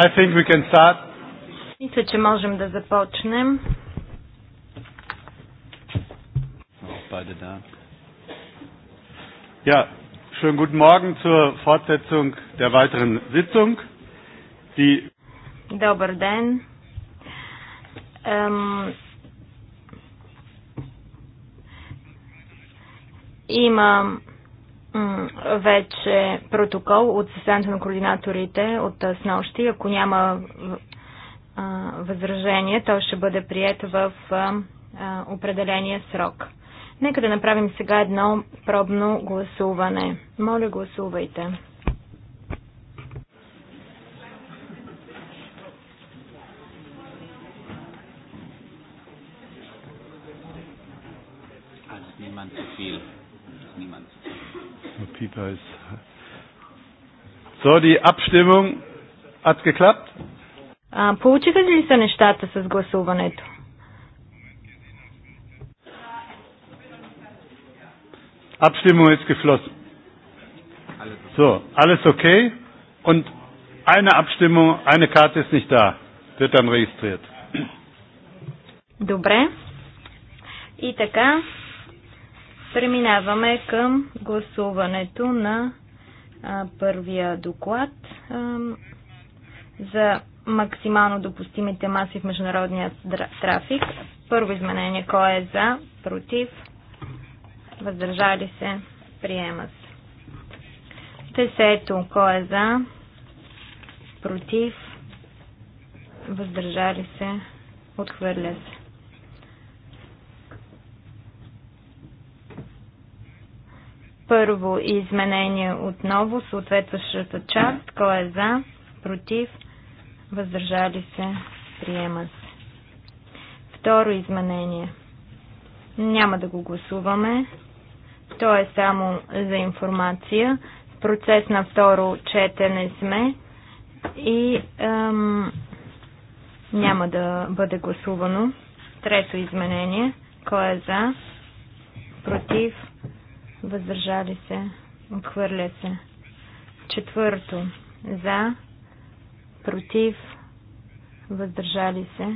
I think we can start. Мисля, че можем да започнем. Beide da. Ja, schönen guten Morgen zur Fortsetzung der weiteren Sitzung. Die Добър ден. Ем... Има вече протокол от съседането на координаторите от снощи. Ако няма възражение, то ще бъде прието в определения срок. Нека да направим сега едно пробно гласуване. Моля, гласувайте. Pieper ist. So, die Abstimmung hat geklappt. получиха ли са нещата с гласуването? Abstimmung ist geflossen. So, alles okay? Und eine Abstimmung, eine Karte ist nicht da. Wird dann registriert. Добре. И така, Преминаваме към гласуването на а, първия доклад а, за максимално допустимите маси в международния трафик. Първо изменение. Кой е за? Против? Въздържали се? Приема се. Десето. Кой е за? Против? Въздържали се? Отхвърля се. Първо изменение отново, съответващата част, кой е за, против, въздържали се, приема се. Второ изменение. Няма да го гласуваме. То е само за информация. В процес на второ четене сме и ем, няма да бъде гласувано. Трето изменение. Кой е за? Против? въздържали се, отхвърля се. Четвърто, за, против, въздържали се,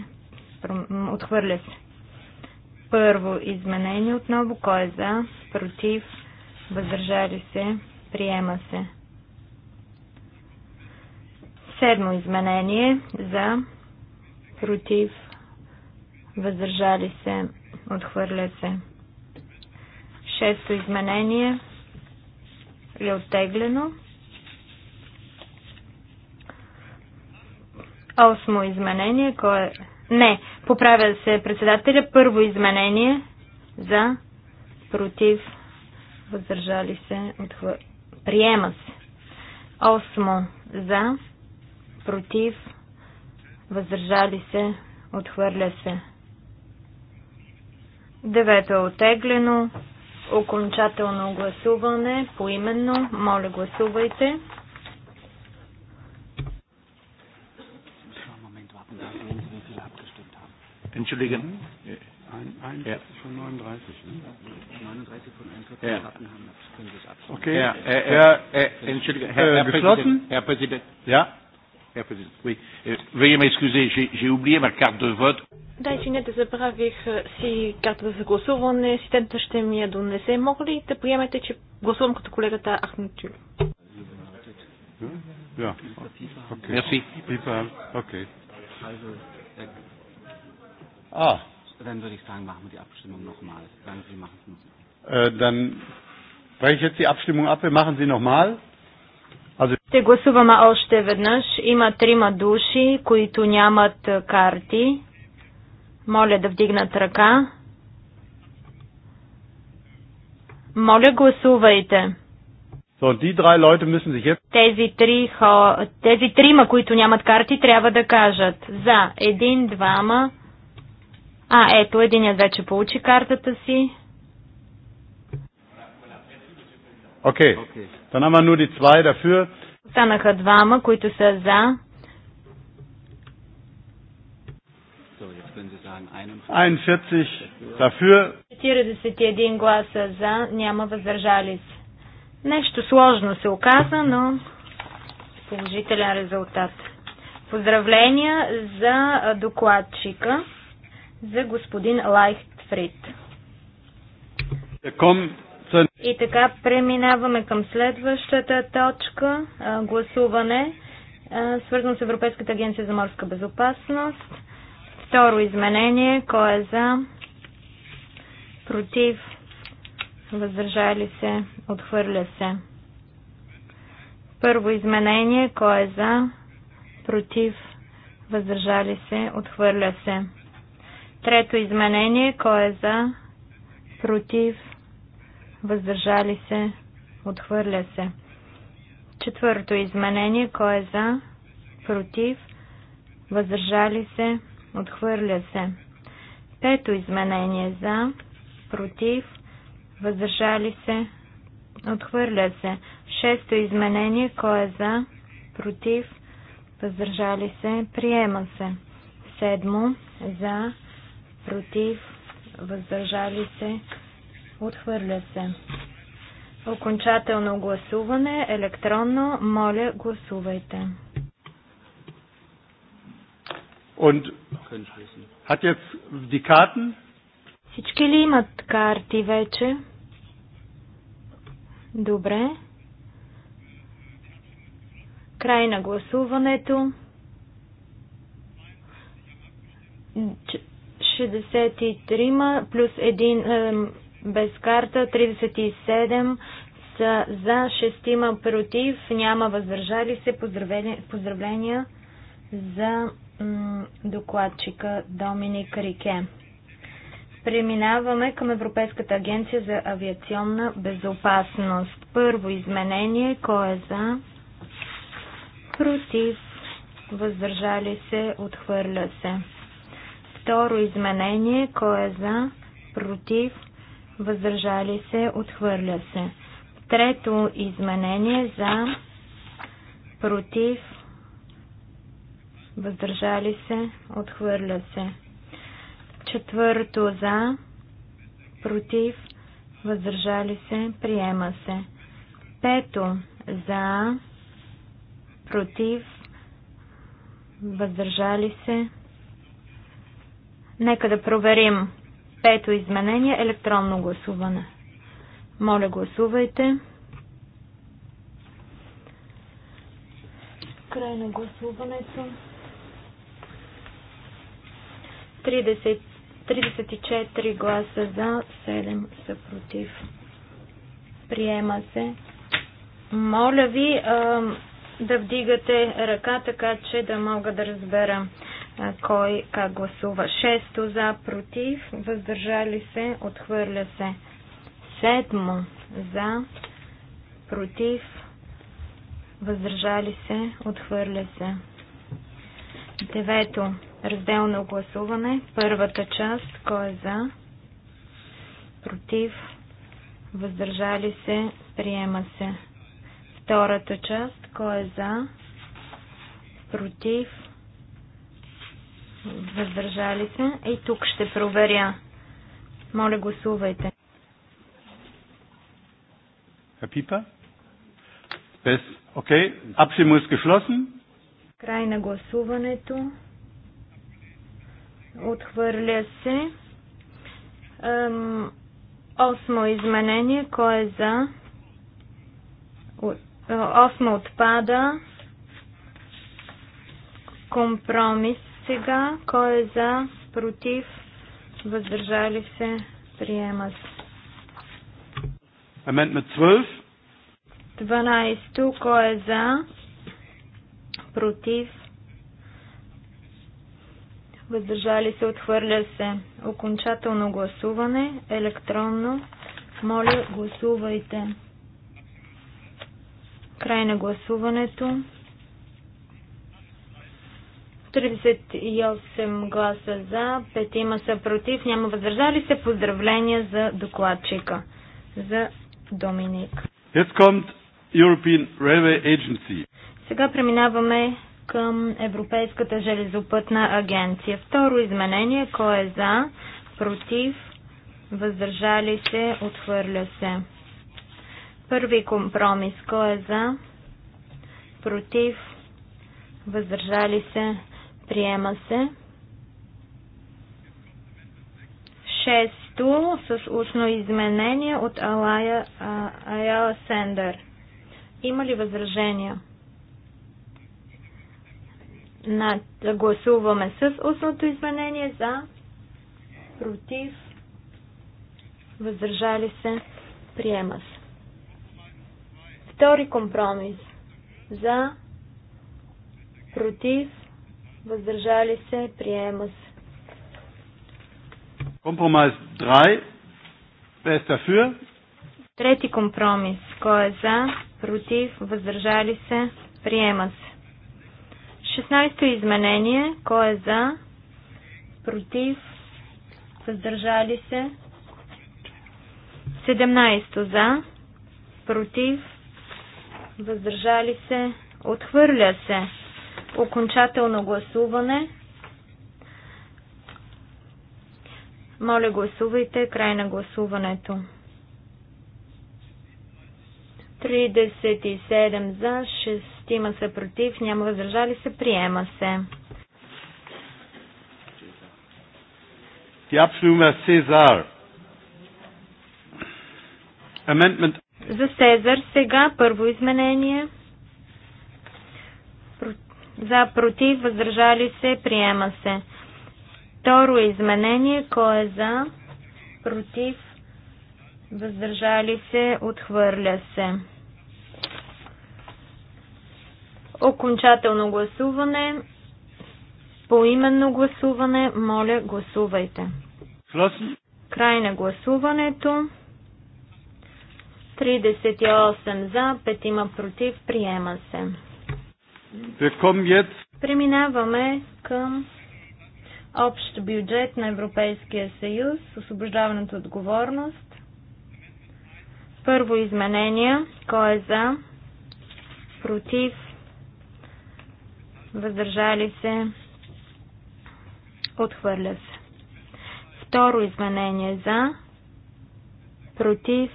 отхвърля се. Първо изменение отново, кой е за, против, въздържали се, приема се. Седмо изменение за, против, въздържали се, отхвърля се. Шесто изменение е оттеглено. Осмо изменение, кое... Не, поправя се председателя. Първо изменение за, против, въздържали се, отхва... приема се. Осмо за, против, въздържали се, отхвърля се. Девето е отеглено. Окончателно гласуване, поименно, моля гласувайте. Entschuldigen. Ja. Okay. Ja, Herr, Herr, Herr, Entschuldigung, Herr, Herr, Präsident, Herr Präsident. Ja. Oui. Veuillez m'excuser, j'ai oublié ma carte de vote. Да, извинете, забравих си карта за гласуване. Асистентът ще ми я донесе. Мога ли да приемете, че гласувам като колегата Ахнатю? Да. Мерси. Окей. А. Dann würde ich sagen, machen wir die Abstimmung nochmal. Sagen Sie, machen Sie nochmal. Dann breche ich jetzt die Abstimmung ab. Wir machen sie nochmal. Ще гласуваме още веднъж. Има трима души, които нямат карти. Моля да вдигнат ръка. Моля, гласувайте. Тези, три хо... Тези трима, които нямат карти, трябва да кажат за един, двама. А, ето, един вече получи картата си. Окей. Okay. Dann haben wir nur die zwei dafür. Останаха двама, които са за. 41 dafür. 41 гласа за, няма въздържали се. Нещо сложно се оказа, но положителен резултат. Поздравления за докладчика, за господин Лайхтфрид. Ком и така преминаваме към следващата точка гласуване, свързано с Европейската агенция за морска безопасност. Второ изменение, кое е за, против, въздържали се, отхвърля се. Първо изменение, кое е за, против, въздържали се, отхвърля се. Трето изменение, кое е за, против, въздържали се, отхвърля се. Четвърто изменение, кой е за, против, въздържали се, отхвърля се. Пето изменение за, против, въздържали се, отхвърля се. Шесто изменение, кой е за, против, въздържали се, приема се. Седмо, за, против, въздържали се, Отхвърля се. Окончателно гласуване, електронно, моля гласувайте. Und hat jetzt die Karten? Всички ли имат карти вече? Добре. Край на гласуването. 63 плюс 1 без карта, 37 са за, 6 има против, няма въздържали се. Поздравления, поздравления за докладчика Доминик Рике. Преминаваме към Европейската агенция за авиационна безопасност. Първо изменение. кое е за? Против. Въздържали се. Отхвърля се. Второ изменение. кое е за? Против въздържали се, отхвърля се. Трето изменение за, против, въздържали се, отхвърля се. Четвърто за, против, въздържали се, приема се. Пето за, против, въздържали се. Нека да проверим. Пето изменение електронно гласуване. Моля, гласувайте. Край на гласуването. 34 гласа за, 7 са против. Приема се. Моля ви а, да вдигате ръка, така че да мога да разбера кой как гласува. Шесто за, против, въздържали се, отхвърля се. Седмо за, против, въздържали се, отхвърля се. Девето, разделно гласуване, първата част, кой е за, против, въздържали се, приема се. Втората част, кой е за, против, въздържали се. И тук ще проверя. Моля, гласувайте. Herr Pieper? Без. Окей. Абсимус ist geschlossen. Край на гласуването. Отхвърля се. Ем, осмо изменение. Кой е за? Осмо отпада. Компромис сега. Кой е за? Против? Въздържали се? Приема се. Amendment 12. 12. Кой е за? Против? Въздържали се? Отхвърля се. Окончателно гласуване. Електронно. Моля, гласувайте. Край на гласуването. 38 гласа за, 5 има са против, няма въздържали се. Поздравления за докладчика, за Доминик. Сега преминаваме към Европейската железопътна агенция. Второ изменение, кой е за, против, въздържали се, отхвърля се. Първи компромис, кой е за, против, въздържали се, Приема се. Шесто с устно изменение от Алая Аяла Сендер. Има ли възражения? На, гласуваме с устното изменение за, против, въздържали се, приема се. Втори компромис за, против, въздържали се, приема се. Компромис 3. Wer ist dafür? Трети компромис. Кой е за, против, въздържали се, приема се. 16-то изменение. Кой е за, против, въздържали се. 17-то за, против, въздържали се, отхвърля се. Окончателно гласуване. Моля, гласувайте. Край на гласуването. 37 за, 6 са против, няма въздържали се, приема се. Die За Сезар сега първо изменение. За, против, въздържали се, приема се. Второ изменение, кое е за, против, въздържали се, отхвърля се. Окончателно гласуване, поименно гласуване, моля гласувайте. Край на гласуването. 38 за, 5 против, приема се. Преминаваме към общ бюджет на Европейския съюз, освобождаването отговорност. Първо изменение. Кой е за? Против? Въздържали се? Отхвърля се. Второ изменение е за? Против?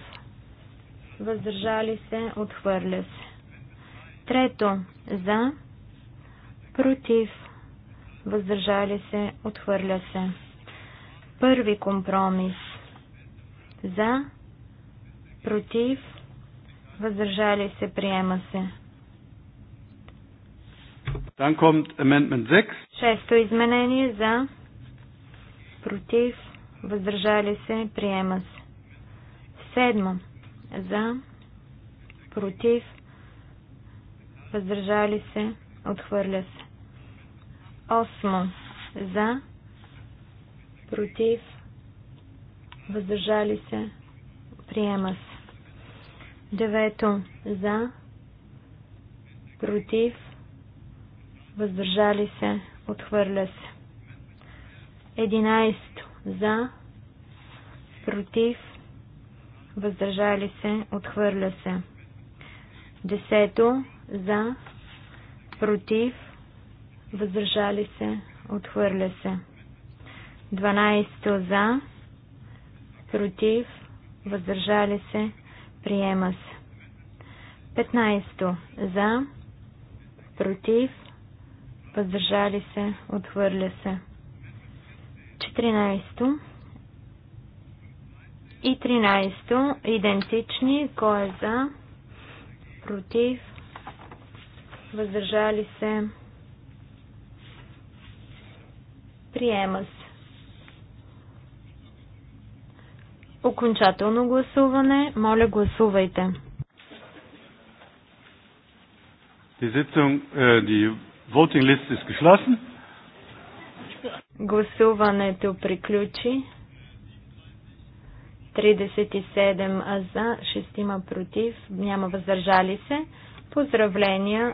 Въздържали се? Отхвърля се. Трето за, против, въздържали се, отхвърля се. Първи компромис за, против, въздържали се, приема се. Dann kommt Amendment 6. Шесто изменение за, против, въздържали се, приема се. Седмо за, против, въздържали се, отхвърля се. Осмо за, против, въздържали се, приема се. Девето за, против, въздържали се, отхвърля се. Единайсто за, против, въздържали се, отхвърля се. Десето за, против, въздържали се, отхвърля се. 12 за, против, въздържали се, приема се. 15 за, против, въздържали се, отхвърля се. 14 и 13 идентични, кой е за, против, въздържали се, приема се. Окончателно гласуване, моля гласувайте. Äh, Гласуването приключи. 37 за, 6 против, няма въздържали се. Поздравления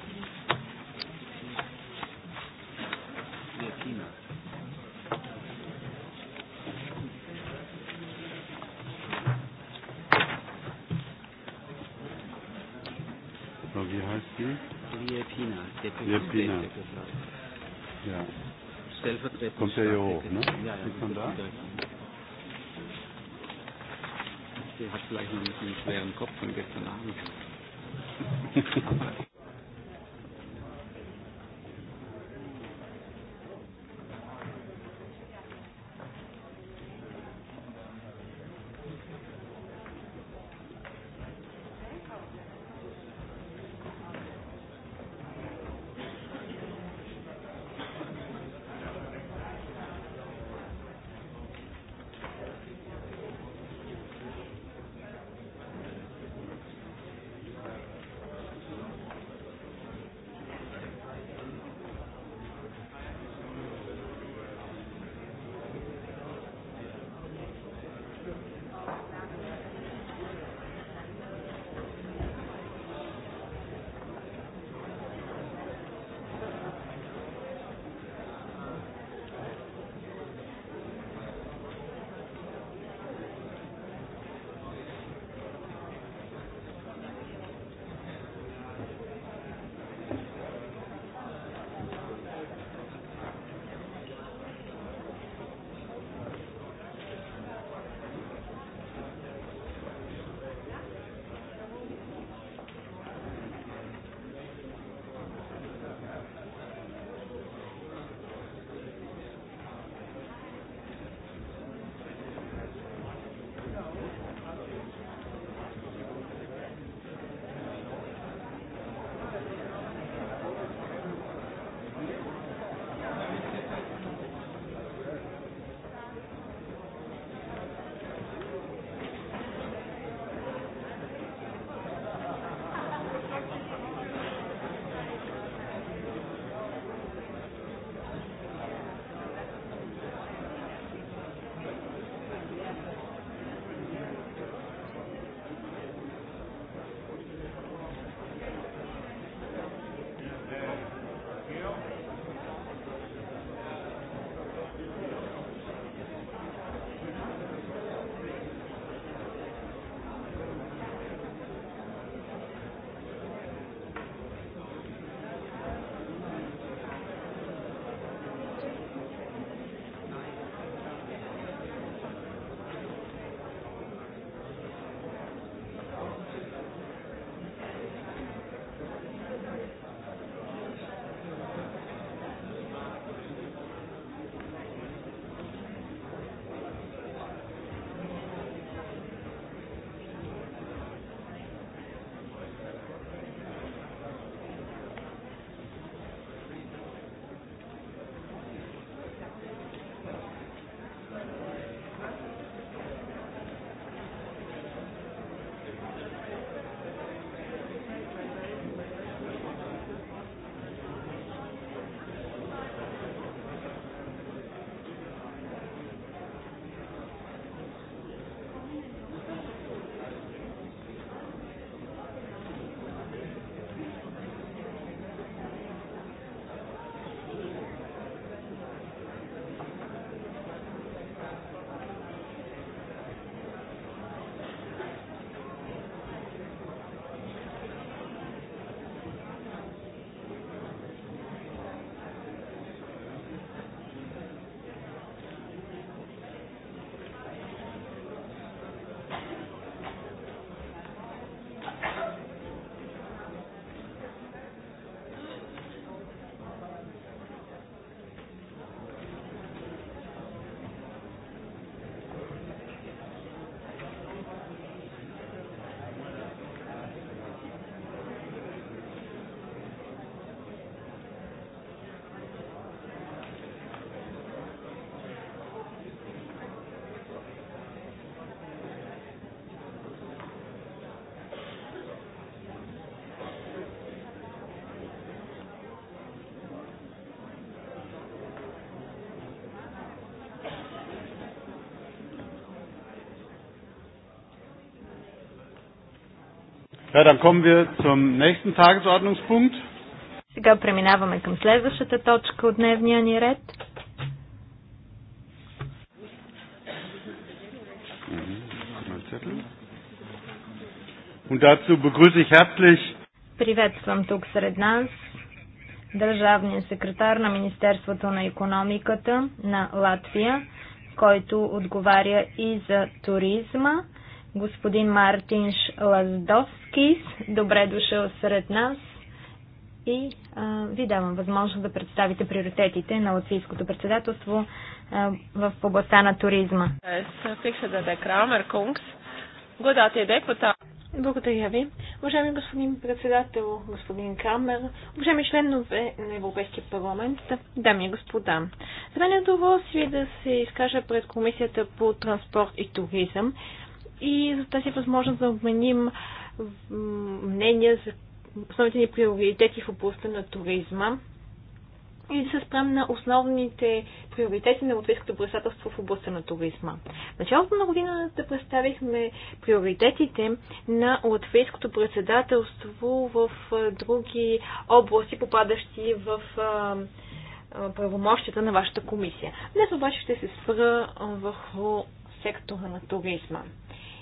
Hm? Liepina. Liepina. Ja. Stellvertretend. Kommt ja hier hoch, ne? Ja, ja. Ist da? Sie hat vielleicht noch ein bisschen schweren Kopf von gestern Abend. Ja, dann kommen wir zum nächsten Tagesordnungspunkt. Сега преминаваме към следващата точка от дневния ни ред. Und dazu begrüße ich herzlich Приветствам тук сред нас държавния секретар на Министерството на економиката на Латвия, който отговаря и за туризма, господин Мартинш Лаздовскис. Добре дошъл сред нас и а, ви давам възможност да представите приоритетите на латвийското председателство а, в областта на туризма. Благодаря ви. Уважаеми господин председател, господин Крамер, уважаеми членове на Европейския парламент, дами и господа. За мен е удоволствие да се изкажа пред Комисията по транспорт и туризъм, и за тази възможност да обменим мнения за основните ни приоритети в областта на туризма и да се спрем на основните приоритети на Латвийското председателство в областта на туризма. В началото на годината представихме приоритетите на Латвийското председателство в други области, попадащи в правомощията на вашата комисия. Днес обаче ще се спра върху сектора на туризма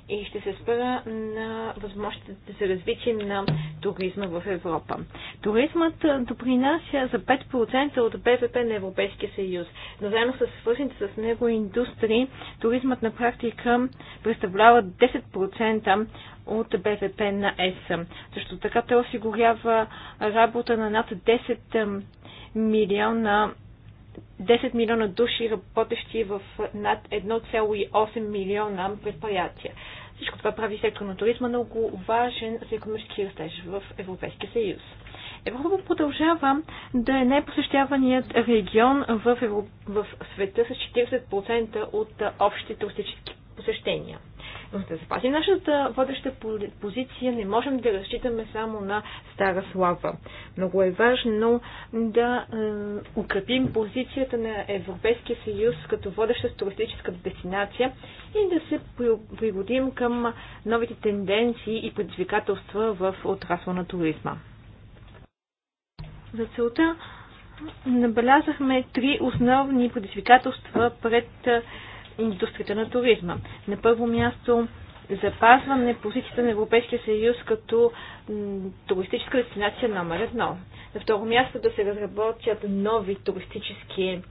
и ще се спра на възможностите за развитие на туризма в Европа. Туризмът допринася за 5% от БВП на Европейския съюз, но заедно с свързаните с него индустрии, туризмът на практика представлява 10% от БВП на ЕС. Също така той осигурява работа на над 10 милиона 10 милиона души, работещи в над 1,8 милиона предприятия. Всичко това прави сектор на туризма много важен за економически растеж в Европейския съюз. Европа продължава да е най-посещаваният регион в, Европ... в света с 40% от общите туристически посещения. Но за да запазим нашата водеща позиция, не можем да разчитаме само на стара слава. Много е важно да е, укрепим позицията на Европейския съюз като водеща туристическа дестинация и да се пригодим към новите тенденции и предизвикателства в отрасла на туризма. За целта набелязахме три основни предизвикателства пред е, индустрията на туризма. На първо място запазване позицията на Европейския съюз като туристическа дестинация номер едно. На второ място да се разработят нови туристически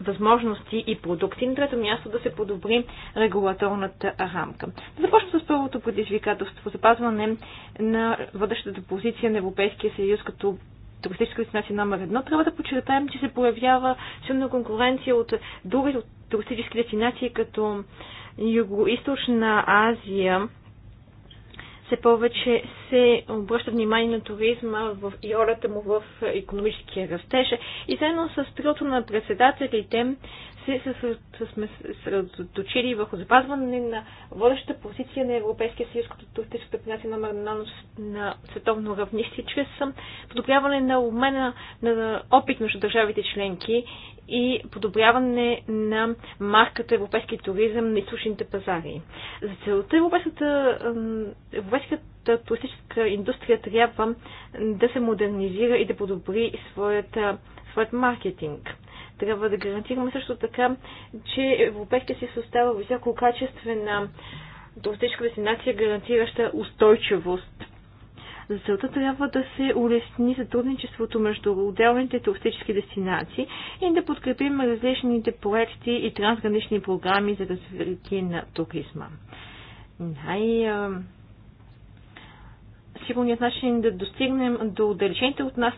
възможности и продукти. На трето място да се подобри регулаторната рамка. Да започнем с първото предизвикателство запазване на водещата позиция на Европейския съюз като туристическа дестинация номер едно, трябва да подчертаем, че се появява силна конкуренция от други туристически дестинации, като Юго-Источна Азия, все повече се обръща внимание на туризма в, и ролята му в економическия растеж. И заедно с трилото на председателите се съсредоточили върху запазване на водещата позиция на Европейския съюз като туристическа дестинация номер на, на световно равнище, чрез подобряване на обмена на опит между държавите членки и подобряване на марката европейски туризъм на източните пазари. За целта европейската, европейската туристическа индустрия трябва да се модернизира и да подобри своята, своят маркетинг. Трябва да гарантираме също така, че Европейския съюз остава е висококачествена туристическа дестинация, гарантираща устойчивост. За целта трябва да се улесни сътрудничеството между отделните туристически дестинации и да подкрепим различните проекти и трансгранични програми за развитие на туризма. Най- сигурният начин да достигнем до отдалечените от нас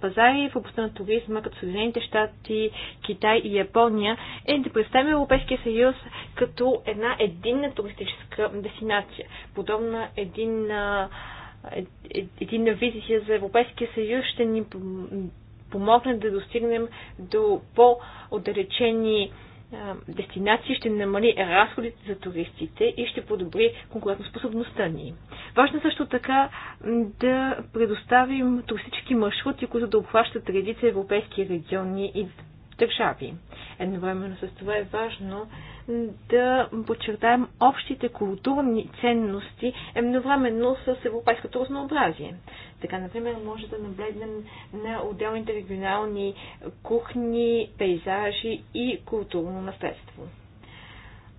пазари в областта на туризма, като Съединените щати, Китай и Япония, е да представим Европейския съюз като една единна туристическа дестинация, подобна единна, единна визия за Европейския съюз ще ни помогне да достигнем до по-отдалечени дестинации, ще намали разходите за туристите и ще подобри конкурентоспособността ни. Важно е също така да предоставим туристически маршрути, които да обхващат редица европейски региони и държави. Едновременно с това е важно да подчертаем общите културни ценности едновременно с европейското разнообразие. Така, например, може да наблегнем на отделните регионални кухни, пейзажи и културно наследство.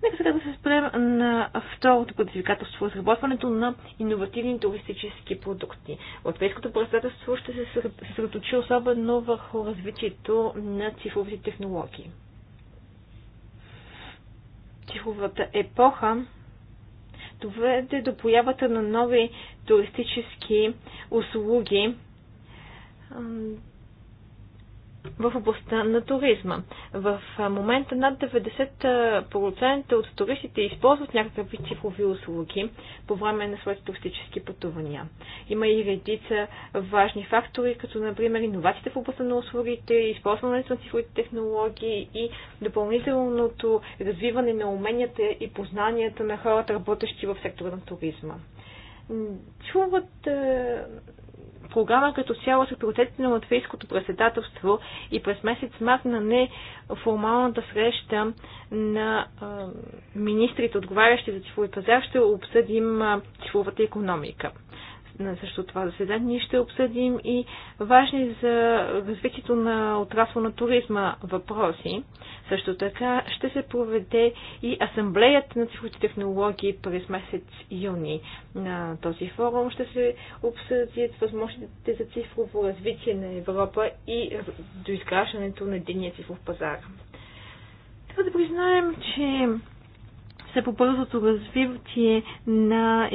Нека сега да се спрем на второто предизвикателство разработването на иновативни туристически продукти. Европейското председателство ще се съсредоточи особено върху развитието на цифровите технологии стиховата епоха доведе е до появата на нови туристически услуги, в областта на туризма. В момента над 90% от туристите използват някакви цифрови услуги по време на своите туристически пътувания. Има и редица важни фактори, като например иновациите в областта на услугите, използването на цифровите технологии и допълнителното развиване на уменията и познанията на хората, работещи в сектора на туризма чуват програма като цяло са приоритетите на латвийското председателство и през месец март на неформалната среща на министрите, отговарящи за цифрови пазар, ще обсъдим цифровата економика на също това заседание ще обсъдим и важни за развитието на отрасъл на туризма въпроси. Също така ще се проведе и асамблеята на цифровите технологии през месец юни. На този форум ще се обсъдят възможностите за цифрово развитие на Европа и до изграждането на единия цифров пазар. Трябва да признаем, че се по-бързото развитие на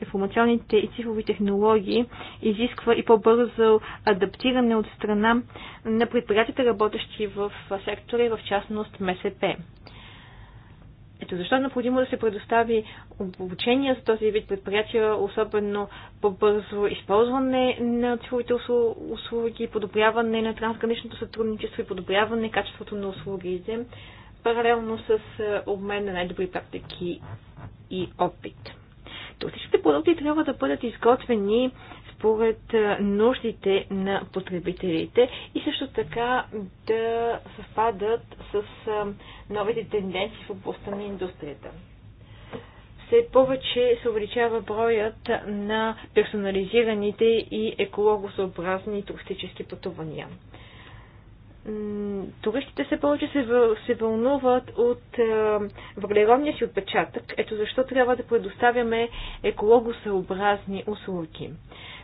информационните и цифрови технологии изисква и по-бързо адаптиране от страна на предприятията, работещи в сектора и в частност МСП. Ето защо е необходимо да се предостави обучение за този вид предприятия, особено по-бързо използване на цифровите услуги, подобряване на трансграничното сътрудничество и подобряване на качеството на услугите, паралелно с е, обмен на най-добри практики и опит. Туристичните продукти трябва да бъдат изготвени според е, нуждите на потребителите и също така да съвпадат с е, новите тенденции в областта на индустрията. Все повече се увеличава броят на персонализираните и екологосъобразни туристически пътувания туристите все повече се, се вълнуват от е, въглеродния си отпечатък. Ето защо трябва да предоставяме екологосъобразни услуги.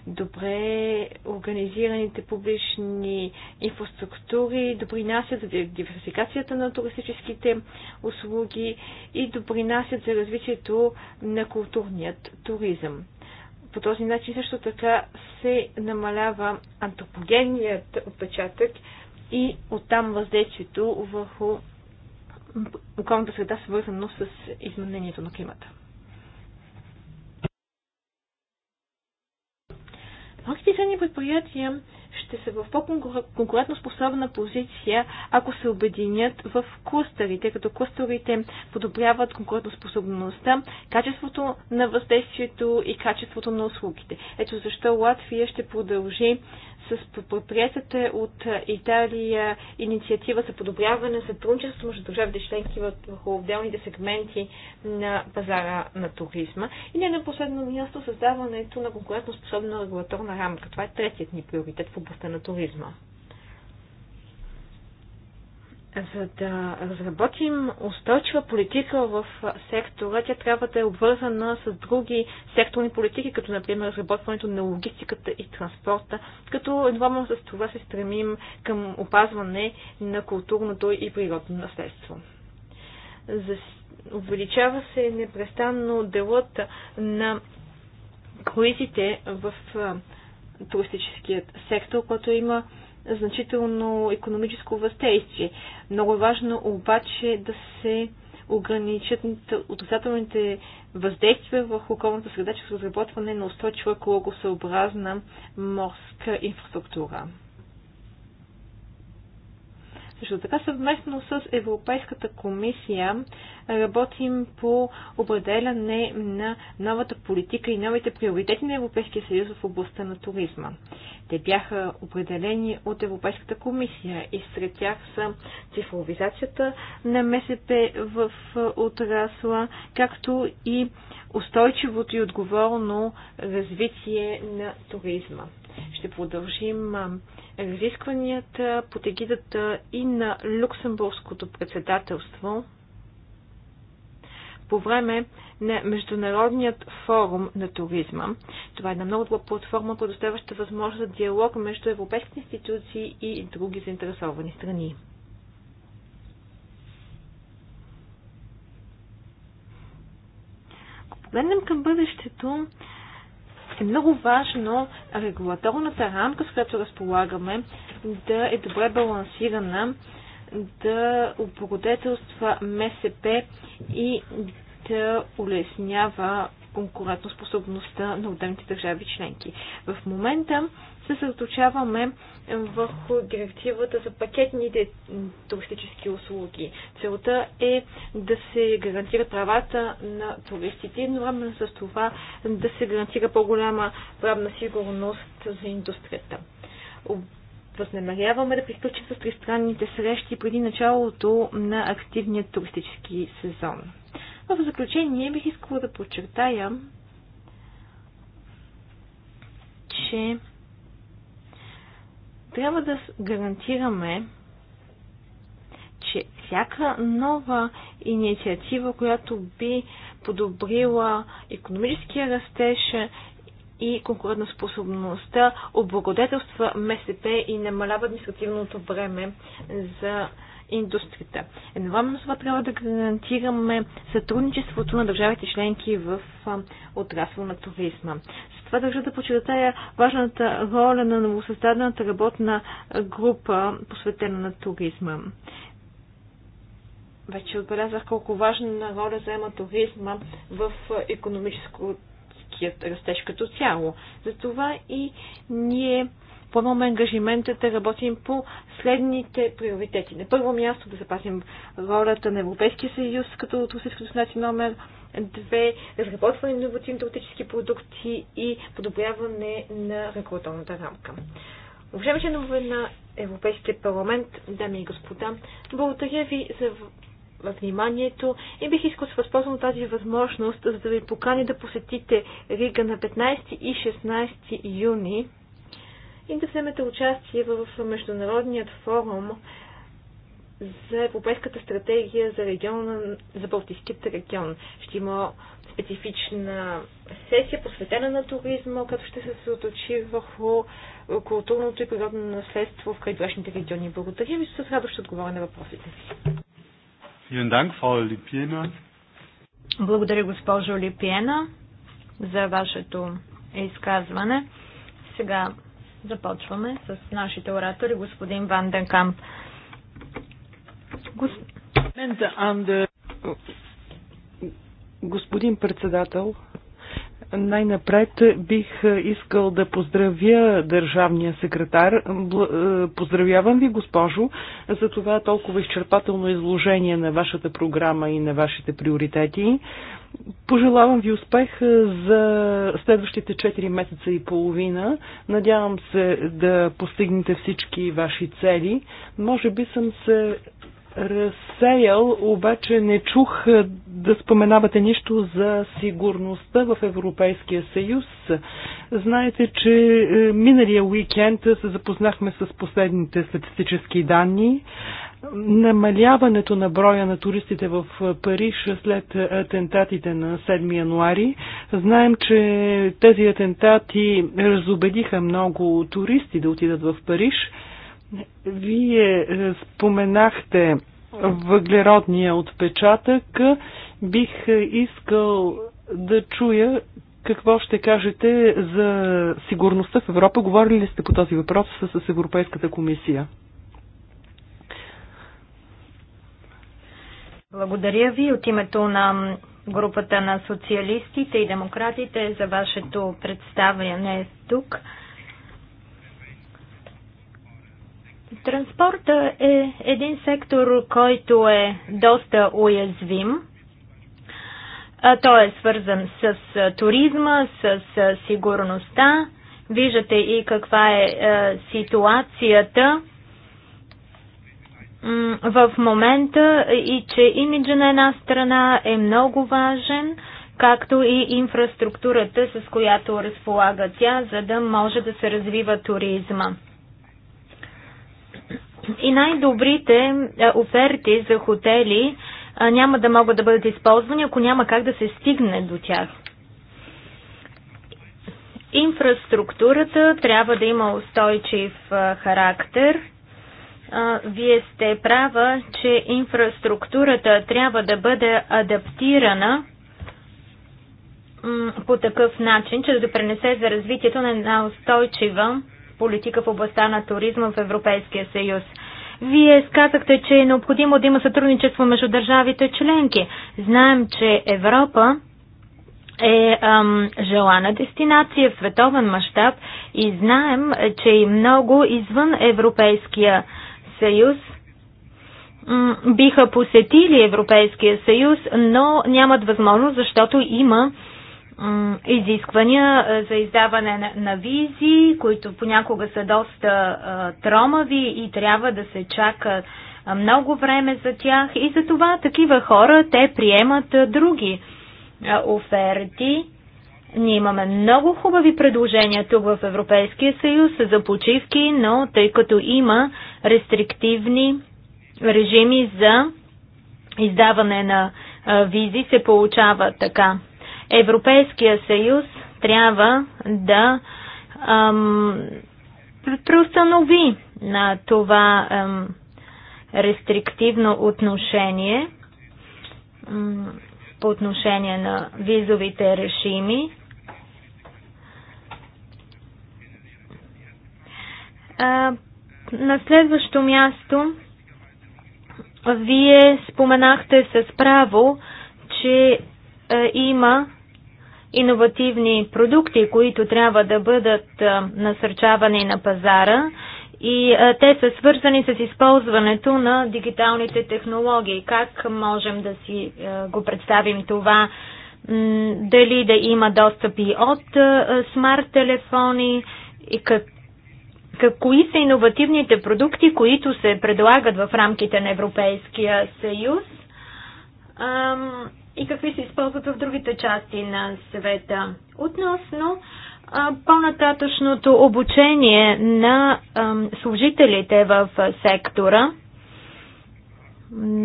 Добре организираните публични инфраструктури допринасят за диверсификацията на туристическите услуги и допринасят за развитието на културният туризъм. По този начин също така се намалява антропогенният отпечатък, и оттам въздействието върху околната среда, свързано с изменението на климата. Малките и средни предприятия ще са в по-конкурентно способна позиция, ако се обединят в кустарите, като кустарите подобряват конкурентоспособността, качеството на въздействието и качеството на услугите. Ето защо Латвия ще продължи с предприятите от Италия инициатива за подобряване на сътрудничеството между държавите членки върху отделните сегменти на пазара на туризма. И не на последно място създаването на конкурентоспособна регулаторна рамка. Това е третият ни приоритет в областта на туризма за да разработим устойчива политика в сектора, тя трябва да е обвързана с други секторни политики, като например разработването на логистиката и транспорта, като едновременно с това се стремим към опазване на културното и природно наследство. За... Увеличава се непрестанно делът на круизите в туристическият сектор, който има значително економическо въздействие. Много е важно обаче да се ограничат отрицателните въздействия върху околната среда чрез разработване на устойчива екологосъобразна морска инфраструктура. Също така съвместно с Европейската комисия работим по определяне на новата политика и новите приоритети на Европейския съюз в областта на туризма. Те бяха определени от Европейската комисия и сред тях са цифровизацията на МСП в отрасла, както и устойчивото и отговорно развитие на туризма. Ще продължим разискванията под егидата и на Люксембургското председателство по време на Международният форум на туризма. Това е една много добра платформа, предоставяща възможност за диалог между европейските институции и други заинтересовани страни. Ако погледнем към бъдещето, е много важно регулаторната рамка, с която разполагаме, да е добре балансирана да облагодетелства МСП и да улеснява конкурентоспособността на отделните държави членки. В момента се съсредоточаваме върху директивата за пакетните туристически услуги. Целта е да се гарантира правата на туристите, едновременно с това да се гарантира по-голяма правна сигурност за индустрията Възнамеряваме да приключим с тристранните срещи преди началото на активния туристически сезон. В заключение бих искала да подчертая, че трябва да гарантираме, че всяка нова инициатива, която би подобрила економическия растеж и конкурентоспособността облагодетелства МСП и намалява административното време за индустрията. Едновременно с това трябва да гарантираме сътрудничеството на държавите членки в отрасъл на туризма. С това държа да подчертая важната роля на новосъздадената работна група, посветена на туризма. Вече отбелязах колко важна роля заема туризма в економическото економическият растеж като цяло. Затова и ние поемаме ангажимента да работим по следните приоритети. На първо място да запазим ролята на Европейския съюз като Русийското нация номер две, разработване на иновативни теоретически продукти и подобряване на регулаторната рамка. Уважаеми членове на Европейския парламент, дами и господа, благодаря ви за вниманието и бих искал да се възползвам тази възможност, за да ви покани да посетите Рига на 15 и 16 юни и да вземете участие в Международният форум за Европейската стратегия за, регион, за Балтийският регион. Ще има специфична сесия, посветена на туризма, като ще се съоточи върху културното и природно наследство в крайбрежните региони. Благодаря ви, с радост ще отговоря на въпросите си. Благодаря, госпожо Липиена, за вашето изказване. Сега започваме с нашите оратори, господин Ван Денкамп. Гос... Господин председател, най-напред бих е, искал да поздравя държавния секретар. Е, поздравявам ви, госпожо, за това толкова изчерпателно изложение на вашата програма и на вашите приоритети. Пожелавам ви успех е, за следващите 4 месеца и половина. Надявам се да постигнете всички ваши цели. Може би съм се разсеял, обаче не чух да споменавате нищо за сигурността в Европейския съюз. Знаете, че е, миналия уикенд се запознахме с последните статистически данни. Намаляването на броя на туристите в е, Париж след атентатите на 7 януари. Знаем, че тези атентати разобедиха много туристи да отидат в Париж. Вие е, споменахте въглеродния отпечатък. Бих е, искал да чуя какво ще кажете за сигурността в Европа. Говорили ли сте по този въпрос с Европейската комисия? Благодаря ви от името на групата на социалистите и демократите за вашето представяне тук. Транспорта е един сектор, който е доста уязвим. Той е свързан с туризма, с сигурността. Виждате и каква е ситуацията в момента и че имиджа на една страна е много важен, както и инфраструктурата, с която разполага тя, за да може да се развива туризма. И най-добрите е, оферти за хотели е, няма да могат да бъдат използвани, ако няма как да се стигне до тях. Инфраструктурата трябва да има устойчив е, характер. Вие сте права, че инфраструктурата трябва да бъде адаптирана по такъв начин, че да допренесе за развитието на една устойчива политика в областта на туризма в Европейския съюз. Вие сказахте, че е необходимо да има сътрудничество между държавите членки. Знаем, че Европа е ам, желана дестинация в световен мащаб и знаем, че и много извън Европейския съюз биха посетили Европейския съюз, но нямат възможност, защото има изисквания за издаване на, на визи, които понякога са доста а, тромави и трябва да се чака много време за тях и за това такива хора те приемат а, други а, оферти. Ние имаме много хубави предложения тук в Европейския съюз за почивки, но тъй като има рестриктивни режими за издаване на визи, се получава така. Европейския съюз трябва да преустанови на това ам, рестриктивно отношение ам, по отношение на визовите режими. А, на следващо място, вие споменахте с право, че е, има иновативни продукти, които трябва да бъдат е, насърчавани на пазара и е, те са свързани с използването на дигиталните технологии. Как можем да си го представим това? Дали да има достъпи от смарт телефони и как Кои са иновативните продукти, които се предлагат в рамките на Европейския съюз? и какви се използват в другите части на света. Относно по-нататъчното обучение на служителите в сектора,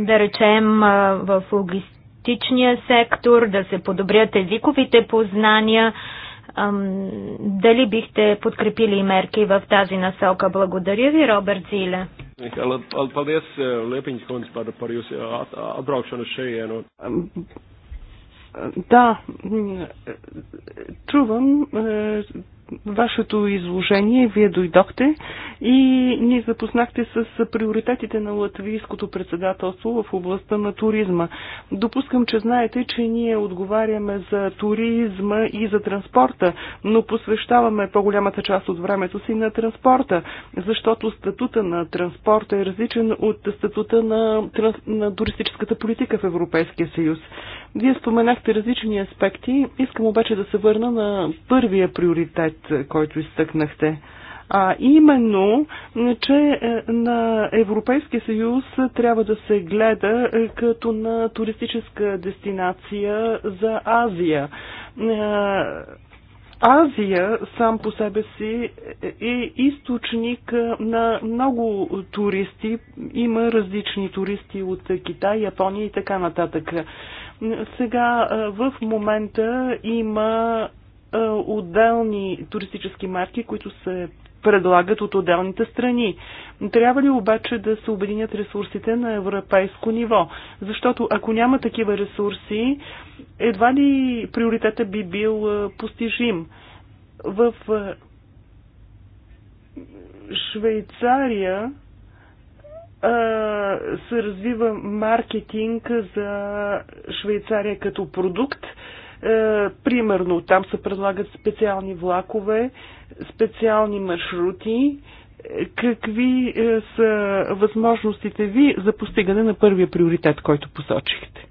да речем в логистичния сектор, да се подобрят езиковите познания, ам, дали бихте подкрепили мерки в тази насока? Благодаря ви, Роберт Зиле. Paldies, Liepiņas kundze, Да, чувам, вашето изложение. Вие дойдохте и ни запознахте с приоритетите на латвийското председателство в областта на туризма. Допускам, че знаете, че ние отговаряме за туризма и за транспорта, но посвещаваме по-голямата част от времето си на транспорта, защото статута на транспорта е различен от статута на, на туристическата политика в Европейския съюз. Вие споменахте различни аспекти. Искам обаче да се върна на първия приоритет, който изтъкнахте. А именно, че е, на Европейския съюз трябва да се гледа е, като на туристическа дестинация за Азия е, Азия сам по себе си е източник на много туристи. Има различни туристи от Китай, Япония и така нататък. Сега в момента има отделни туристически марки, които се предлагат от отделните страни. Трябва ли обаче да се обединят ресурсите на европейско ниво? Защото ако няма такива ресурси, едва ли приоритета би бил постижим. В Швейцария се развива маркетинг за Швейцария като продукт е, примерно там се предлагат специални влакове, специални маршрути. Е, какви е, са възможностите ви за постигане на първия приоритет, който посочихте?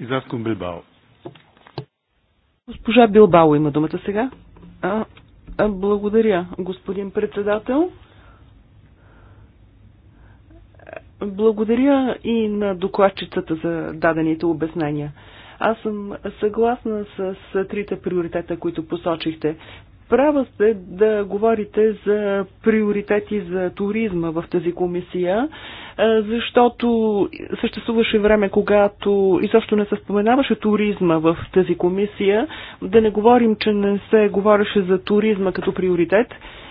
Изаском Билбао. Госпожа Билбао има думата сега. А, а, благодаря, господин председател. Благодаря и на докладчицата за дадените обяснения. Аз съм съгласна с, с трите приоритета, които посочихте. Права сте да говорите за приоритети за туризма в тази комисия, е, защото съществуваше време, когато изобщо не се споменаваше туризма в тази комисия. Да не говорим, че не се говореше за туризма като приоритет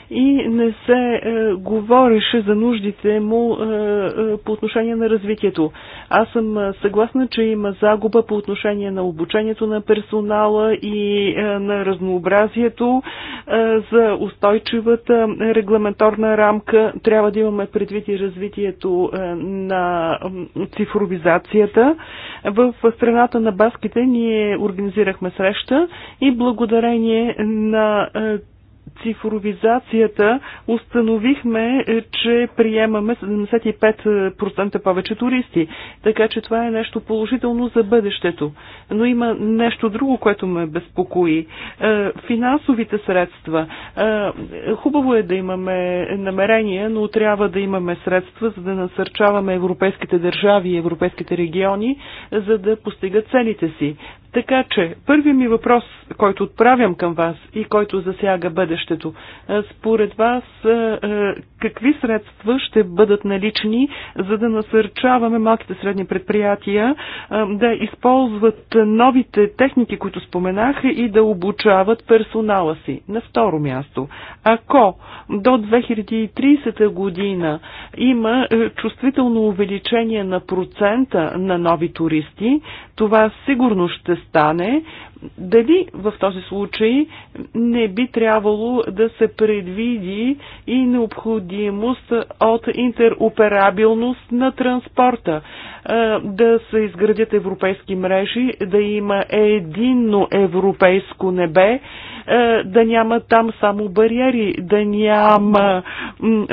и не се е, говореше за нуждите му е, е, по отношение на развитието. Аз съм е, съгласна, че има загуба по отношение на обучението на персонала и е, на разнообразието е, за устойчивата регламенторна рамка. Трябва да имаме предвид и развитието е, на цифровизацията. В страната на баските ние организирахме среща и благодарение на е, цифровизацията установихме, е, че приемаме 75% повече туристи. Така че това е нещо положително за бъдещето. Но има нещо друго, което ме безпокои. Е, финансовите средства. Е, хубаво е да имаме намерения, но трябва да имаме средства, за да насърчаваме европейските държави и европейските региони, за да постигат целите си. Така че, първият ми въпрос, който отправям към вас и който засяга бъдещето, е, според вас е, е, какви средства ще бъдат налични, за да насърчаваме малките средни предприятия да използват новите техники, които споменах и да обучават персонала си. На второ място, ако до 2030 година има е, чувствително увеличение на процента на нови туристи, това сигурно ще стане, дали в този случай не би трябвало да се предвиди и необходимост от интероперабилност на транспорта? да се изградят европейски мрежи, да има единно европейско небе, да няма там само бариери, да няма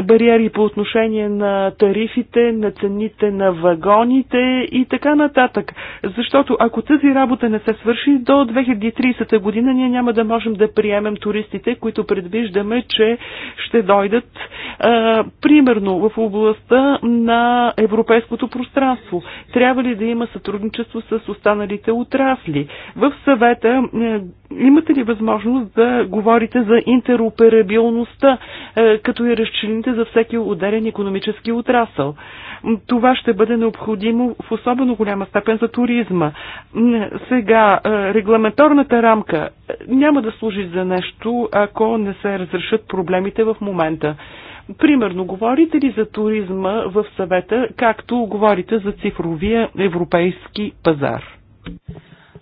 бариери по отношение на тарифите, на цените на вагоните и така нататък. Защото ако тази работа не се свърши до 2030 година, ние няма да можем да приемем туристите, които предвиждаме, че ще дойдат, примерно, в областта на европейското пространство. Трябва ли да има сътрудничество с останалите отрасли? В съвета е, имате ли възможност да говорите за интероперабилността, е, като и разчлените за всеки отделен економически отрасъл? Това ще бъде необходимо в особено голяма степен за туризма. Сега, е, регламенторната рамка няма да служи за нещо, ако не се разрешат проблемите в момента. Примерно, говорите ли за туризма в съвета, както говорите за цифровия европейски пазар?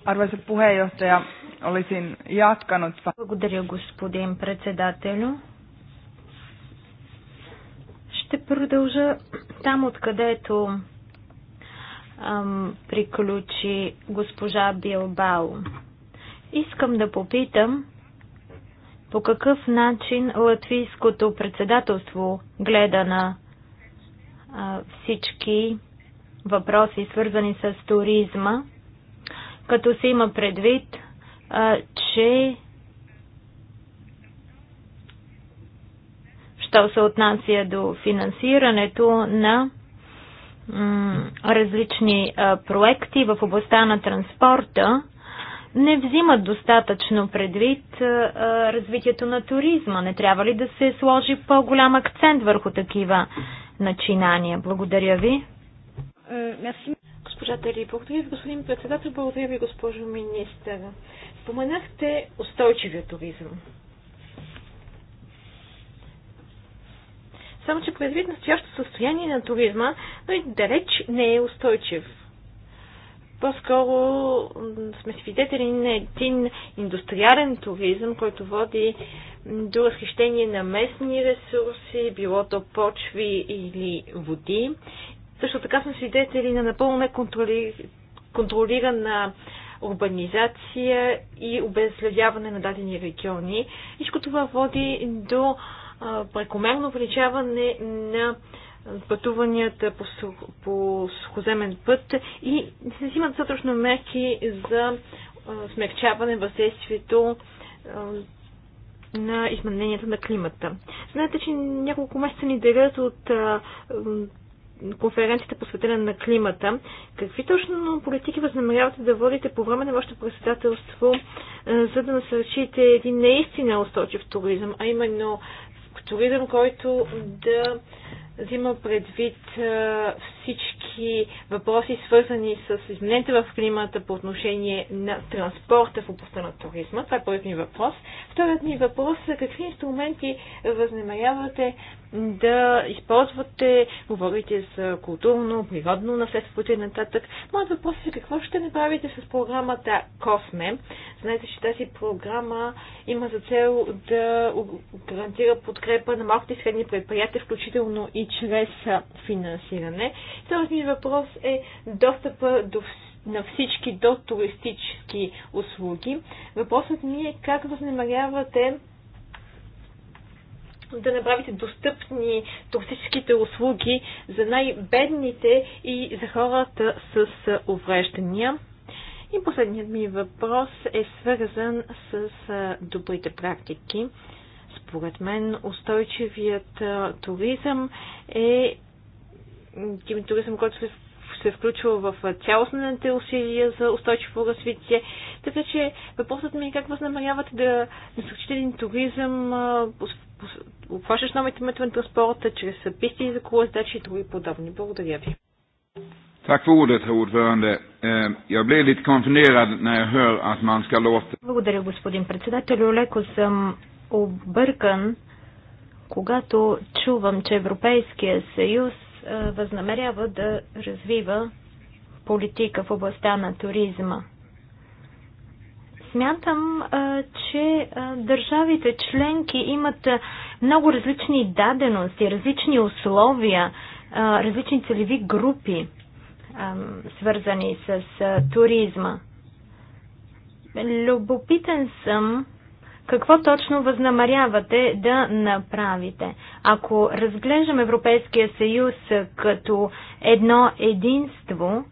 Арвеса puheenjohtaja, Олисин jatkanut. Благодаря, господин председателю. Ще продължа там, откъдето ам, приключи госпожа Билбао. Искам да попитам по какъв начин латвийското председателство гледа на а, всички въпроси, свързани с туризма, като се има предвид, а, че що се отнася до финансирането на различни а, проекти в областта на транспорта, не взимат достатъчно предвид развитието на туризма. Не трябва ли да се сложи по-голям акцент върху такива начинания? Благодаря ви. Е, Госпожа Тели, благодаря ви, господин председател, благодаря ви, госпожо министър. Споменахте устойчивия туризъм. Само, че предвид настоящото състояние на туризма, но и далеч не е устойчив. По-скоро сме свидетели на един индустриален туризъм, който води до разхищение на местни ресурси, било то почви или води. Също така сме свидетели на напълно неконтролирана контролирана урбанизация и обезлюдяване на дадени региони. Всичко това води до прекомерно увеличаване на пътуванията по, по сухоземен път и не се взимат достатъчно мерки за смягчаване въздействието на измененията на климата. Знаете, че няколко месеца ни делят от конференцията посветена на климата. Какви точно политики възнамерявате да водите по време на вашето председателство, за да насърчите един наистина устойчив туризъм, а именно туризъм, който да взима предвид всички въпроси, свързани с измененията в климата по отношение на транспорта в областта на туризма? Това е първият ми въпрос. Вторият ми въпрос е какви инструменти възнамерявате да използвате, говорите за културно, природно наследство и нататък. Моят въпрос е какво ще направите с програмата Косме? Знаете, че тази програма има за цел да гарантира подкрепа на малките и средни предприятия, включително и чрез финансиране. Този ми въпрос е достъпа до на всички до туристически услуги. Въпросът ми е как възнамерявате да направите достъпни туристическите услуги за най-бедните и за хората с увреждания. И последният ми въпрос е свързан с добрите практики. Според мен устойчивият туризъм е туризъм, който се се е включва в цялостните усилия за устойчиво развитие. Така че въпросът ми е как възнамерявате да насърчите един туризъм, обхващащ новите методи на транспорта, чрез писти за колоздачи и други подобни. Благодаря ви. Tack för ordet, herr ordförande. Ehm, jag blev lite konfunderad när jag hör att man ska låta... Благодаря, господин председател. Леко съм объркан, когато чувам, че Европейския съюз е, възнамерява да развива политика в областта на туризма. Смятам, е, че е, държавите членки имат много различни дадености, различни условия, различни целеви групи, свързани с туризма. Любопитен съм какво точно възнамарявате да направите? Ако разглеждам Европейския съюз като едно единство,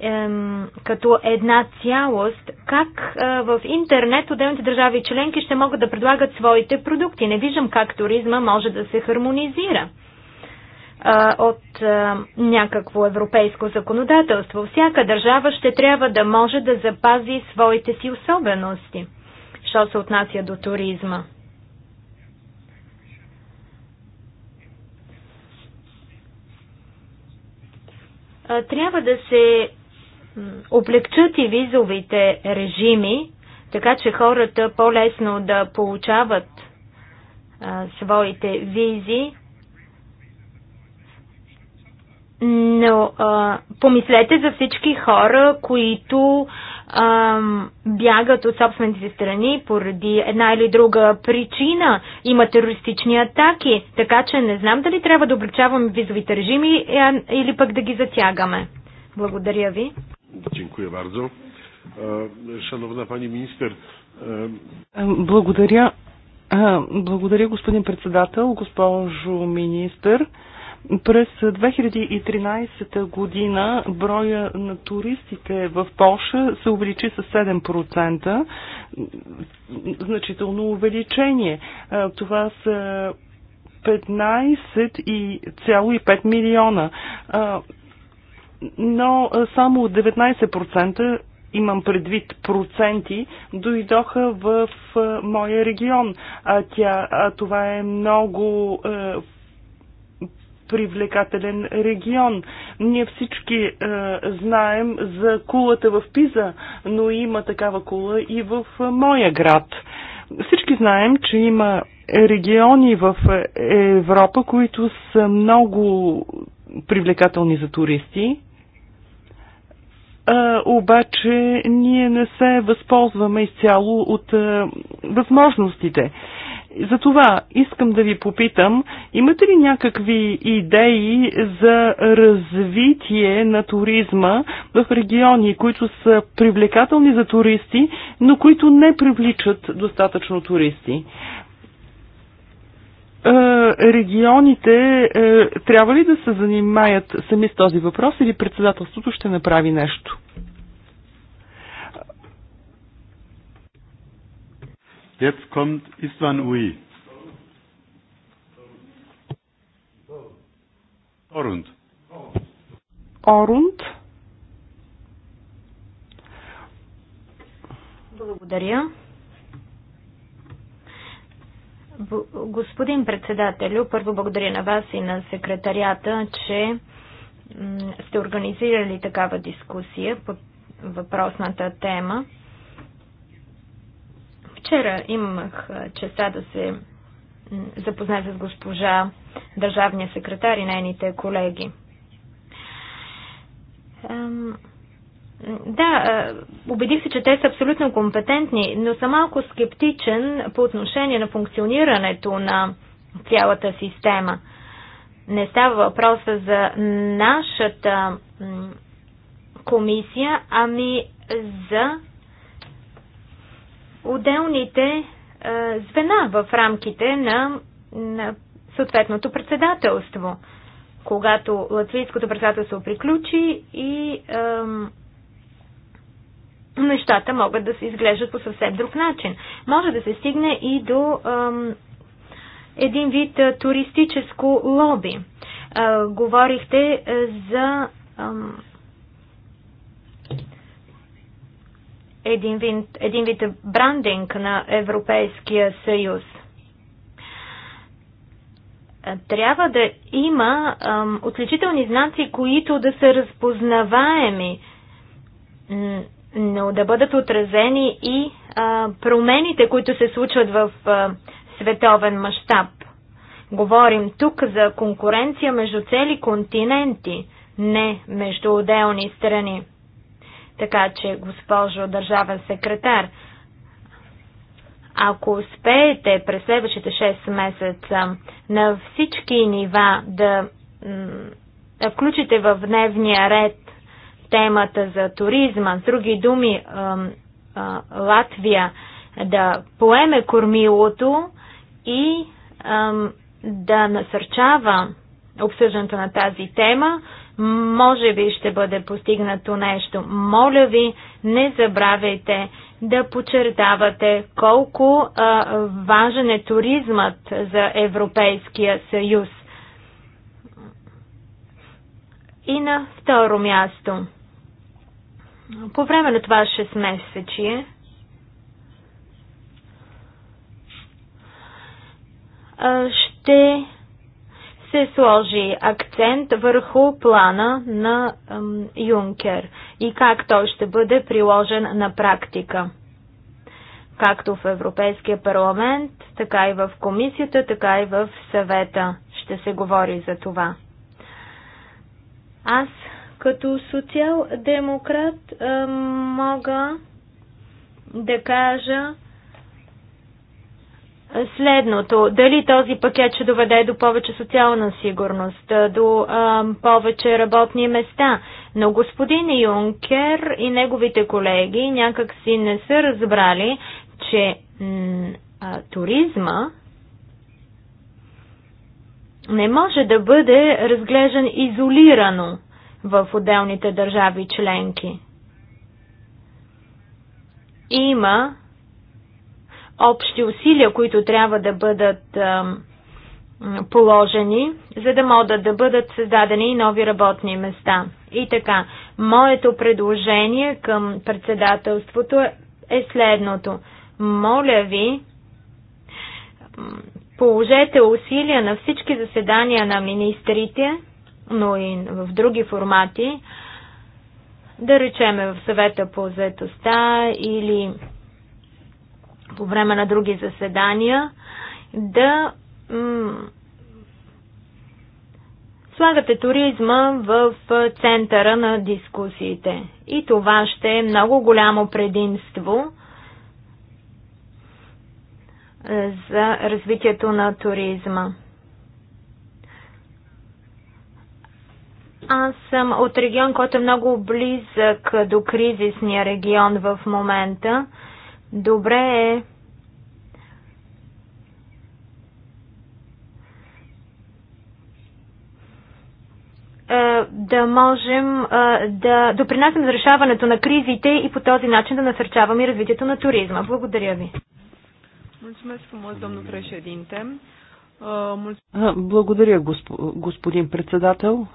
ем, като една цялост, как е, в интернет отделните държави членки ще могат да предлагат своите продукти? Не виждам как туризма може да се хармонизира е, от а, е, някакво европейско законодателство. Всяка държава ще трябва да може да запази своите си особености що се отнася до туризма. Трябва да се облегчат и визовите режими, така че хората по-лесно да получават а, своите визи. Но а, помислете за всички хора, които бягат от собствените си страни поради една или друга причина. Има терористични атаки, така че не знам дали трябва да обличаваме визовите режими е, или пък да ги затягаме. Благодаря ви. Dziękuję bardzo. Szanowna пани министър. Благодаря. Благодаря, господин председател, госпожо министър. През 2013 година броя на туристите в Польша се увеличи с 7%. Значително увеличение. Това са 15,5 милиона. Но само 19% имам предвид проценти, дойдоха в моя регион. А, тя, а това е много е, привлекателен регион. Ние всички е, знаем за кулата в Пиза, но има такава кула и в е, моя град. Всички знаем, че има региони в е, Европа, които са много привлекателни за туристи. А, е, обаче ние не се възползваме изцяло от а, възможностите. Затова искам да ви попитам, имате ли някакви идеи за развитие на туризма в региони, които са привлекателни за туристи, но които не привличат достатъчно туристи? Е, регионите е, трябва ли да се занимаят сами с този въпрос или председателството ще направи нещо? Jetzt kommt Istvan Ui. Orund. Орунд. Благодаря. Господин председателю, първо благодаря на вас и на секретарията, че сте организирали такава дискусия по въпросната тема. Вчера имах честа да се запозная с госпожа държавния секретар и нейните колеги. Да, убедих се, че те са абсолютно компетентни, но съм малко скептичен по отношение на функционирането на цялата система. Не става въпроса за нашата комисия, ами за отделните е, звена в рамките на, на съответното председателство. Когато латвийското председателство приключи и е, нещата могат да се изглеждат по съвсем друг начин. Може да се стигне и до е, един вид е, туристическо лоби. Е, говорихте е, за един вид, един вид брандинг на Европейския съюз. Трябва да има ам, отличителни знаци, които да са разпознаваеми, но да бъдат отразени и а, промените, които се случват в а, световен мащаб. Говорим тук за конкуренция между цели континенти, не между отделни страни. Така че, госпожо държавен секретар, ако успеете през следващите 6 месеца на всички нива да, да включите в дневния ред темата за туризма, с други думи, Латвия да поеме кормилото и да насърчава обсъждането на тази тема, може би ще бъде постигнато нещо. Моля ви, не забравяйте да подчертавате колко а, важен е туризмът за Европейския съюз. И на второ място. По време на това 6 месечие, ще се сложи акцент върху плана на Юнкер и как той ще бъде приложен на практика. Както в Европейския парламент, така и в комисията, така и в съвета ще се говори за това. Аз като социал-демократ мога да кажа, следното. Дали този пакет ще доведе до повече социална сигурност, до а, повече работни места? Но господин Юнкер и неговите колеги някак си не са разбрали, че а, туризма не може да бъде разглеждан изолирано в отделните държави членки. Има общи усилия, които трябва да бъдат положени, за да могат да бъдат създадени и нови работни места. И така, моето предложение към председателството е следното. Моля ви, положете усилия на всички заседания на министрите, но и в други формати, да речеме в съвета по заетостта или по време на други заседания да слагате туризма в центъра на дискусиите. И това ще е много голямо предимство за развитието на туризма. Аз съм от регион, който е много близък до кризисния регион в момента. Добре е. е да можем е, да допринасям за решаването на кризите и по този начин да насърчаваме развитието на туризма. Благодаря ви. Е, благодаря, господин председател.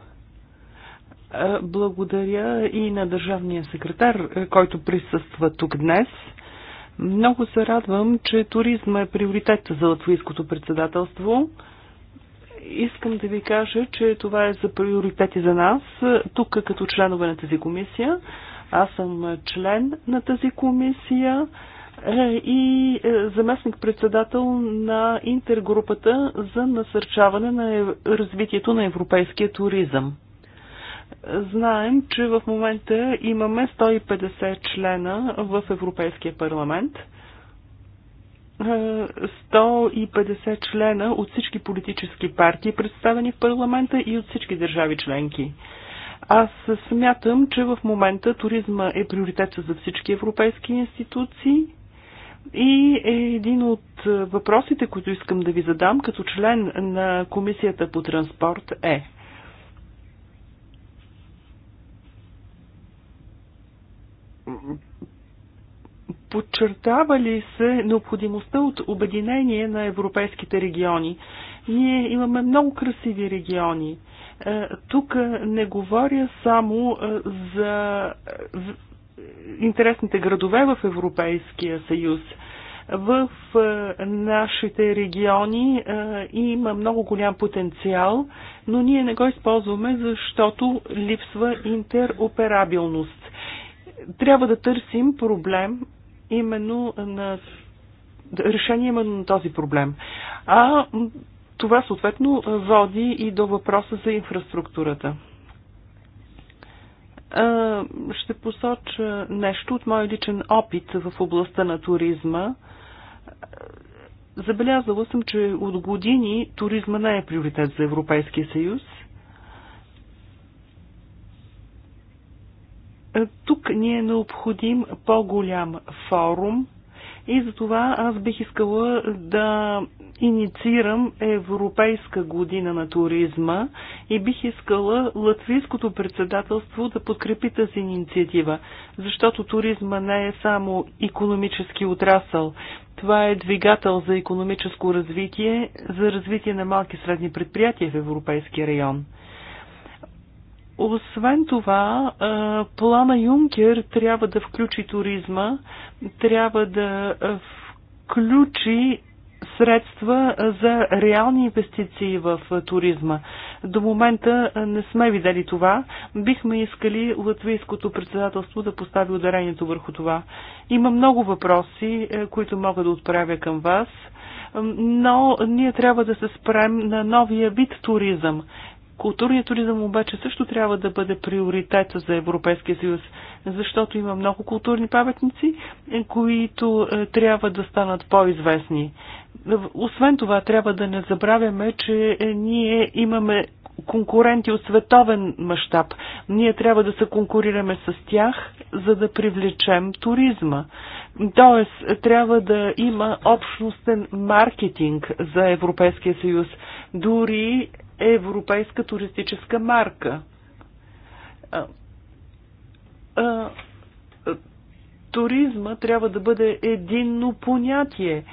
Благодаря и на държавния секретар, който присъства тук днес. Много се радвам, че туризма е приоритет за латвийското председателство. Искам да ви кажа, че това е за приоритети за нас, тук като членове на тази комисия. Аз съм член на тази комисия е, и е, заместник-председател на интергрупата за насърчаване на развитието на европейския туризъм. Знаем, че в момента имаме 150 члена в Европейския парламент. 150 е, члена от всички политически партии, представени в парламента и от всички държави членки. Аз смятам, че в момента туризма е приоритет за всички европейски институции и е един от въпросите, които искам да ви задам като член на Комисията по транспорт е подчертава ли се необходимостта от обединение на европейските региони? Ние имаме много красиви региони. Е, тук не говоря само е, за интересните градове в Европейския съюз. В е, нашите региони има много голям потенциал, но ние не го използваме, защото липсва интероперабилност трябва да търсим проблем именно на решение именно на този проблем. А това съответно води и до въпроса за инфраструктурата. Ще посоча нещо от моя личен опит в областта на туризма. Забелязала съм, че от години туризма не е приоритет за Европейския съюз – Тук ни е необходим по-голям форум и за това аз бих искала да инициирам Европейска година на туризма и бих искала латвийското председателство да подкрепи тази инициатива, защото туризма не е само економически отрасъл. Това е двигател за економическо развитие, за развитие на малки и средни предприятия в Европейския район. Освен това, плана Юнкер трябва да включи туризма, трябва да включи средства за реални инвестиции в туризма. До момента не сме видели това. Бихме искали латвийското председателство да постави ударението върху това. Има много въпроси, които мога да отправя към вас, но ние трябва да се спрем на новия вид туризъм. Културният туризъм обаче също трябва да бъде приоритет за Европейския съюз, защото има много културни паметници, е, които е, трябва да станат по-известни. Е, освен това, трябва да не забравяме, че ние имаме конкуренти от световен мащаб. Ние трябва да се конкурираме с тях, за да привлечем туризма. Тоест, трябва да има общностен маркетинг за Европейския съюз. Дори европейска туристическа марка. Туризма трябва да бъде единно понятие.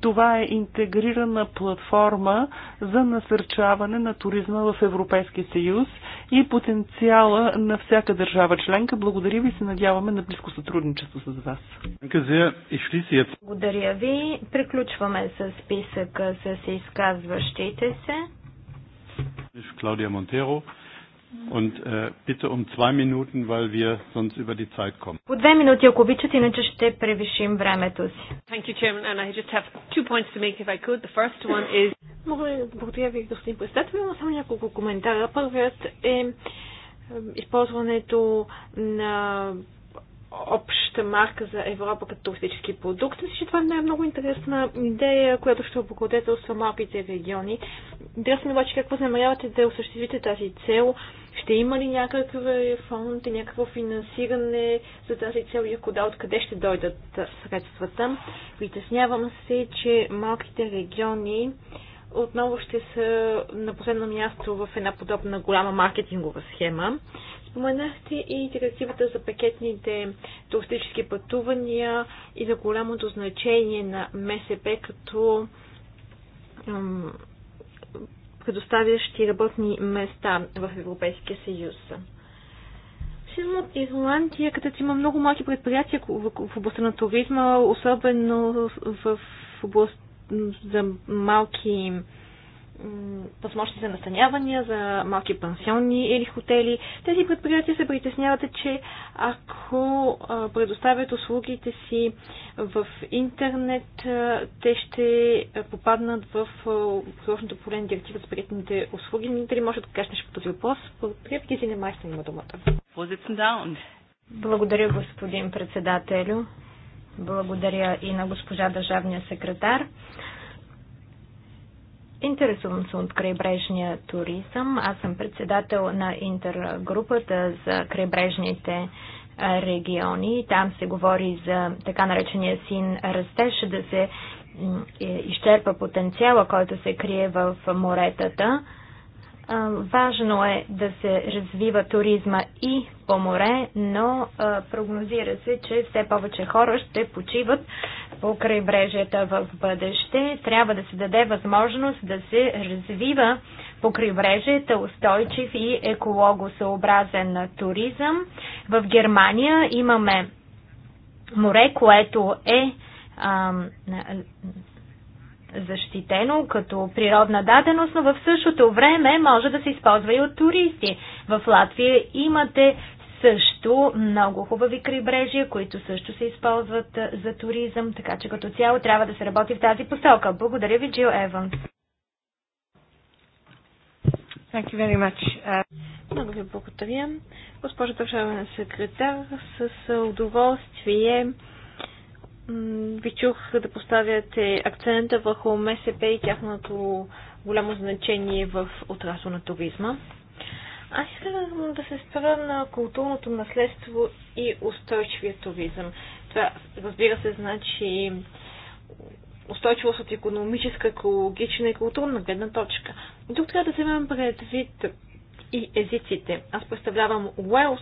Това е интегрирана платформа за насърчаване на туризма в Европейския съюз и потенциала на всяка държава членка. Благодаря ви и се надяваме на близко сътрудничество с вас. Благодаря ви. Приключваме с списъка с изказващите се. Claudia Montero. Und äh, bitte um zwei Minuten, weil wir sonst über die Zeit kommen. По две минути, ако обичате, иначе ще превишим времето си. Thank you, Chairman, and I just have two points to make if I could. The first one is... Благодаря ви, господин председател. Имам само няколко коментара. Първият е използването на обща марка за Европа като туристически продукт. Мисля, че това не е много интересна идея, която ще облагодетелства малките региони. Интересно обаче какво намерявате да осъществите тази цел. Ще има ли някакъв фонд и някакво финансиране за тази цел и ако да, откъде ще дойдат средствата? Притеснявам се, че малките региони отново ще са на последно място в една подобна голяма маркетингова схема. Споменахте и директивата за пакетните туристически пътувания и за голямото значение на МСП като предоставящи работни места в Европейския съюз. Съм от Ирландия, където има много малки предприятия в областта на туризма, особено в област за малки възможности за настанявания, за малки пансионни или хотели. Тези предприятия се притесняват, че ако предоставят услугите си в интернет, те ще попаднат в сложното поле на директива с приятните услуги. Дали може да кажеш нещо по този въпрос? Приятки си не майстор има думата. Благодаря, господин председателю. Благодаря и на госпожа държавния секретар. Интересувам се от крайбрежния туризъм. Аз съм председател на интергрупата за крайбрежните региони. Там се говори за така наречения син растеж, да се е, изчерпа потенциала, който се крие в моретата. Важно е да се развива туризма и по море, но прогнозира се, че все повече хора ще почиват по крайбрежията в бъдеще. Трябва да се даде възможност да се развива по крайбрежията устойчив и екологосъобразен туризъм. В Германия имаме море, което е ам, защитено като природна даденост, но в същото време може да се използва и от туристи. В Латвия имате също много хубави крайбрежия, които също се използват за туризъм, така че като цяло трябва да се работи в тази посока. Благодаря ви, Джил Еванс. Thank you very much. Много ви благодаря. Госпожа държавен секретар, с удоволствие ви чух да поставяте акцента върху МСП и тяхното голямо значение в отрасъл на туризма. Аз искам да се спра на културното наследство и устойчивия туризъм. Това, разбира се, значи устойчивост от економическа, екологична и културна гледна точка. И тук трябва да вземем предвид и езиците. Аз представлявам Уелс,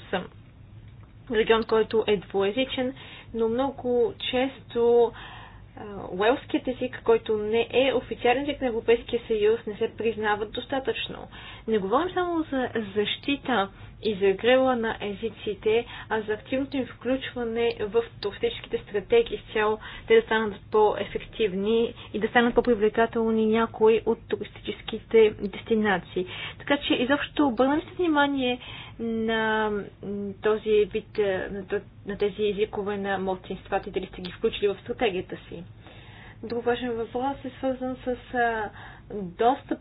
регион, който е двуезичен, но много често уелският език, който не е официален език на Европейския съюз, не се признават достатъчно. Не говорим само за защита и загрела на езиците, а за активното им включване в туристическите стратегии с цел те да станат по-ефективни и да станат по-привлекателни някои от туристическите дестинации. Така че изобщо обърнали сте внимание на този вид, е, на тези езикове на младсинствата и дали сте ги включили в стратегията си. Друг важен въпрос е свързан с достъп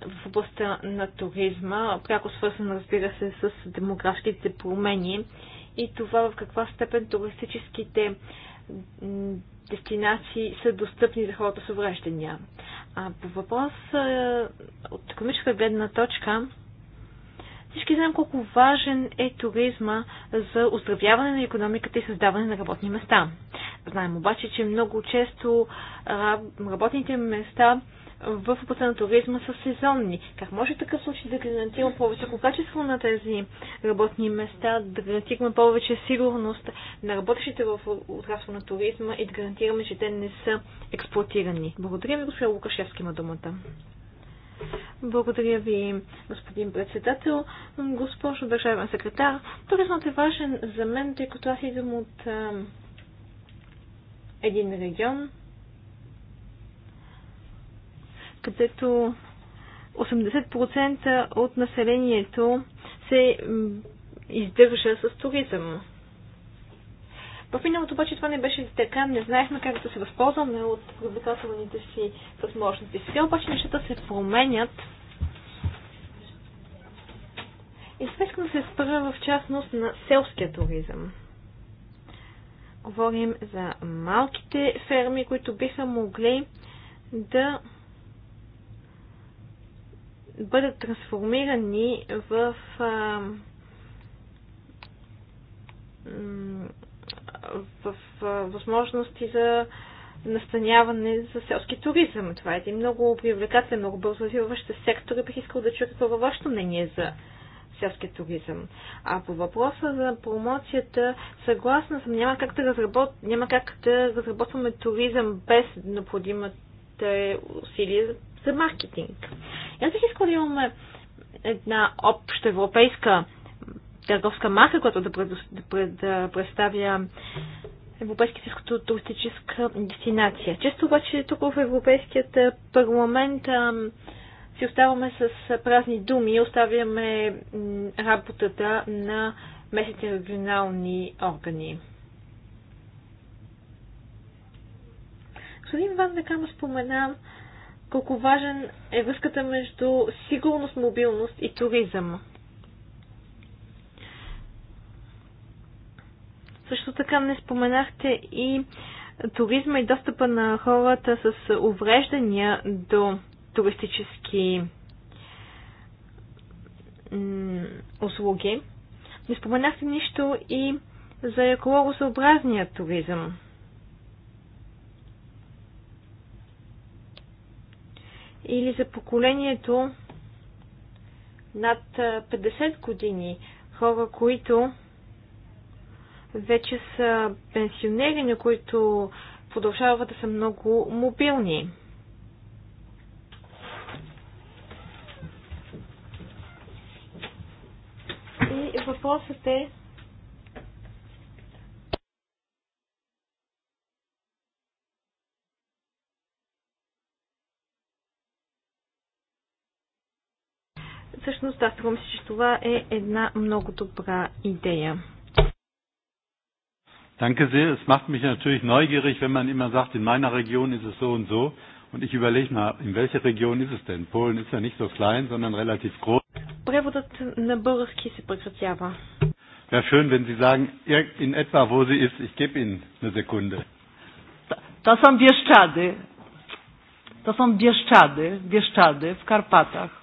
в областта на туризма, пряко свързан, разбира се, с демографските промени и това в каква степен туристическите дестинации са достъпни за хората с увреждания. А по въпрос от економическа гледна точка, всички знаем колко важен е туризма за оздравяване на економиката и създаване на работни места. Знаем обаче, че много често работните места в областта на туризма са сезонни. Как може такъв случай да гарантираме повече качество на тези работни места, да гарантираме повече сигурност на работещите в отрасъл на туризма и да гарантираме, че те не са експлуатирани? Благодаря ви, господин Лукашевски, има думата. Благодаря ви, господин председател. Госпожо държавен секретар, туризмът е важен за мен, тъй като аз идвам от един регион, където 80% от населението се издържа с туризъм. В миналото обаче това не беше така, не знаехме как да се възползваме от привлекателните си възможности. Сега обаче нещата се променят. И сега искам да се спра в частност на селския туризъм. Говорим за малките ферми, които биха могли да бъдат трансформирани в а, в възможности за настаняване за селски туризъм. Това е един много привлекателен, много бързо развиващ сектор и бих искал да чуя какво е вашето мнение за селски туризъм. А по въпроса за промоцията, съгласна съм, няма как да, разработ... няма как да разработваме туризъм без необходимите усилия за маркетинг. И аз бих да имаме една обща европейска търговска марка, която да, да, пред, да представя европейски сельското туристическа дестинация. Често обаче тук в Европейският парламент а, си оставаме с празни думи и оставяме работата на местните регионални органи. Господин Ван Декама спомена колко важен е връзката между сигурност, мобилност и туризъм. Също така не споменахте и туризма и достъпа на хората с увреждания до туристически услуги. Не споменахте нищо и за екологосъобразния туризъм. или за поколението над 50 години, хора, които вече са пенсионери, на които продължават да са много мобилни. И въпросът е Всъщност, да, струва се, че това е една много добра идея. Danke sehr. Es macht mich natürlich neugierig, wenn man immer sagt, in meiner Region ist es so und so. Und ich überlege mal, in welcher Region ist es denn? Polen ist ja nicht so klein, sondern relativ groß. Преводът на български се прекратява. Wäre schön, wenn Sie sagen, in etwa, wo sie ist. Ich gebe Ihnen eine Sekunde. To są Bieszczady. To są Bieszczady, Bieszczady w Karpatach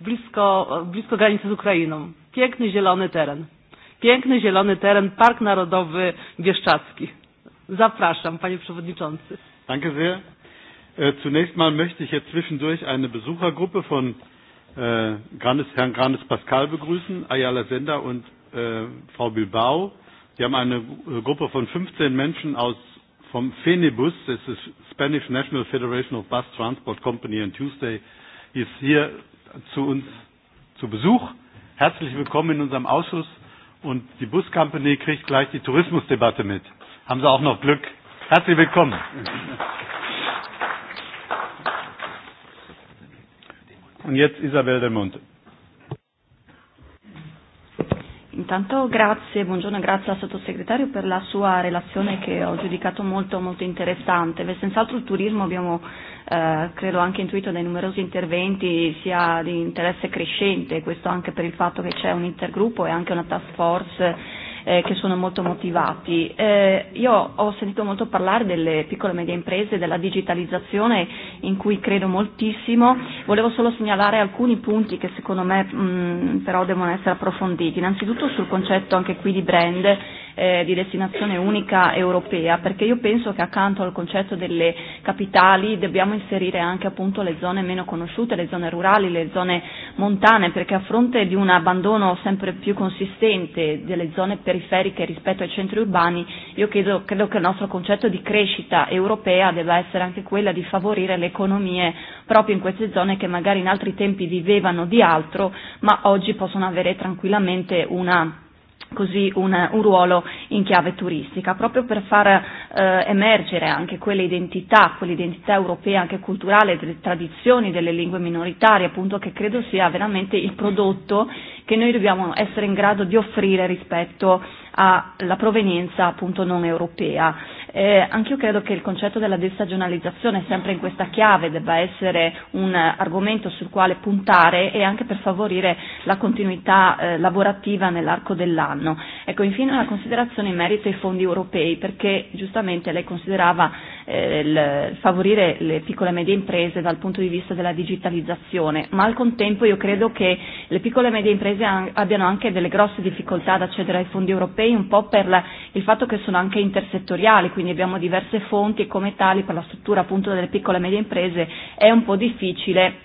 blisko, blisko granicy z Ukrainą. Piękny zielony teren. Piękny zielony teren, Park Narodowy Bieszczadzki. Zapraszam, panie przewodniczący. Danke sehr. Zunächst mal möchte ich jetzt zwischendurch eine Besuchergruppe von äh, Grandes, Herrn Grandes Pascal begrüßen, Ayala Sender und äh, Frau Bilbao. Die haben eine Gruppe von 15 Menschen aus vom Fenibus, das ist Spanish National Federation of Bus Transport Company, and Tuesday ist hier zu uns zu Besuch. Herzlich willkommen in unserem Ausschuss. Und die Bus Company kriegt gleich die Tourismusdebatte mit. Haben Sie auch noch Glück. Herzlich willkommen. Und jetzt Isabel Del Monte. Intanto grazie, buongiorno, grazie al sottosegretario per la sua relazione che ho giudicato molto, molto interessante. Senz'altro il turismo abbiamo, eh, credo anche intuito dai numerosi interventi, sia di interesse crescente, questo anche per il fatto che c'è un intergruppo e anche una task force eh, che sono molto motivati. Eh, io ho sentito molto parlare delle piccole e medie imprese, della digitalizzazione in cui credo moltissimo. Volevo solo segnalare alcuni punti che secondo me mh, però devono essere approfonditi. Innanzitutto sul concetto anche qui di brand eh, di destinazione unica europea, perché io penso che accanto al concetto delle capitali dobbiamo inserire anche appunto le zone meno conosciute, le zone rurali, le zone montane, perché a fronte di un abbandono sempre più consistente delle zone periferiche rispetto ai centri urbani, io credo, credo che il nostro concetto di crescita europea debba essere anche quella di favorire le economie proprio in queste zone che magari in altri tempi vivevano di altro, ma oggi possono avere tranquillamente una così un, un ruolo in chiave turistica, proprio per far eh, emergere anche quelle identità, quell'identità europea anche culturale, delle tradizioni, delle lingue minoritarie, appunto che credo sia veramente il prodotto che noi dobbiamo essere in grado di offrire rispetto alla provenienza appunto non europea. Eh, anch'io credo che il concetto della destagionalizzazione, sempre in questa chiave, debba essere un argomento sul quale puntare e anche per favorire la continuità eh, lavorativa nell'arco dell'anno. Ecco, infine una considerazione in merito ai fondi europei, perché giustamente lei considerava eh, il, favorire le piccole e medie imprese dal punto di vista della digitalizzazione, ma al contempo io credo che le piccole e medie imprese abbiano anche delle grosse difficoltà ad accedere ai fondi europei, un po' per il fatto che sono anche intersettoriali, quindi quindi abbiamo diverse fonti e come tali per la struttura appunto delle piccole e medie imprese è un po' difficile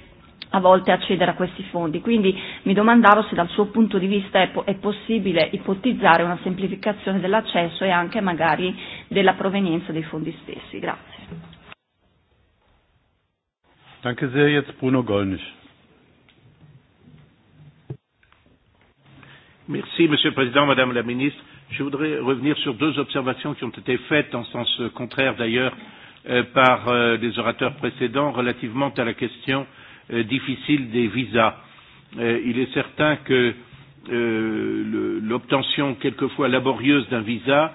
a volte accedere a questi fondi. Quindi mi domandavo se dal suo punto di vista è, po- è possibile ipotizzare una semplificazione dell'accesso e anche magari della provenienza dei fondi stessi. Grazie. Danke sehr, jetzt Bruno Gollnisch. Merci, Monsieur le Président, Madame la Ministre. Je voudrais revenir sur deux observations qui ont été faites, en sens contraire d'ailleurs, par les orateurs précédents relativement à la question difficile des visas. Il est certain que l'obtention quelquefois laborieuse d'un visa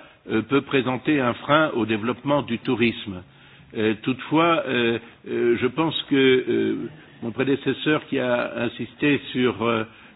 peut présenter un frein au développement du tourisme. Toutefois, je pense que mon prédécesseur qui a insisté sur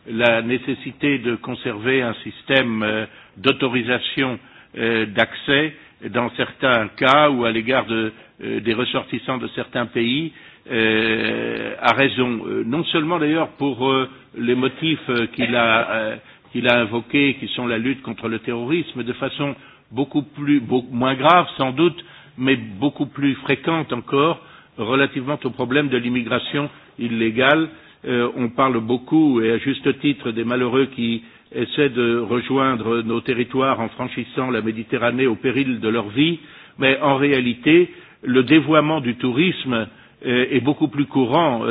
la nécessité de conserver un système d'autorisation euh, d'accès dans certains cas ou à l'égard de, euh, des ressortissants de certains pays euh, a raison, non seulement d'ailleurs pour euh, les motifs qu'il a, euh, qu a invoqués, qui sont la lutte contre le terrorisme, de façon beaucoup plus beaucoup, moins grave sans doute, mais beaucoup plus fréquente encore, relativement au problème de l'immigration illégale. Euh, on parle beaucoup et à juste titre des malheureux qui euh, essaient de rejoindre nos territoires en franchissant la Méditerranée au péril de leur vie, mais en réalité, le dévoiement du tourisme est beaucoup plus courant.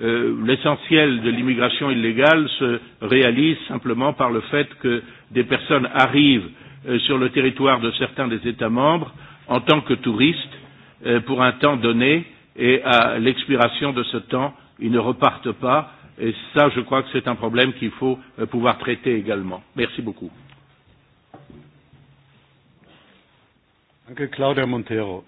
L'essentiel de l'immigration illégale se réalise simplement par le fait que des personnes arrivent sur le territoire de certains des États membres en tant que touristes pour un temps donné et à l'expiration de ce temps, ils ne repartent pas Et ça, je crois que c'est un problème qu'il faut pouvoir traiter également. Merci beaucoup. Merci, Claudia Montero.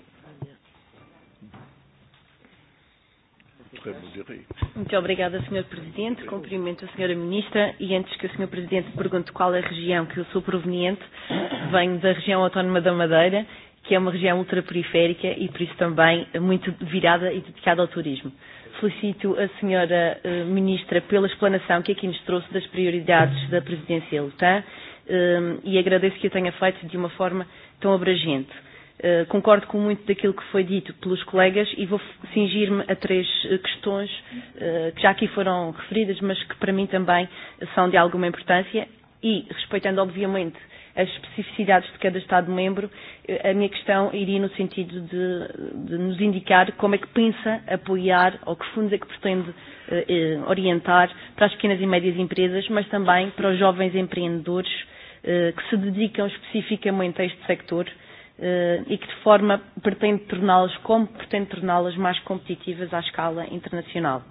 Muito obrigada, Sr. Presidente. Cumprimento a Sra. Ministra e antes que o Sr. Presidente pergunte qual é a região que eu sou proveniente, venho da região autónoma da Madeira, que é uma região ultraperiférica e por isso também muito virada e dedicada ao turismo felicito a senhora ministra pela explanação que aqui nos trouxe das prioridades da presidência lutã e agradeço que o tenha feito de uma forma tão abrangente. Concordo com muito daquilo que foi dito pelos colegas e vou cingir-me a três questões que já aqui foram referidas, mas que para mim também são de alguma importância e respeitando obviamente as especificidades de cada Estado-membro, a minha questão iria no sentido de, de nos indicar como é que pensa apoiar ou que fundos é que pretende eh, orientar para as pequenas e médias empresas, mas também para os jovens empreendedores eh, que se dedicam especificamente a este sector eh, e que de forma pretende torná-las, como pretende torná-las mais competitivas à escala internacional.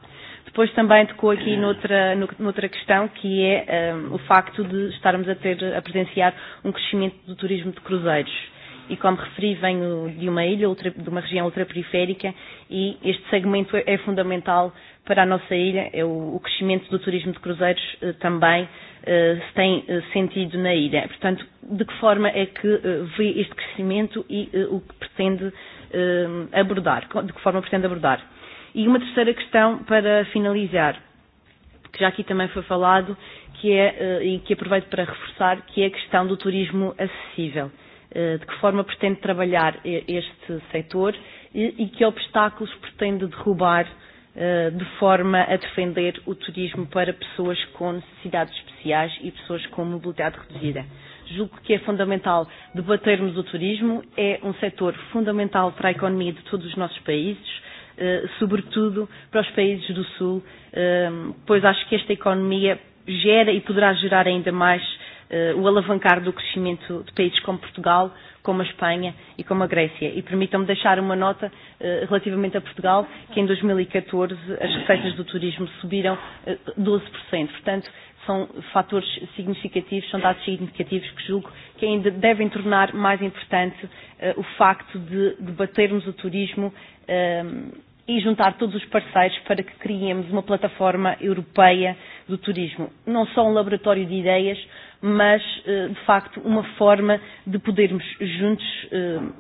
Depois também tocou aqui noutra, noutra questão, que é um, o facto de estarmos a, ter, a presenciar um crescimento do turismo de cruzeiros. E como referi, venho de uma ilha, ultra, de uma região ultraperiférica, e este segmento é, fundamental para a nossa ilha. É o, o crescimento do turismo de cruzeiros eh, também eh, se tem eh, sentido na ilha. Portanto, de que forma é que eh, vê este crescimento e eh, o que pretende eh, abordar? De que forma pretende abordar? E uma terceira questão para finalizar, que já aqui também foi falado, que é, e que aproveito para reforçar, que é a questão do turismo acessível. De que forma pretende trabalhar este setor e que obstáculos pretende derrubar de forma a defender o turismo para pessoas com necessidades especiais e pessoas com mobilidade reduzida. Julgo que é fundamental debatermos o turismo, é um setor fundamental para a economia de todos os nossos países sobretudo para os países do Sul, pois acho que esta economia gera e poderá gerar ainda mais o alavancar do crescimento de países como Portugal, como a Espanha e como a Grécia. E permitam-me deixar uma nota relativamente a Portugal, que em 2014 as receitas do turismo subiram 12%. Portanto, são fatores significativos, são dados significativos que julgo que ainda devem tornar mais importante o facto de debatermos o turismo e juntar todos os parceiros para que criemos uma plataforma europeia do turismo. Não só um laboratório de ideias, mas de facto uma forma de podermos juntos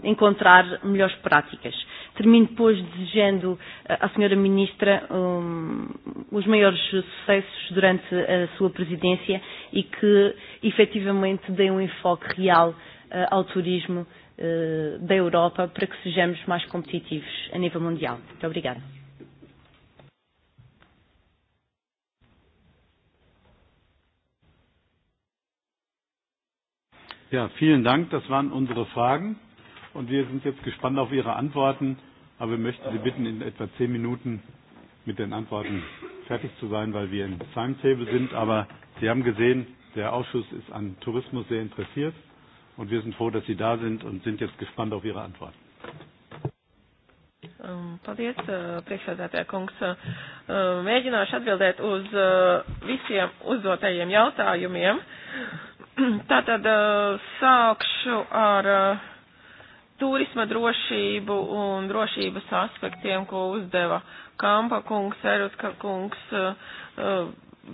encontrar melhores práticas. Termino depois desejando à Senhora Ministra um, os maiores sucessos durante a sua presidência e que efetivamente dê um enfoque real ao turismo da Europa para que sejamos mais competitivos a nível mundial. Muito obrigada. Ja, vielen Dank. Das waren unsere Fragen. Und wir sind jetzt gespannt auf Ihre Antworten. Aber wir möchten Sie bitten, in etwa zehn Minuten mit den Antworten fertig zu sein, weil wir im Timetable sind. Aber Sie haben gesehen, der Ausschuss ist an Tourismus sehr interessiert. Und wir sind froh, dass Sie da sind und sind jetzt gespannt auf Ihre Antwort. Paldies, priekšsēdētāja kungs. Mēģināšu atbildēt uz visiem uzdotajiem jautājumiem. Tātad sākšu ar turisma drošību un drošības aspektiem, ko uzdeva Kampa kungs, Eruska kungs,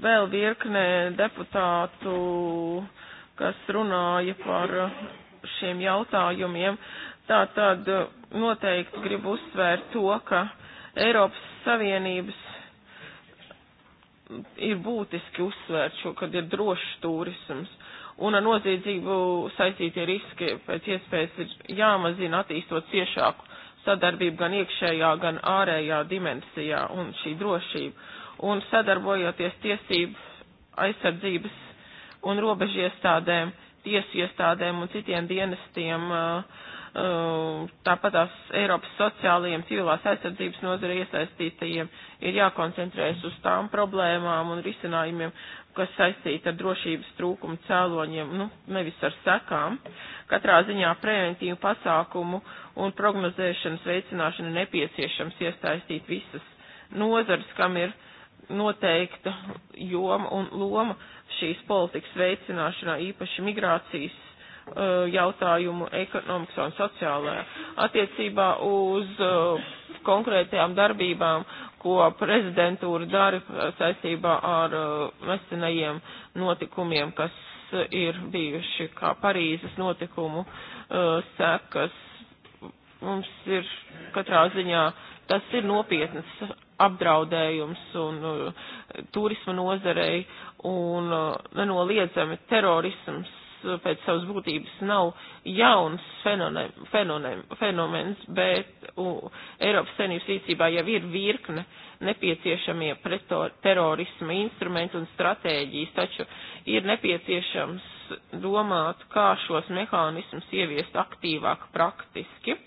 vēl virknē deputātu kas runāja par šiem jautājumiem. tā tad noteikti gribu uzsvērt to, ka Eiropas Savienības ir būtiski uzsvērt šo, kad ir drošs turisms. Un ar noziedzību saistītie riski pēc iespējas ir jāmazina attīstot ciešāku sadarbību gan iekšējā, gan ārējā dimensijā un šī drošība. Un sadarbojoties tiesību aizsardzības un robežu iestādēm, tiesu iestādēm un citiem dienestiem, tāpat tās Eiropas sociālajiem civilās aizsardzības nozara iesaistītajiem ir jākoncentrējas uz tām problēmām un risinājumiem, kas saistīti ar drošības trūkumu cēloņiem, nu, nevis ar sekām. Katrā ziņā preventīvu pasākumu un prognozēšanas veicināšanu nepieciešams iesaistīt visas nozares, kam ir noteikta joma un loma šīs politikas veicināšanā, īpaši migrācijas jautājumu ekonomikas un sociālajā attiecībā uz konkrētajām darbībām, ko prezidentūra dara saistībā ar nesenajiem notikumiem, kas ir bijuši kā Parīzes notikumu sekas. Mums ir katrā ziņā tas ir nopietnas apdraudējums un uh, turisma nozarei un uh, nenoliedzami terorisms pēc savas būtības nav jauns fenomen, fenomens, bet uh, Eiropas senības rīcībā jau ir virkne nepieciešamie pretterorisma instrumenti un stratēģijas, taču ir nepieciešams domāt, kā šos mehānismus ieviest aktīvāk praktiski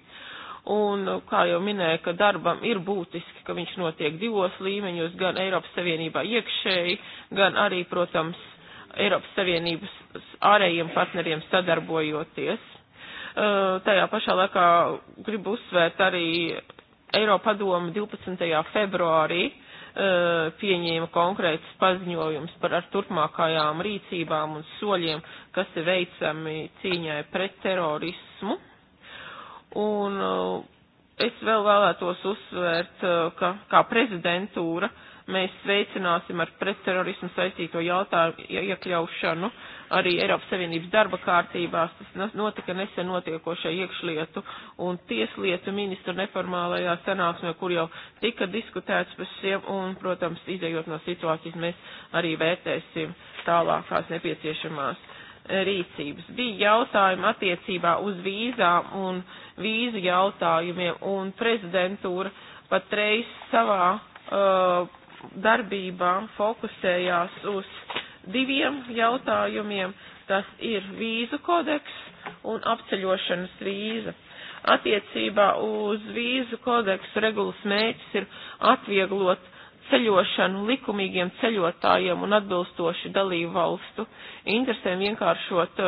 Un, kā jau minēja, ka darbam ir būtiski, ka viņš notiek divos līmeņos, gan Eiropas Savienībā iekšēji, gan arī, protams, Eiropas Savienības ārējiem partneriem sadarbojoties. Tajā pašā laikā gribu uzsvērt arī Eiropadoma 12. februārī pieņēma konkrētas paziņojumus par ar turpmākajām rīcībām un soļiem, kas ir veicami cīņai pret terorismu Un es vēl vēlētos uzsvērt, ka kā prezidentūra mēs sveicināsim ar pretterorismu saistīto jautājumu iekļaušanu arī Eiropas Savienības darba kārtībās. Tas notika nesen notiekošai iekšlietu un tieslietu ministru neformālajā sanāksmē, kur jau tika diskutēts par šiem, un, protams, izējot no situācijas, mēs arī vērtēsim tālākās nepieciešamās rīcības. Bija jautājumi attiecībā uz vīzām un uh, vīzu jautājumiem, un prezidentūra patreiz savā uh, darbībā fokusējās uz diviem jautājumiem. Tas ir vīzu kodeks un apceļošanas vīza. Attiecībā uz vīzu kodeksu regulas mēģis ir atvieglot ceļošanu likumīgiem ceļotājiem un atbilstoši dalību valstu interesēm vienkāršot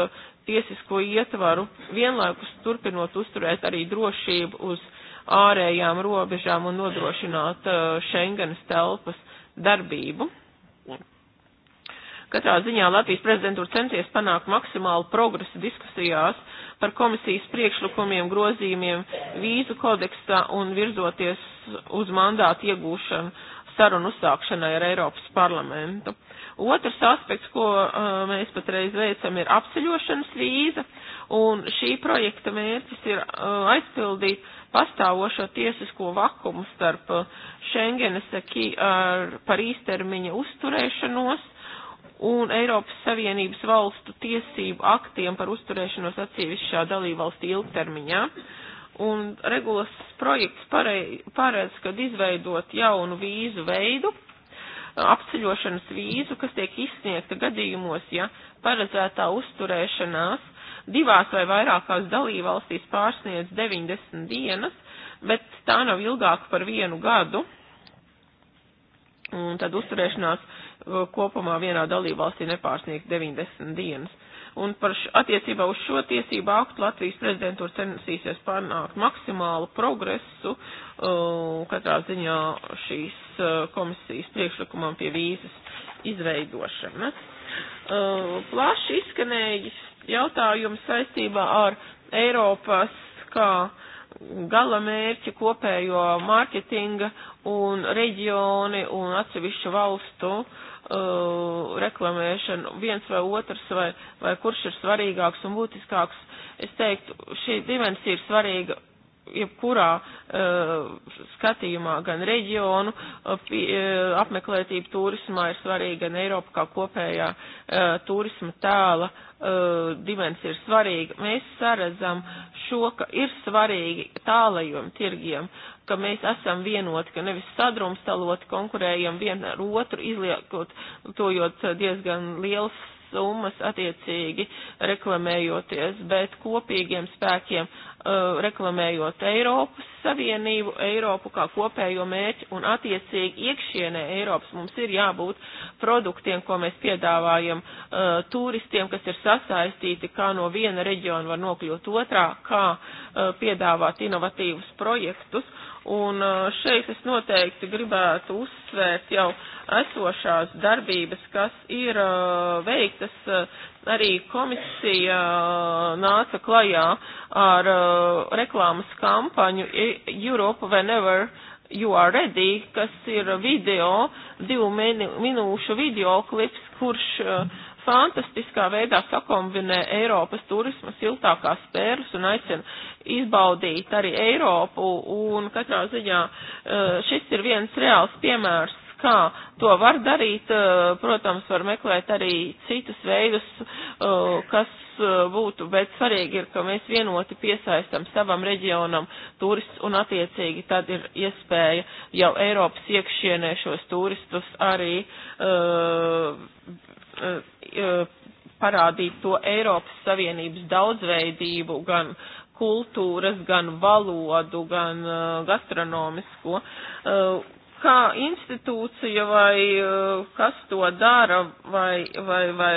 tiesisko ietvaru, vienlaikus turpinot uzturēt arī drošību uz ārējām robežām un nodrošināt Schengenas telpas darbību. Katrā ziņā Latvijas prezidentūra centies panākt maksimālu progresu diskusijās par komisijas priekšlikumiem, grozījumiem, vīzu kodeksā un virzoties uz mandātu iegūšanu sarunu uzsākšanai ar Eiropas parlamentu. Otrs aspekts, ko mēs patreiz veicam, ir apceļošanas vīza, un šī projekta mērķis ir aizpildīt pastāvošo tiesisko vakumu starp Schengenes aki ar, par īstermiņa uzturēšanos un Eiropas Savienības valstu tiesību aktiem par uzturēšanos atsevišķā dalībvalstī ilgtermiņā. Un regulas projekts paredz, kad izveidot jaunu vīzu veidu, apceļošanas vīzu, kas tiek izsniegta gadījumos, ja paredzētā uzturēšanās divās vai vairākās dalībvalstīs pārsniedz 90 dienas, bet tā nav ilgāka par vienu gadu. Un tad uzturēšanās kopumā vienā dalībvalstī nepārsniegt 90 dienas. Un par attiecībā uz šo tiesību aktu Latvijas prezidentūra censīsies panākt maksimālu progresu uh, katrā ziņā šīs uh, komisijas priekšlikumam pie vīzas izveidošana. Uh, plaši izskanējis jautājums saistībā ar Eiropas kā uh, gala mērķi kopējo mārketinga un reģioni un atsevišķu valstu reklamēšanu, viens vai otrs, vai, vai kurš ir svarīgāks un būtiskāks. Es teiktu, šī dimensija ir svarīga jebkurā skatījumā, gan reģionu apmeklētību turismā ir svarīga, gan Eiropa kā kopējā turisma tēla dimensija ir svarīga. Mēs saredzam šo, ka ir svarīgi tālajiem tirgiem, ka mēs esam vienoti, ka nevis sadrumstaloti konkurējam vienu ar otru, izliekot tojot diezgan liels summas attiecīgi reklamējoties, bet kopīgiem spēkiem reklamējot Eiropas Savienību, Eiropu kā kopējo mērķu un attiecīgi iekšienē Eiropas mums ir jābūt produktiem, ko mēs piedāvājam uh, turistiem, kas ir sasaistīti, kā no viena reģiona var nokļūt otrā, kā uh, piedāvāt inovatīvus projektus Un šeit es noteikti gribētu uzsvērt jau esošās darbības, kas ir veiktas. Arī komisija nāca klajā ar reklāmas kampaņu Europa Whenever You Are Ready, kas ir video, divu minūšu videoklips, kurš fantastiskā veidā sakombinē Eiropas turisma siltākās spēles un aicina izbaudīt arī Eiropu. Un katrā ziņā šis ir viens reāls piemērs, kā to var darīt. Protams, var meklēt arī citus veidus, kas būtu, bet svarīgi ir, ka mēs vienoti piesaistam savam reģionam turistus un attiecīgi tad ir iespēja jau Eiropas iekšienē šos turistus arī parādīt to Eiropas Savienības daudzveidību, gan kultūras, gan valodu, gan gastronomisko. Kā institūcija vai kas to dara, vai, vai, vai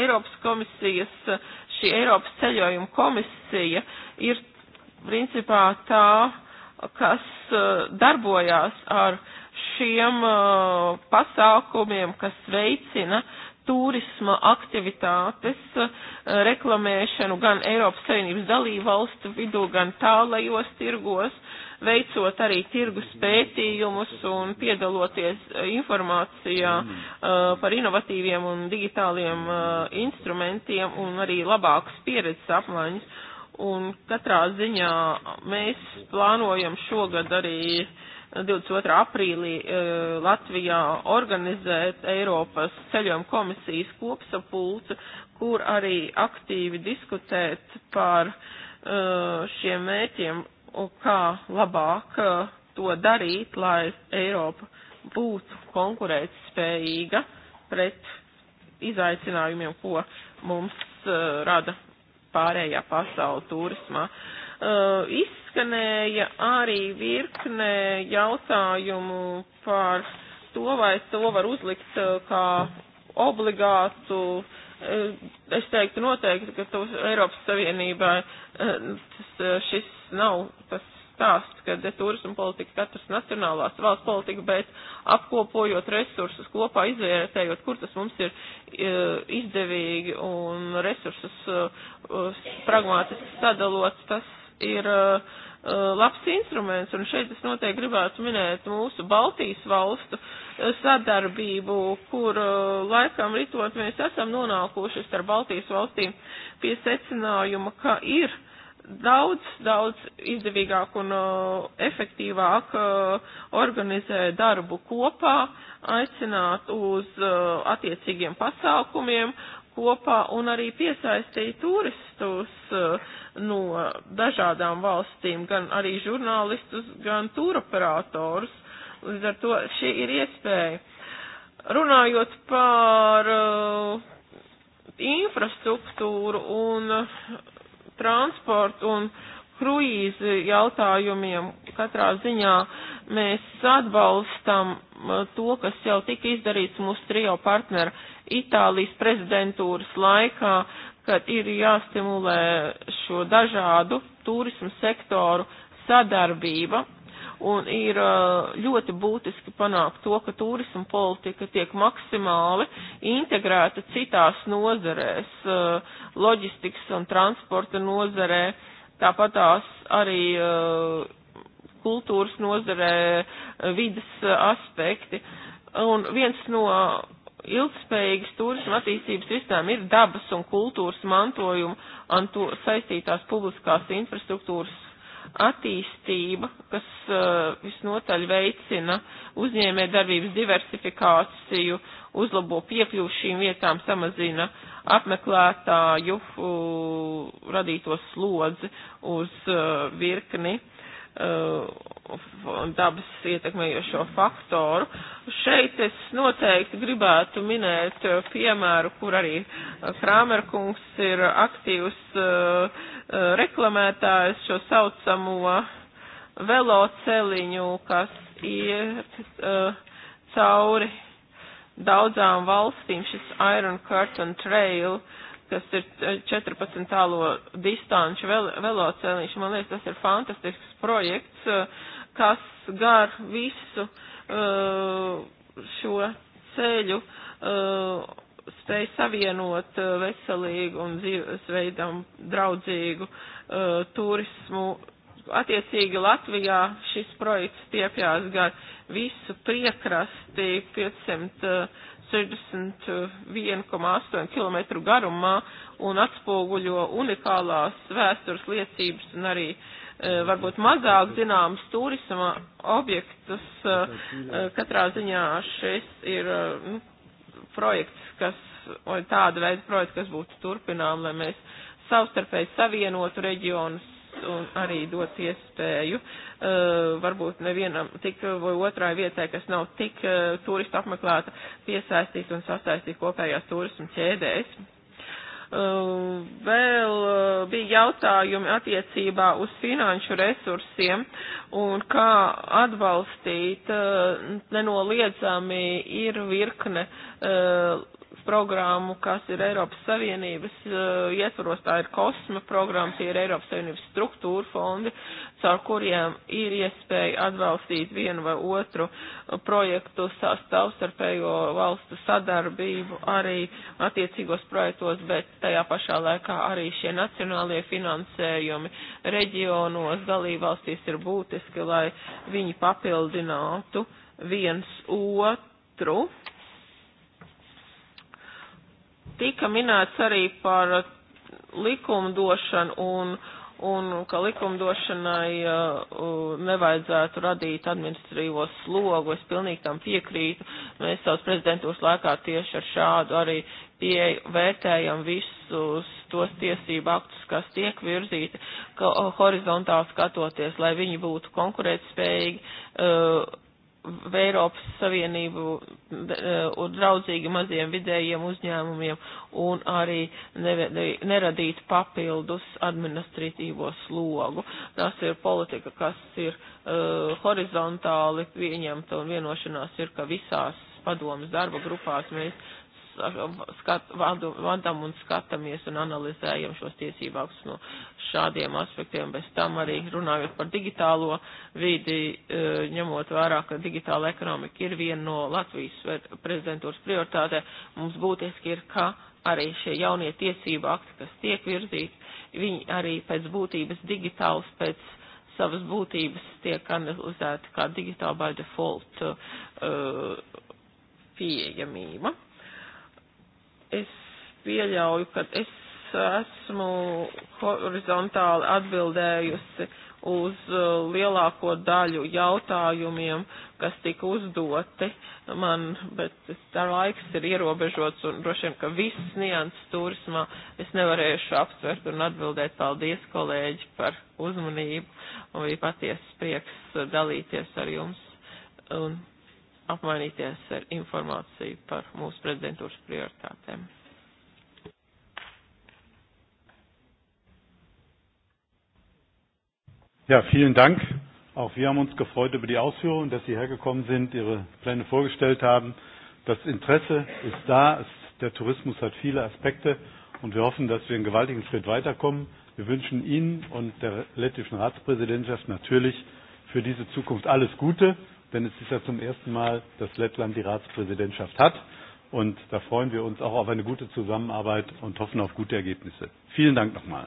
Eiropas komisijas, šī Eiropas ceļojuma komisija ir principā tā, kas darbojās ar šiem pasākumiem, kas veicina uh, turisma aktivitātes reklamēšanu gan Eiropas Savienības dalību valstu vidū, gan tālajos tirgos, veicot arī tirgus pētījumus un piedaloties informācijā par inovatīviem un digitāliem instrumentiem un arī labākas pieredzes apmaiņas. Un katrā ziņā mēs plānojam šogad arī uh, 22. aprīlī Latvijā organizēt Eiropas ceļojuma komisijas kopsapulci, kur arī aktīvi diskutēt par šiem mērķiem, kā labāk to darīt, lai Eiropa būtu konkurētspējīga pret izaicinājumiem, ko mums rada pārējā pasaule turismā. Uh, izskanēja arī virkne jautājumu par to, vai to var uzlikt kā obligātu es teiktu noteikti, ka to Eiropas Savienībā šis nav tas stāsts, ka turismu politika katras nacionālās valsts politika, bet apkopojot resursus kopā, izvērtējot, kur tas mums ir izdevīgi un resursus pragmātiski sadalot, tas ir uh, labs instruments, un šeit es noteikti gribētu minēt mūsu Baltijas valstu sadarbību, kur laikam ritot mēs esam nonākuši ar Baltijas valstīm pie secinājuma, ka ir daudz, daudz izdevīgāk un uh, efektīvāk uh, organizēt darbu kopā, aicināt uz uh, attiecīgiem pasākumiem kopā un arī piesaistīja turistus no dažādām valstīm, gan arī žurnālistus, gan turoperatorus. Līdz ar to šī ir iespēja. Runājot par infrastruktūru un transportu un kruīzi jautājumiem, katrā ziņā mēs atbalstam to, kas jau tika izdarīts mūsu trio partneru Itālijas prezidentūras laikā, kad ir jāstimulē šo dažādu turismu sektoru sadarbība. Un ir ļoti būtiski panākt to, ka turismu politika tiek maksimāli integrēta citās nozarēs, loģistikas un transporta nozarē, tās arī kultūras nozarē, vidas aspekti. Un viens no ilgspējīgas turismu attīstības sistēma ir dabas un kultūras mantojuma un to saistītās publiskās infrastruktūras attīstība, kas uh, visnotaļ veicina uzņēmē darbības diversifikāciju, uzlabo piekļuvu šīm vietām, samazina apmeklētāju uh, radītos slodzi uz uh, virkni uh, dabas ietekmējošo faktoru. Šeit es noteikti gribētu minēt piemēru, kur arī Krāmerkungs ir aktīvs reklamētājs šo saucamo veloceliņu, kas ir cauri daudzām valstīm, šis Iron Curtain Trail. Uh, kas ir 14. distanču velocēlīšu. Man liekas, tas ir fantastisks projekts, kas gar visu šo ceļu spēj savienot veselīgu un dzīvesveidam draudzīgu turismu. Attiecīgi Latvijā šis projekts tiepjās gar visu piekrasti 500 161,8 km garumā un atspoguļo unikālās vēstures liecības un arī varbūt mazāk zināmas turisma objektus. Katrā ziņā šis ir nu, projekts, kas, vai tāda veida projekts, kas būtu turpinām, lai mēs savstarpēji savienotu reģionus un arī dots iespēju varbūt nevienam tik vai otrai vietē, kas nav tik turistu apmeklēta, piesaistīt un sasaistīt kopējās turismu ķēdēs. Vēl bija jautājumi attiecībā uz finanšu resursiem un kā atbalstīt nenoliedzami ir virkne programmu, kas ir Eiropas Savienības ietvaros, tā ir kosma programma, tie ir Eiropas Savienības struktūra fondi, caur kuriem ir iespēja atbalstīt vienu vai otru projektu savstarpējo valstu sadarbību arī attiecīgos projektos, bet tajā pašā laikā arī šie nacionālie finansējumi reģionos dalībvalstīs ir būtiski, lai viņi papildinātu viens otru tika minēts arī par likumdošanu un, un ka likumdošanai nevajadzētu radīt administratīvo slogu. Es pilnīgi tam piekrītu. Mēs savus prezidentūras laikā tieši ar šādu arī pieeju vērtējam visus tos tiesību aktus, kas tiek virzīti ka, horizontāli skatoties, lai viņi būtu konkurētspējīgi. Uh, Eiropas Savienību un draudzīgi maziem vidējiem uzņēmumiem un arī neradīt papildus administratīvo slogu. Tas ir politika, kas ir uh, horizontāli pieņemta un vienošanās ir, ka visās padomas darba grupās mēs skat, vadam un skatāmies un analizējam šos tiesībākus no šādiem aspektiem. Bez tam arī runājot par digitālo vidi, ņemot vērā, ka digitāla ekonomika ir viena no Latvijas prezidentūras prioritātē, mums būtiski ir, ka arī šie jaunie tiesību akti, kas tiek virzīti, viņi arī pēc būtības digitāls, pēc savas būtības tiek analizēti kā digitāla by default uh, pieejamība es pieļauju, ka es esmu horizontāli atbildējusi uz lielāko daļu jautājumiem, kas tika uzdoti man, bet tā laiks ir ierobežots un droši vien, ka viss nianses turismā es nevarēšu aptvert un atbildēt. Paldies, kolēģi, par uzmanību un bija patiesi prieks dalīties ar jums. Un apmainīties ar informāciju par mūsu prezidentūras prioritātēm. Ja, vielen Dank. Auch wir haben uns gefreut über die Ausführungen, dass Sie hergekommen sind, Ihre Pläne vorgestellt haben. Das Interesse ist da. Es, der Tourismus hat viele Aspekte und wir hoffen, dass wir einen gewaltigen Schritt weiterkommen. Wir wünschen Ihnen und der lettischen Ratspräsidentschaft natürlich für diese Zukunft alles Gute denn es ist ja zum ersten Mal, dass Lettland die Ratspräsidentschaft hat. Und da freuen wir uns auch auf eine gute Zusammenarbeit und hoffen auf gute Ergebnisse. Vielen Dank nochmal.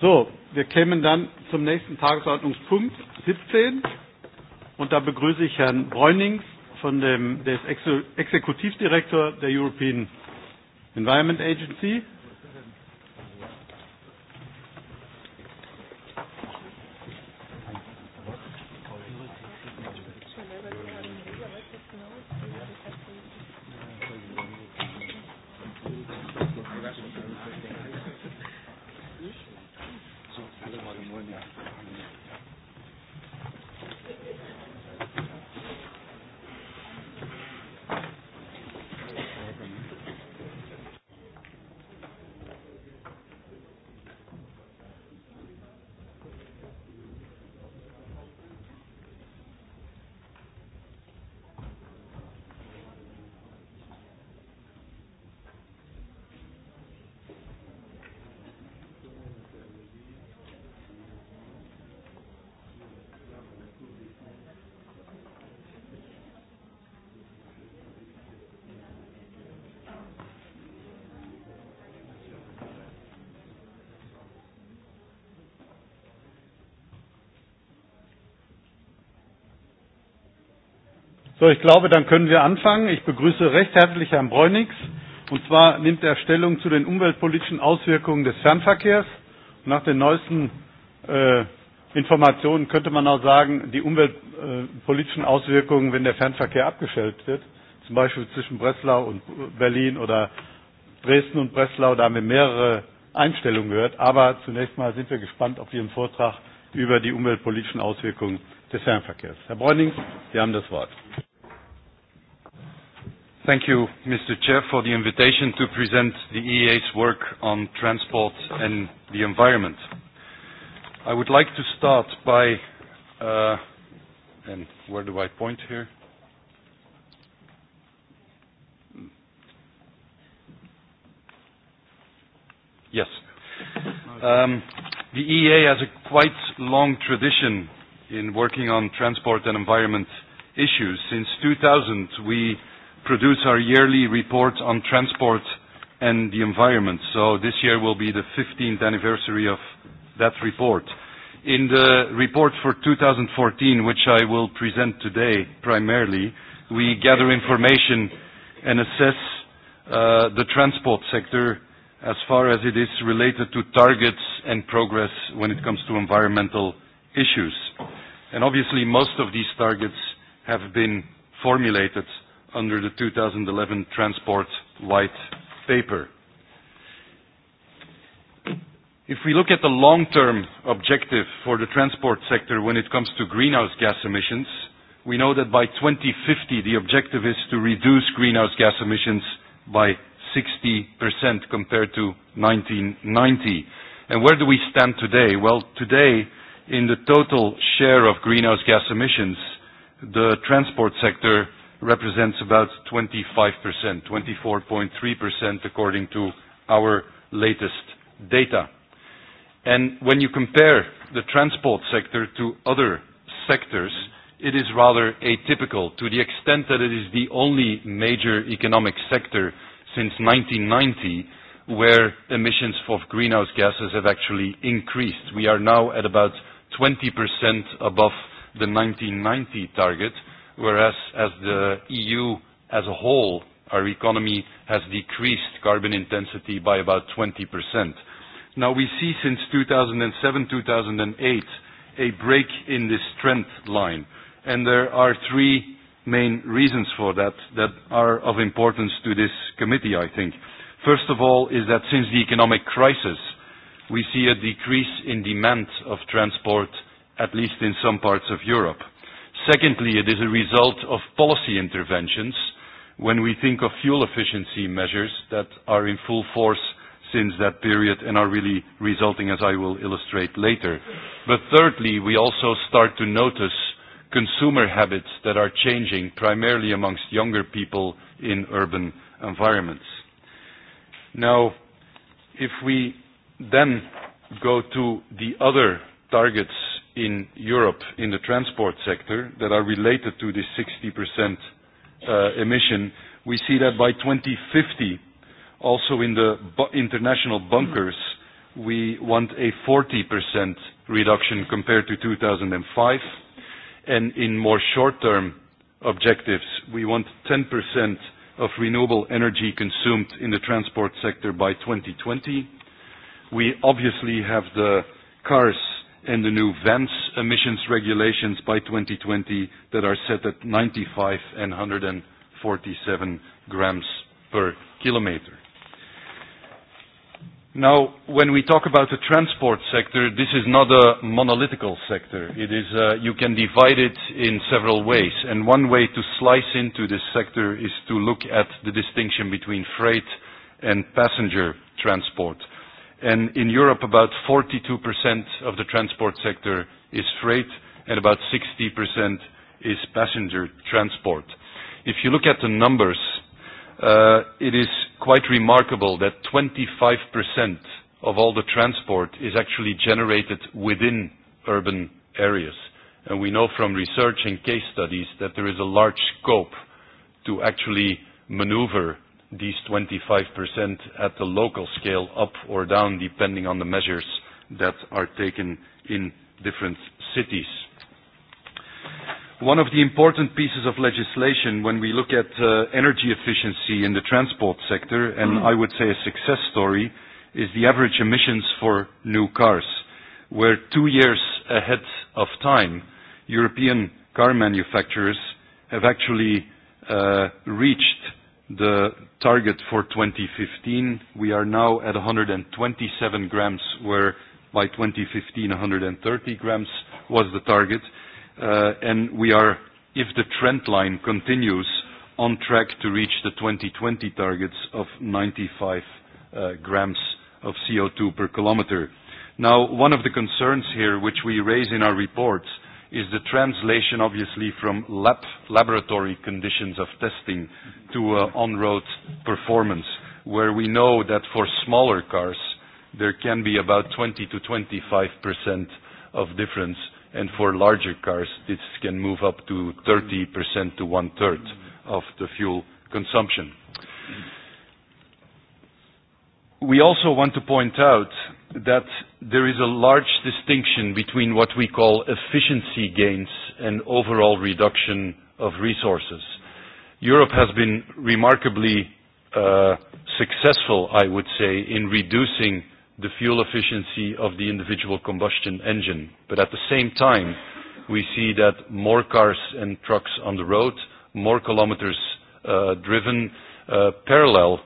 So, wir kämen dann zum nächsten Tagesordnungspunkt 17. Und da begrüße ich Herrn Bräunings, von dem, der ist Exekutivdirektor der European Environment Agency So, ich glaube, dann können wir anfangen. Ich begrüße recht herzlich Herrn Bräunix. Und zwar nimmt er Stellung zu den umweltpolitischen Auswirkungen des Fernverkehrs. Nach den neuesten äh, Informationen könnte man auch sagen, die umweltpolitischen Auswirkungen, wenn der Fernverkehr abgeschaltet wird, zum Beispiel zwischen Breslau und Berlin oder Dresden und Breslau, da haben wir mehrere Einstellungen gehört. Aber zunächst mal sind wir gespannt auf Ihren Vortrag über die umweltpolitischen Auswirkungen des Fernverkehrs. Herr Bräunings, Sie haben das Wort. Thank you, Mr. Chair, for the invitation to present the EEA's work on transport and the environment. I would like to start by, uh, and where do I point here? Yes. Um, the EEA has a quite long tradition in working on transport and environment issues. Since 2000, we produce our yearly report on transport and the environment. So this year will be the 15th anniversary of that report. In the report for 2014, which I will present today primarily, we gather information and assess uh, the transport sector as far as it is related to targets and progress when it comes to environmental issues. And obviously most of these targets have been formulated under the 2011 Transport White Paper. If we look at the long-term objective for the transport sector when it comes to greenhouse gas emissions, we know that by 2050, the objective is to reduce greenhouse gas emissions by 60% compared to 1990. And Where do we stand today? Well, today, in the total share of greenhouse gas emissions, the transport sector represents about 25%, 24.3% according to our latest data. And When you compare the transport sector to other sectors, it is rather atypical to the extent that it is the only major economic sector since 1990 where emissions of greenhouse gases have actually increased. We are now at about 20% above the 1990 target, whereas as the EU as a whole, our economy has decreased carbon intensity by about 20%. Now we see since 2007, 2008, a break in this trend line, and there are three main reasons for that that are of importance to this committee, I think. First of all is that since the economic crisis, we see a decrease in demand of transport, at least in some parts of Europe. Secondly, it is a result of policy interventions when we think of fuel efficiency measures that are in full force since that period and are really resulting, as I will illustrate later. But Thirdly, we also start to notice consumer habits that are changing, primarily amongst younger people in urban environments. Now, if we then go to the other targets in Europe in the transport sector that are related to this 60% emission. We see that by 2050, also in the international bunkers, we want a 40% reduction compared to 2005. And in more short-term objectives, we want 10% of renewable energy consumed in the transport sector by 2020. We obviously have the cars in the new VEMS emissions regulations by 2020 that are set at 95 and 147 grams per kilometer. Now, when we talk about the transport sector, this is not a monolithical sector. It is, uh, you can divide it in several ways. And one way to slice into this sector is to look at the distinction between freight and passenger transport. Uh, and in Europe, about 42% of the transport sector is freight, and about 60% is passenger transport. If you look at the numbers, uh it is quite remarkable that 25% of all the transport is actually generated within urban areas. and We know from research and case studies that there is a large scope to actually maneuver these 25% at the local scale up or down depending on the measures that are taken in different cities. One of the important pieces of legislation when we look at uh, energy efficiency in the transport sector, and I would say a success story, is the average emissions for new cars, where two years ahead of time, European car manufacturers have actually uh, reached the target for 2015. We are now at 127 grams, where by 2015, 130 grams was the target. and We are, if the trend line continues, on track to reach the 2020 targets of 95 grams of CO2 per kilometer. Now, one of the concerns here, which we raise in our reports, is the translation, obviously, from lab laboratory conditions of testing to on-road performance, where we know that for smaller cars, there can be about 20%-25% of difference, and for larger cars, this can move up to 30% to one-third of the fuel consumption we also want to point out that there is a large distinction between what we call efficiency gains and overall reduction of resources. Europe has been remarkably uh, successful, I would say, in reducing the fuel efficiency of the individual combustion engine. But at the same time, we see that more cars and trucks on the road, more kilometers uh, driven, uh, parallel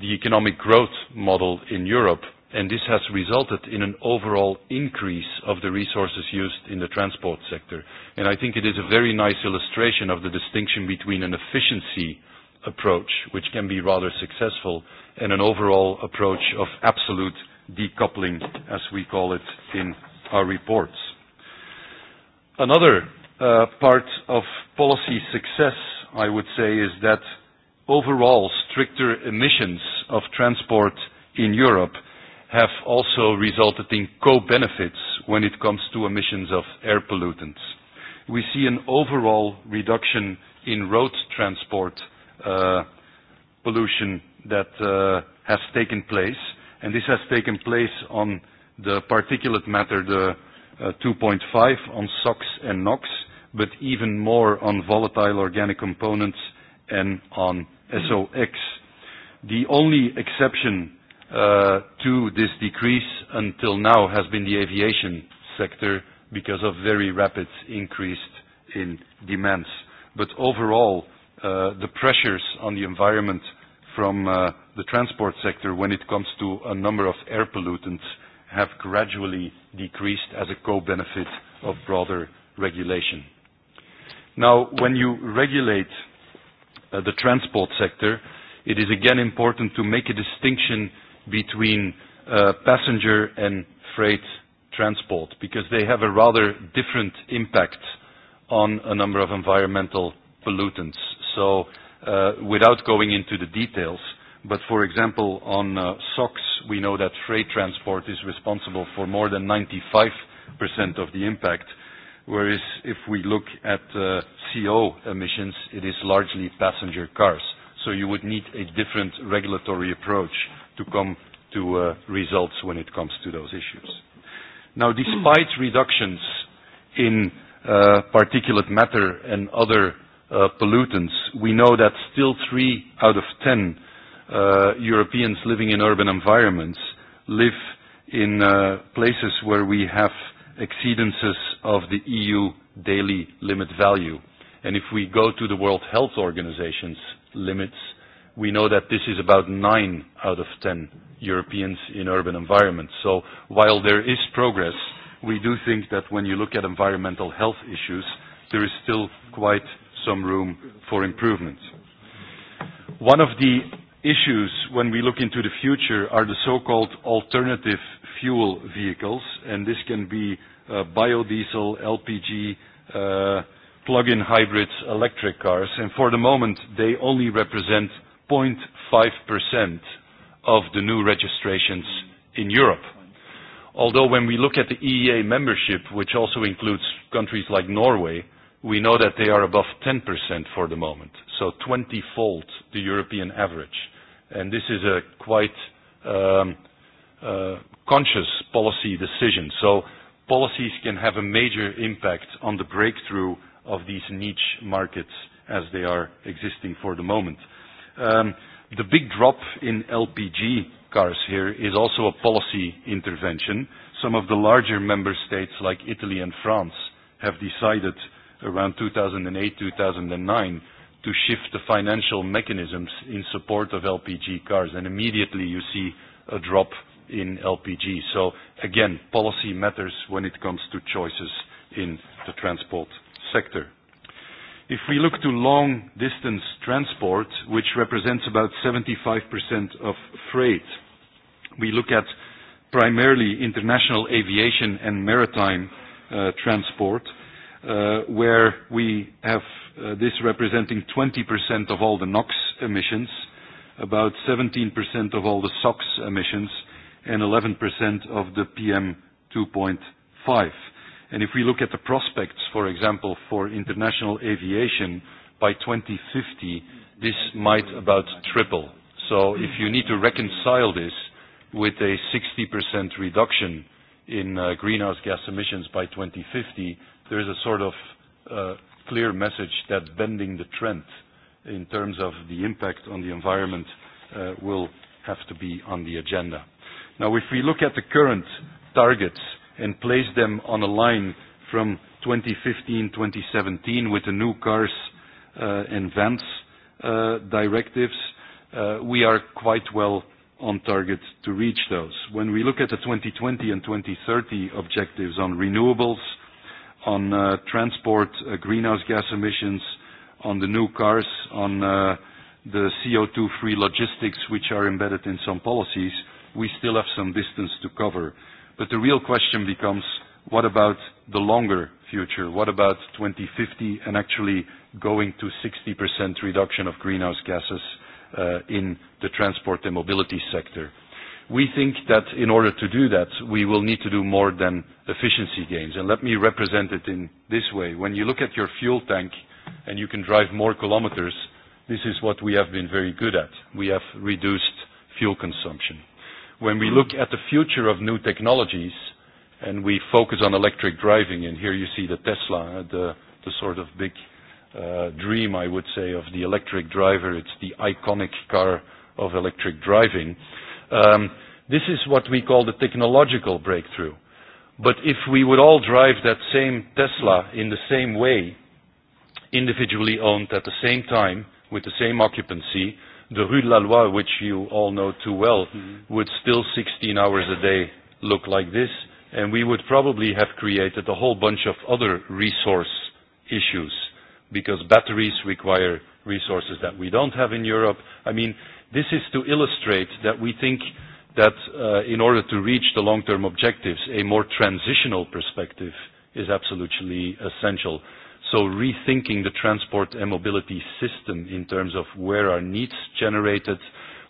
the economic growth model in Europe, and this has resulted in an overall increase of the resources used in the transport sector. And I think it is a very nice illustration of the distinction between an efficiency approach, which can be rather successful, and an overall approach of absolute decoupling, as we call it in our reports. Another uh, part of policy success, I would say, is that overall stricter emissions of transport in Europe have also resulted in co-benefits when it comes to emissions of air pollutants. We see an overall reduction in road transport uh, pollution that uh, has taken place, and this has taken place on the particulate matter, the uh, 2.5, on SOx and NOx, but even more on volatile organic components and on SOx. The only exception uh, to this decrease until now has been the aviation sector because of very rapid increase in demands. But overall, uh, the pressures on the environment from uh, the transport sector when it comes to a number of air pollutants have gradually decreased as a co-benefit of broader regulation. Now, when you regulate the transport sector, it is again important to make a distinction between uh, passenger and freight transport because they have a rather different impact on a number of environmental pollutants. So uh, without going into the details, but for example, on uh, SOx, we know that freight transport is responsible for more than 95% of the impact, whereas if we look at CO emissions, it is largely passenger cars. So you would need a different regulatory approach to come to results when it comes to those issues. Now, despite reductions in particulate matter and other pollutants, we know that still three out of ten Europeans living in urban environments live in places where we have exceedances of the EU daily limit value. And if we go to the World Health Organization's limits, we know that this is about nine out of ten Europeans in urban environments. So while there is progress, we do think that when you look at environmental health issues, there is still quite some room for improvement. One of the issues when we look into the future are the so-called alternative fuel vehicles, and this can be uh, biodiesel, LPG, uh, plug-in hybrids, electric cars. And for the moment, they only represent 0.5% of the new registrations in Europe. Although when we look at the EEA membership, which also includes countries like Norway, we know that they are above 10% for the moment, so 20-fold the European average and this is a quite um, uh, conscious policy decision. So policies can have a major impact on the breakthrough of these niche markets as they are existing for the moment. Um, the big drop in LPG cars here is also a policy intervention. Some of the larger member states like Italy and France have decided around 2008, 2009 to shift the financial mechanisms in support of LPG cars, and immediately you see a drop in LPG. So again, policy matters when it comes to choices in the transport sector. If we look to long-distance transport, which represents about 75% of freight, we look at primarily international aviation and maritime uh transport, uh where we have this representing 20% of all the NOx emissions, about 17% of all the SOx emissions, and 11% of the PM2.5. If we look at the prospects, for example, for international aviation, by 2050, this might about triple. If you need to reconcile this with a 60% reduction in greenhouse gas emissions by 2050, there is a sort of clear message that bending the trend in terms of the impact on the environment uh, will have to be on the agenda. Now, if we look at the current targets and place them on a line from 2015, 2017 with the new cars uh, and vans uh, directives, uh, we are quite well on target to reach those. When we look at the 2020 and 2030 objectives on renewables, on transport greenhouse gas emissions, on the new cars, on the CO2-free logistics, which are embedded in some policies, we still have some distance to cover. But The real question becomes, what about the longer future? What about 2050 and actually going to 60% reduction of greenhouse gases in the transport and mobility sector? We think that in order to do that, we will need to do more than efficiency gains. And Let me represent it in this way. When you look at your fuel tank and you can drive more kilometers, this is what we have been very good at. We have reduced fuel consumption. When we look at the future of new technologies and we focus on electric driving, and here you see the Tesla, the the sort of big uh dream, I would say, of the electric driver. It's the iconic car of electric driving Um, this is what we call the technological breakthrough. But if we would all drive that same Tesla in the same way, individually owned at the same time, with the same occupancy, the Rue de la Loi, which you all know too well, mm-hmm. would still 16 hours a day look like this, and we would probably have created a whole bunch of other resource issues, because batteries require resources that we don't have in Europe. I mean, This is to illustrate that we think that uh, in order to reach the long-term objectives, a more transitional perspective is absolutely essential. So rethinking the transport and mobility system in terms of where are needs generated,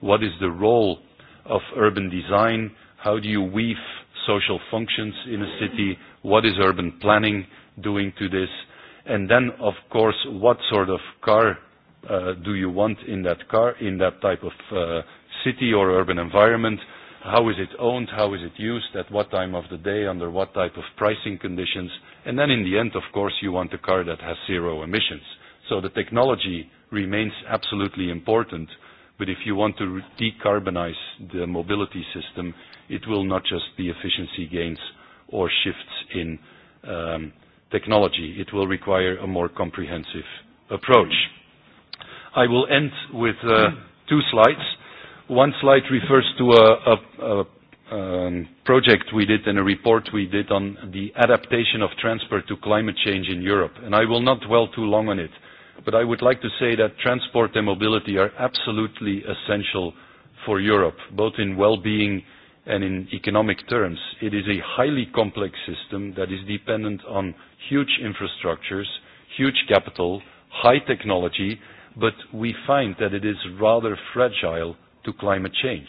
what is the role of urban design, how do you weave social functions in a city, what is urban planning doing to this, and then, of course, what sort of car uh, do you want in that car, in that type of uh, city or urban environment, how is it owned, how is it used, at what time of the day, under what type of pricing conditions, and then in the end, of course, you want a car that has zero emissions. So the technology remains absolutely important, but if you want to decarbonize the mobility system, it will not just be efficiency gains or shifts in um, technology. It will require a more comprehensive approach. Mm-hmm. I will end with uh, two slides. One slide refers to a, a, a um, project we did and a report we did on the adaptation of transport to climate change in Europe. And I will not dwell too long on it, but I would like to say that transport and mobility are absolutely essential for Europe, both in well-being and in economic terms. It is a highly complex system that is dependent on huge infrastructures, huge capital, high technology, but we find that it is rather fragile to climate change.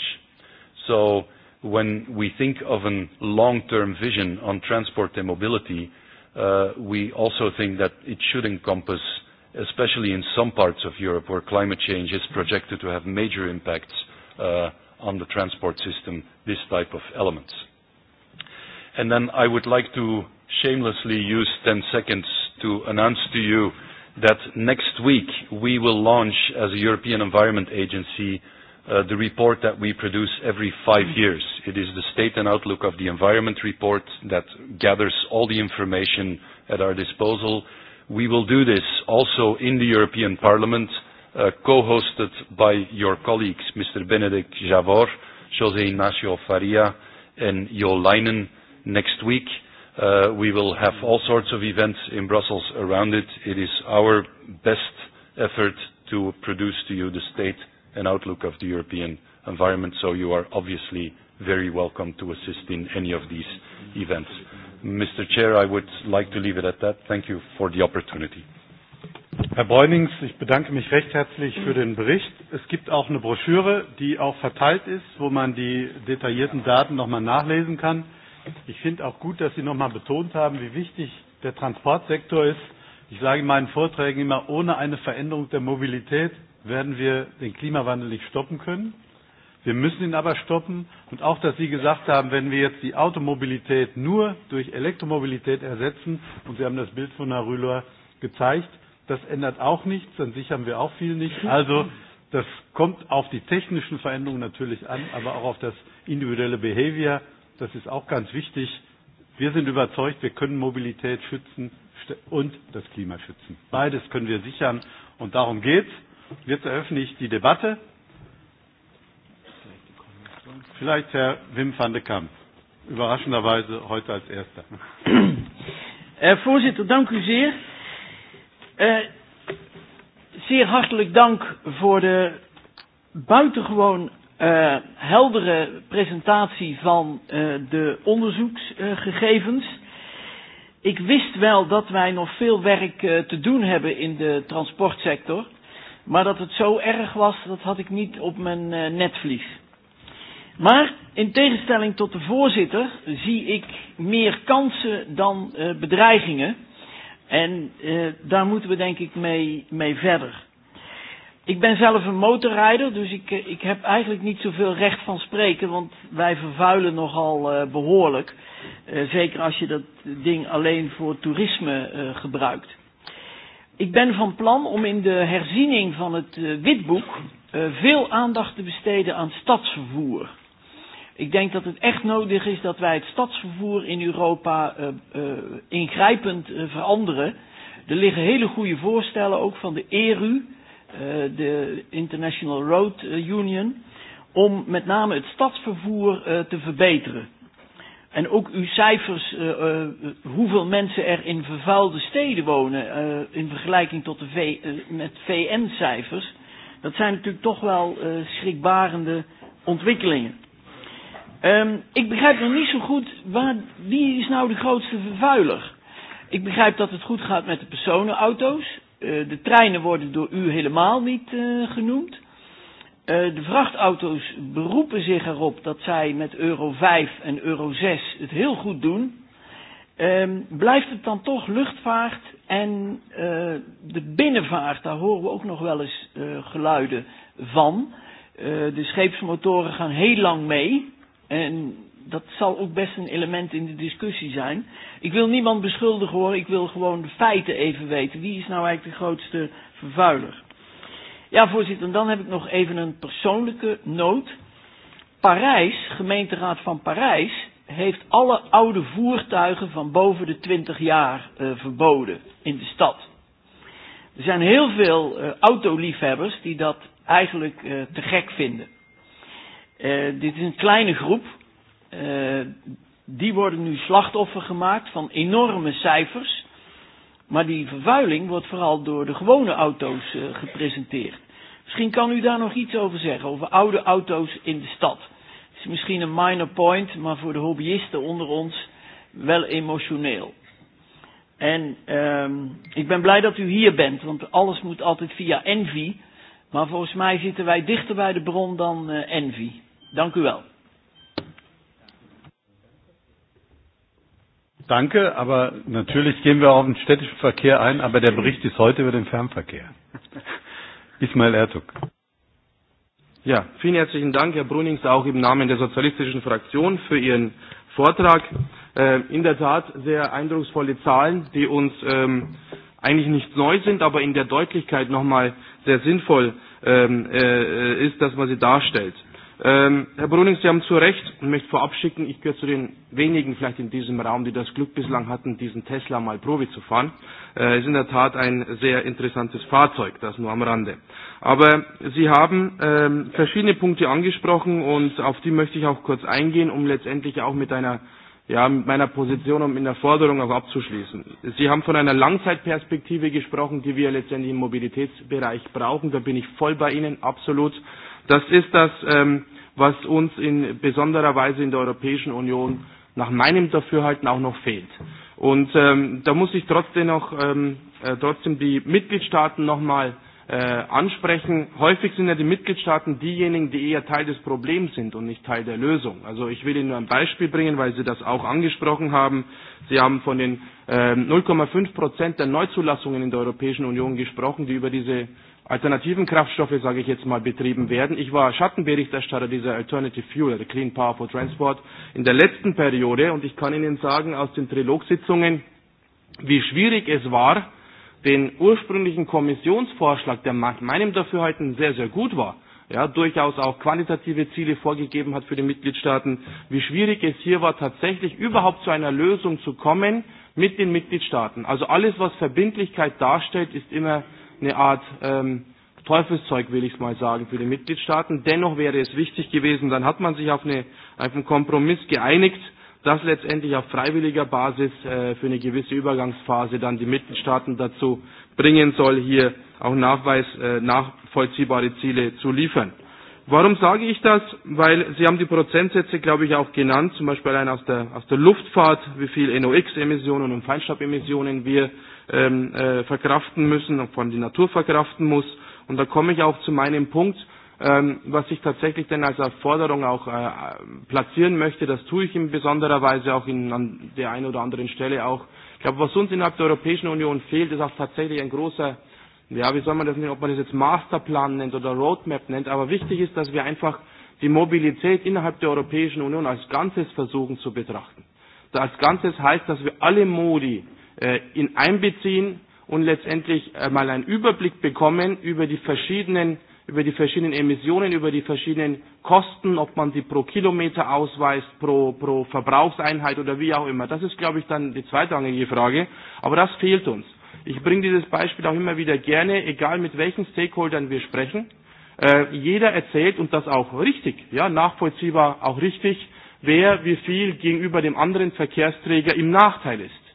So when we think of a long-term vision on transport and mobility, uh, we also think that it should encompass, especially in some parts of Europe where climate change is projected to have major impacts uh, on the transport system, this type of elements. And then I would like to shamelessly use 10 seconds to announce to you that next week we will launch, as a European Environment Agency, uh, the report that we produce every five years. It is the State and Outlook of the Environment report that gathers all the information at our disposal. We will do this also in the European Parliament, uh, co-hosted by your colleagues, Mr. Benedict Javor, José Ignacio Faria, and Jo Leinen next week Uh, we will have all sorts of events in Brussels around it. It is our best effort to produce to you the state and outlook of the European environment, so you are obviously very welcome to assist in any of these events. Mr. Chair, I would like to leave it at that. Thank you for the opportunity. Herr Bräunings, ich bedanke mich recht herzlich für den Bericht. Es gibt auch eine Broschüre, die auch verteilt ist, wo man die detaillierten Daten nochmal nachlesen kann. Ich finde auch gut, dass Sie noch mal betont haben, wie wichtig der Transportsektor ist. Ich sage in meinen Vorträgen immer, ohne eine Veränderung der Mobilität werden wir den Klimawandel nicht stoppen können. Wir müssen ihn aber stoppen. Und auch, dass Sie gesagt haben, wenn wir jetzt die Automobilität nur durch Elektromobilität ersetzen, und Sie haben das Bild von Herrn Rühler gezeigt, das ändert auch nichts, an sich haben wir auch viel nicht. Also das kommt auf die technischen Veränderungen natürlich an, aber auch auf das individuelle Behavior das ist auch ganz wichtig. Wir sind überzeugt, wir können Mobilität schützen und das Klima schützen. Beides können wir sichern und darum geht es. Jetzt eröffne ich die Debatte. Vielleicht Herr Wim van de Kamp, überraschenderweise heute als Erster. Herr voorzitter, danke sehr. Sehr herzlichen dank für die buitengewoon uh, heldere presentatie van uh, de onderzoeksgegevens. Uh, ik wist wel dat wij nog veel werk uh, te doen hebben in de transportsector. Maar dat het zo erg was, dat had ik niet op mijn uh, netvlies. Maar in tegenstelling tot de voorzitter zie ik meer kansen dan uh, bedreigingen. En uh, daar moeten we denk ik mee, mee verder. Ik ben zelf een motorrijder, dus ik, ik heb eigenlijk niet zoveel recht van spreken, want wij vervuilen nogal uh, behoorlijk. Uh, zeker als je dat ding alleen voor toerisme uh, gebruikt. Ik ben van plan om in de herziening van het uh, witboek uh, veel aandacht te besteden aan stadsvervoer. Ik denk dat het echt nodig is dat wij het stadsvervoer in Europa uh, uh, ingrijpend uh, veranderen. Er liggen hele goede voorstellen, ook van de ERU de International Road Union, om met name het stadsvervoer te verbeteren. En ook uw cijfers, uh, uh, hoeveel mensen er in vervuilde steden wonen uh, in vergelijking tot de v, uh, met VN-cijfers, dat zijn natuurlijk toch wel uh, schrikbarende ontwikkelingen. Um, ik begrijp nog niet zo goed waar, wie is nou de grootste vervuiler. Ik begrijp dat het goed gaat met de personenauto's. Uh, de treinen worden door u helemaal niet uh, genoemd. Uh, de vrachtauto's beroepen zich erop dat zij met euro 5 en euro 6 het heel goed doen. Uh, blijft het dan toch luchtvaart en uh, de binnenvaart? Daar horen we ook nog wel eens uh, geluiden van. Uh, de scheepsmotoren gaan heel lang mee. En dat zal ook best een element in de discussie zijn. Ik wil niemand beschuldigen hoor, ik wil gewoon de feiten even weten. Wie is nou eigenlijk de grootste vervuiler? Ja, voorzitter, dan heb ik nog even een persoonlijke noot. Parijs, gemeenteraad van Parijs, heeft alle oude voertuigen van boven de 20 jaar uh, verboden in de stad. Er zijn heel veel uh, autoliefhebbers die dat eigenlijk uh, te gek vinden. Uh, dit is een kleine groep, uh, die worden nu slachtoffer gemaakt van enorme cijfers. Maar die vervuiling wordt vooral door de gewone auto's uh, gepresenteerd. Misschien kan u daar nog iets over zeggen, over oude auto's in de stad. Het is misschien een minor point, maar voor de hobbyisten onder ons wel emotioneel. En um, ik ben blij dat u hier bent, want alles moet altijd via Envy. Maar volgens mij zitten wij dichter bij de bron dan uh, Envy. Dank u wel. Danke, aber natürlich gehen wir auf den städtischen Verkehr ein, aber der Bericht ist heute über den Fernverkehr. Ismail Erzog. Ja, vielen herzlichen Dank, Herr Brunings, auch im Namen der sozialistischen Fraktion für Ihren Vortrag. Äh, in der Tat sehr eindrucksvolle Zahlen, die uns ähm, eigentlich nicht neu sind, aber in der Deutlichkeit nochmal sehr sinnvoll ähm, äh, ist, dass man sie darstellt. Ähm, Herr Bruning, Sie haben zu Recht, ich möchte vorab schicken, ich gehöre zu den wenigen vielleicht in diesem Raum, die das Glück bislang hatten, diesen Tesla mal Probe zu fahren. Es ist in der Tat ein sehr interessantes Fahrzeug, das nur am Rande. Aber Sie haben ähm, verschiedene Punkte angesprochen und auf die möchte ich auch kurz eingehen, um letztendlich auch mit einer ja, mit meiner Position und mit der Forderung auch abzuschließen. Sie haben von einer Langzeitperspektive gesprochen, die wir letztendlich im Mobilitätsbereich brauchen. Da bin ich voll bei Ihnen, absolut. Das ist das, was uns in besonderer Weise in der Europäischen Union nach meinem Dafürhalten auch noch fehlt. Und ähm, da muss ich trotzdem noch ähm, äh, trotzdem die Mitgliedstaaten noch äh, ansprechen. Häufig sind ja die Mitgliedstaaten diejenigen, die eher Teil des Problems sind und nicht Teil der Lösung. Also ich will Ihnen nur ein Beispiel bringen, weil Sie das auch angesprochen haben. Sie haben von den äh, 0,5 Prozent der Neuzulassungen in der Europäischen Union gesprochen, die über diese alternativen Kraftstoffe, sage ich jetzt mal, betrieben werden. Ich war Schattenberichterstatter dieser Alternative Fuel, der Clean Power for Transport, in der letzten Periode und ich kann Ihnen sagen aus den Trilogsitzungen, wie schwierig es war, den ursprünglichen Kommissionsvorschlag, der nach meinem Dafürhalten sehr, sehr gut war, ja, durchaus auch quantitative Ziele vorgegeben hat für die Mitgliedstaaten, wie schwierig es hier war, tatsächlich überhaupt zu einer Lösung zu kommen mit den Mitgliedstaaten. Also alles, was Verbindlichkeit darstellt, ist immer eine Art ähm, Teufelszeug, will ich es mal sagen, für die Mitgliedstaaten. Dennoch wäre es wichtig gewesen, dann hat man sich auf, eine, auf einen Kompromiss geeinigt, dass letztendlich auf freiwilliger Basis äh, für eine gewisse Übergangsphase dann die Mitgliedstaaten dazu bringen soll, hier auch Nachweis, äh, nachvollziehbare Ziele zu liefern. Warum sage ich das? Weil Sie haben die Prozentsätze, glaube ich, auch genannt, zum Beispiel allein aus der, aus der Luftfahrt, wie viel NOx-Emissionen und Feinstaubemissionen wir ähm, äh, verkraften müssen und von der die Natur verkraften muss. Und da komme ich auch zu meinem Punkt, ähm, was ich tatsächlich denn als Forderung auch äh, platzieren möchte. Das tue ich in besonderer Weise auch in, an der einen oder anderen Stelle auch. Ich glaube, was uns innerhalb der Europäischen Union fehlt, ist auch tatsächlich ein großer, ja, wie soll man das nennen, ob man das jetzt Masterplan nennt oder Roadmap nennt. Aber wichtig ist, dass wir einfach die Mobilität innerhalb der Europäischen Union als Ganzes versuchen zu betrachten. Das Ganzes heißt, dass wir alle Modi, in einbeziehen und letztendlich mal einen Überblick bekommen über die verschiedenen über die verschiedenen Emissionen, über die verschiedenen Kosten, ob man sie pro Kilometer ausweist, pro, pro Verbrauchseinheit oder wie auch immer. Das ist, glaube ich, dann die zweitrangige Frage. Aber das fehlt uns. Ich bringe dieses Beispiel auch immer wieder gerne, egal mit welchen Stakeholdern wir sprechen. Äh, jeder erzählt, und das auch richtig, ja, nachvollziehbar auch richtig, wer wie viel gegenüber dem anderen Verkehrsträger im Nachteil ist.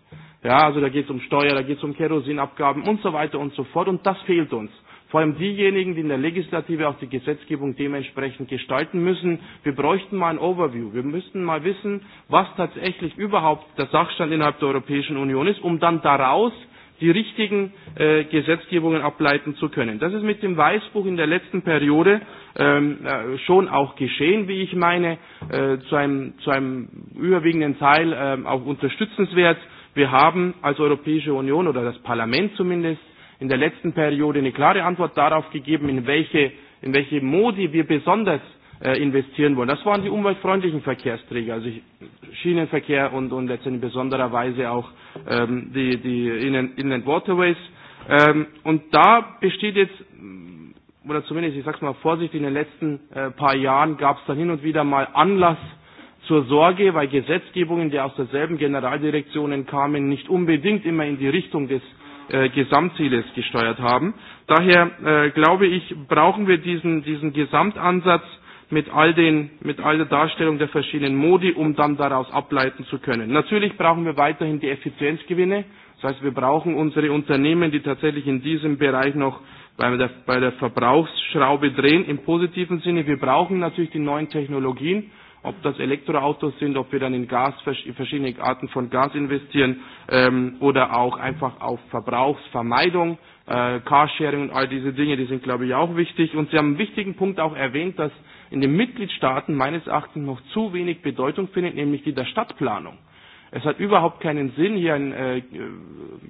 Ja, also da geht es um Steuer, da geht es um Kerosinabgaben und so weiter und so fort. Und das fehlt uns. Vor allem diejenigen, die in der Legislative auch die Gesetzgebung dementsprechend gestalten müssen. Wir bräuchten mal ein Overview. Wir müssten mal wissen, was tatsächlich überhaupt der Sachstand innerhalb der Europäischen Union ist, um dann daraus die richtigen äh, Gesetzgebungen ableiten zu können. Das ist mit dem Weißbuch in der letzten Periode ähm, äh, schon auch geschehen, wie ich meine, äh, zu, einem, zu einem überwiegenden Teil äh, auch unterstützenswert. Wir haben als Europäische Union oder das Parlament zumindest in der letzten Periode eine klare Antwort darauf gegeben, in welche, in welche Modi wir besonders investieren wollen. Das waren die umweltfreundlichen Verkehrsträger, also Schienenverkehr und, und letztendlich in besonderer Weise auch ähm, die, die Inland Waterways. Ähm, und da besteht jetzt, oder zumindest, ich sage es mal vorsichtig, in den letzten äh, paar Jahren gab es dann hin und wieder mal Anlass, zur Sorge, weil Gesetzgebungen, die aus derselben Generaldirektionen kamen, nicht unbedingt immer in die Richtung des äh, Gesamtzieles gesteuert haben. Daher äh, glaube ich, brauchen wir diesen, diesen Gesamtansatz mit all, den, mit all der Darstellung der verschiedenen Modi, um dann daraus ableiten zu können. Natürlich brauchen wir weiterhin die Effizienzgewinne. Das heißt, wir brauchen unsere Unternehmen, die tatsächlich in diesem Bereich noch bei der, bei der Verbrauchsschraube drehen, im positiven Sinne. Wir brauchen natürlich die neuen Technologien ob das Elektroautos sind, ob wir dann in Gas, verschiedene Arten von Gas investieren ähm, oder auch einfach auf Verbrauchsvermeidung, äh, Carsharing und all diese Dinge, die sind, glaube ich, auch wichtig. Und Sie haben einen wichtigen Punkt auch erwähnt, dass in den Mitgliedstaaten meines Erachtens noch zu wenig Bedeutung findet, nämlich die der Stadtplanung. Es hat überhaupt keinen Sinn, hier einen äh,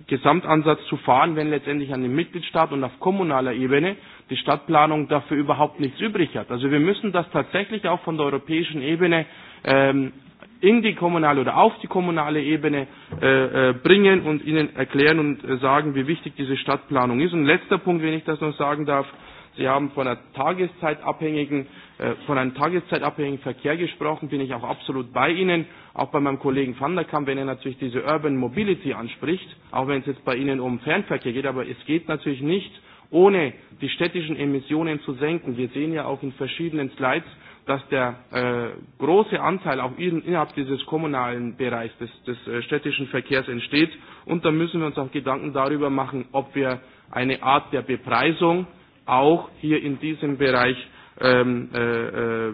Gesamtansatz zu fahren, wenn letztendlich an den Mitgliedstaat und auf kommunaler Ebene die Stadtplanung dafür überhaupt nichts übrig hat. Also wir müssen das tatsächlich auch von der europäischen Ebene ähm, in die kommunale oder auf die kommunale Ebene äh, äh, bringen und ihnen erklären und äh, sagen, wie wichtig diese Stadtplanung ist. Und letzter Punkt, wenn ich das noch sagen darf, äh, Sie haben von, einer tageszeitabhängigen, äh, von einem tageszeitabhängigen Verkehr gesprochen, bin ich auch absolut bei Ihnen, auch bei meinem Kollegen Van der Kamp, wenn er natürlich diese Urban Mobility anspricht, auch wenn es jetzt bei Ihnen um Fernverkehr geht, aber es geht natürlich nicht, ohne die städtischen Emissionen zu senken. Wir sehen ja auch in verschiedenen Slides, dass der äh, große Anteil auch in, innerhalb dieses kommunalen Bereichs des, des äh, städtischen Verkehrs entsteht. Und da müssen wir uns auch Gedanken darüber machen, ob wir eine Art der Bepreisung auch hier in diesem Bereich ähm, äh, äh,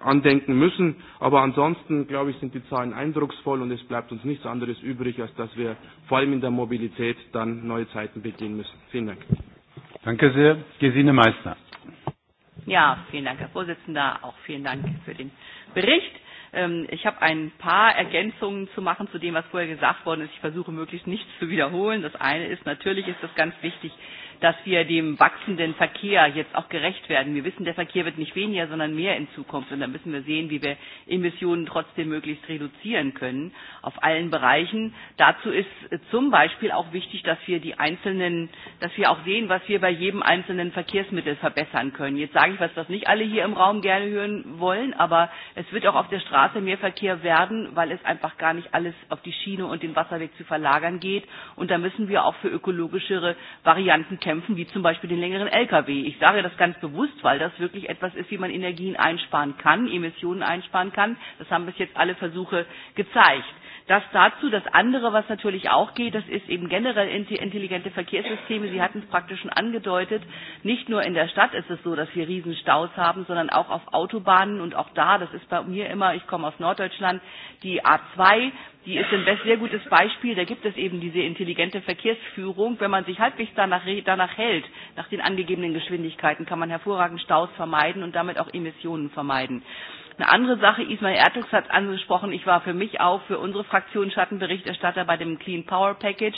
andenken müssen. Aber ansonsten, glaube ich, sind die Zahlen eindrucksvoll und es bleibt uns nichts anderes übrig, als dass wir vor allem in der Mobilität dann neue Zeiten beginnen müssen. Vielen Dank. Danke sehr. Gesine Meister. Ja, vielen Dank, Herr Vorsitzender. Auch vielen Dank für den Bericht. Ich habe ein paar Ergänzungen zu machen zu dem, was vorher gesagt worden ist. Ich versuche möglichst nichts zu wiederholen. Das eine ist, natürlich ist es ganz wichtig, dass wir dem wachsenden Verkehr jetzt auch gerecht werden. Wir wissen, der Verkehr wird nicht weniger, sondern mehr in Zukunft. Und da müssen wir sehen, wie wir Emissionen trotzdem möglichst reduzieren können auf allen Bereichen. Dazu ist zum Beispiel auch wichtig, dass wir die einzelnen, dass wir auch sehen, was wir bei jedem einzelnen Verkehrsmittel verbessern können. Jetzt sage ich was, was nicht alle hier im Raum gerne hören wollen, aber es wird auch auf der Straße mehr Verkehr werden, weil es einfach gar nicht alles auf die Schiene und den Wasserweg zu verlagern geht. Und da müssen wir auch für ökologischere Varianten kämpfen kämpfen, wie zum Beispiel den längeren Lkw. Ich sage das ganz bewusst, weil das wirklich etwas ist, wie man Energien einsparen kann, Emissionen einsparen kann. Das haben bis jetzt alle Versuche gezeigt. Das dazu. Das andere, was natürlich auch geht, das ist eben generell intelligente Verkehrssysteme. Sie hatten es praktisch schon angedeutet. Nicht nur in der Stadt ist es so, dass wir Riesenstaus haben, sondern auch auf Autobahnen und auch da, das ist bei mir immer, ich komme aus Norddeutschland, die A2 die ist ein sehr gutes Beispiel. Da gibt es eben diese intelligente Verkehrsführung. Wenn man sich halbwegs danach, danach hält, nach den angegebenen Geschwindigkeiten, kann man hervorragend Staus vermeiden und damit auch Emissionen vermeiden. Eine andere Sache, Ismail Ertug hat angesprochen, ich war für mich auch, für unsere Fraktion Schattenberichterstatter bei dem Clean Power Package.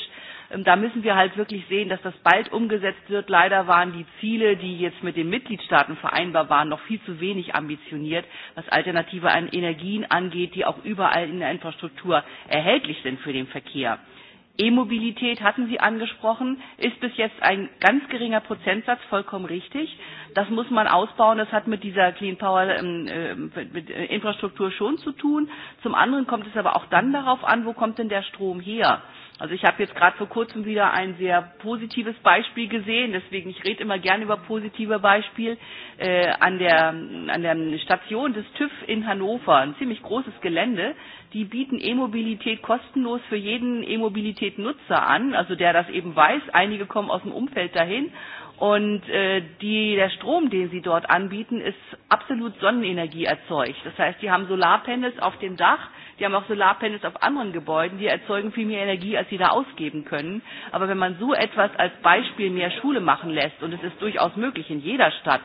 Da müssen wir halt wirklich sehen, dass das bald umgesetzt wird. Leider waren die Ziele, die jetzt mit den Mitgliedstaaten vereinbar waren, noch viel zu wenig ambitioniert, was alternative an Energien angeht, die auch überall in der Infrastruktur erhältlich sind für den Verkehr. E-Mobilität hatten Sie angesprochen, ist bis jetzt ein ganz geringer Prozentsatz, vollkommen richtig. Das muss man ausbauen. Das hat mit dieser Clean Power Infrastruktur schon zu tun. Zum anderen kommt es aber auch dann darauf an, wo kommt denn der Strom her? Also ich habe jetzt gerade vor kurzem wieder ein sehr positives Beispiel gesehen, deswegen ich rede immer gerne über positive Beispiele äh, an, der, an der Station des TÜV in Hannover, ein ziemlich großes Gelände. Die bieten E-Mobilität kostenlos für jeden E-Mobilität-Nutzer an, also der das eben weiß. Einige kommen aus dem Umfeld dahin Und äh, die, der Strom, den sie dort anbieten, ist absolut Sonnenenergie erzeugt. Das heißt, die haben Solarpanels auf dem Dach, Die haben auch Solarpanels auf anderen Gebäuden, die erzeugen viel mehr Energie, als sie da ausgeben können. Aber wenn man so etwas als Beispiel mehr Schule machen lässt, und es ist durchaus möglich in jeder Stadt,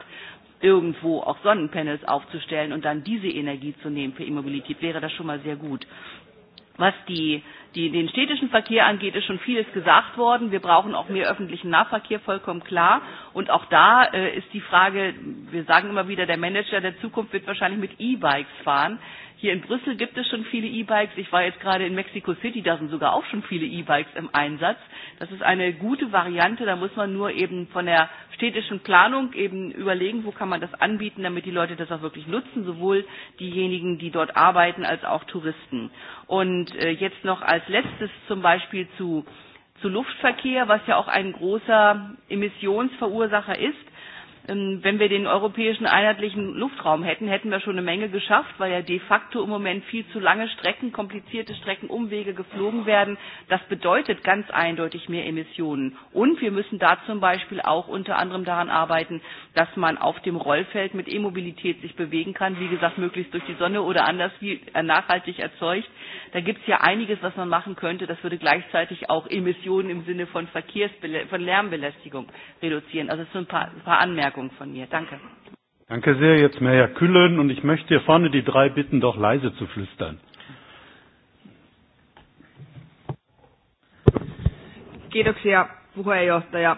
irgendwo auch Sonnenpanels aufzustellen und dann diese Energie zu nehmen für E-Mobilität, wäre das schon mal sehr gut. Was die, die, den städtischen Verkehr angeht, ist schon vieles gesagt worden. Wir brauchen auch mehr öffentlichen Nahverkehr, vollkommen klar. Und auch da äh, ist die Frage, wir sagen immer wieder, der Manager der Zukunft wird wahrscheinlich mit E-Bikes fahren. Hier in Brüssel gibt es schon viele E-Bikes. Ich war jetzt gerade in Mexico City, da sind sogar auch schon viele E-Bikes im Einsatz. Das ist eine gute Variante. Da muss man nur eben von der städtischen Planung eben überlegen, wo kann man das anbieten, damit die Leute das auch wirklich nutzen, sowohl diejenigen, die dort arbeiten, als auch Touristen. Und jetzt noch als letztes zum Beispiel zu, zu Luftverkehr, was ja auch ein großer Emissionsverursacher ist wenn wir den europäischen einheitlichen Luftraum hätten, hätten wir schon eine Menge geschafft, weil ja de facto im Moment viel zu lange Strecken, komplizierte Strecken, Umwege geflogen werden. Das bedeutet ganz eindeutig mehr Emissionen. Und wir müssen da zum Beispiel auch unter anderem daran arbeiten, dass man auf dem Rollfeld mit E-Mobilität sich bewegen kann, wie gesagt, möglichst durch die Sonne oder anders wie nachhaltig erzeugt. Da gibt es ja einiges, was man machen könnte. Das würde gleichzeitig auch Emissionen im Sinne von Verkehrs, von Lärmbelästigung reduzieren. Also das sind ein paar, ein paar Anmerkungen. Bemerkung von mir. Danke. Danke sehr. Jetzt mehr Herr Küllen und ich möchte hier vorne die drei bitten, doch leise zu flüstern. Kiitoksia puheenjohtaja.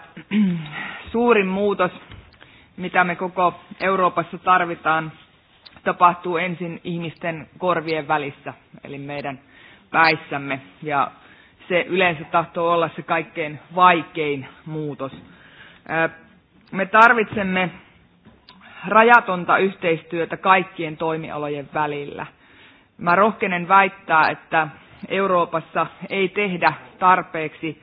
Suurin muutos, mitä me koko Euroopassa tarvitaan, tapahtuu ensin ihmisten korvien välissä, eli meidän päissämme. Ja se yleensä tahtoo olla se kaikkein vaikein muutos. Me tarvitsemme rajatonta yhteistyötä kaikkien toimialojen välillä. Mä rohkenen väittää, että Euroopassa ei tehdä tarpeeksi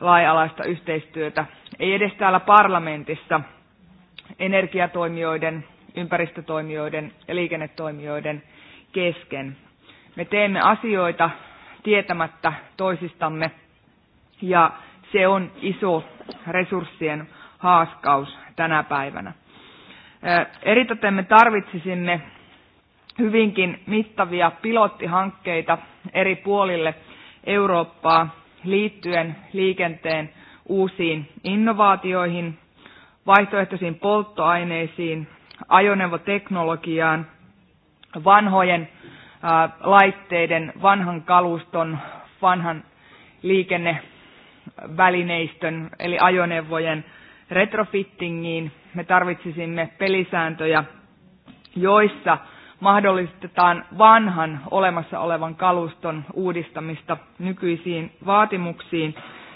laajalaista yhteistyötä, ei edes täällä parlamentissa energiatoimijoiden, ympäristötoimijoiden ja liikennetoimijoiden kesken. Me teemme asioita tietämättä toisistamme ja se on iso resurssien haaskaus tänä päivänä. Eritoten me tarvitsisimme hyvinkin mittavia pilottihankkeita eri puolille Eurooppaa liittyen liikenteen uusiin innovaatioihin, vaihtoehtoisiin polttoaineisiin, ajoneuvoteknologiaan, vanhojen laitteiden, vanhan kaluston, vanhan liikennevälineistön eli ajoneuvojen retrofittingiin. Me tarvitsisimme pelisääntöjä, joissa mahdollistetaan vanhan olemassa olevan kaluston uudistamista nykyisiin vaatimuksiin.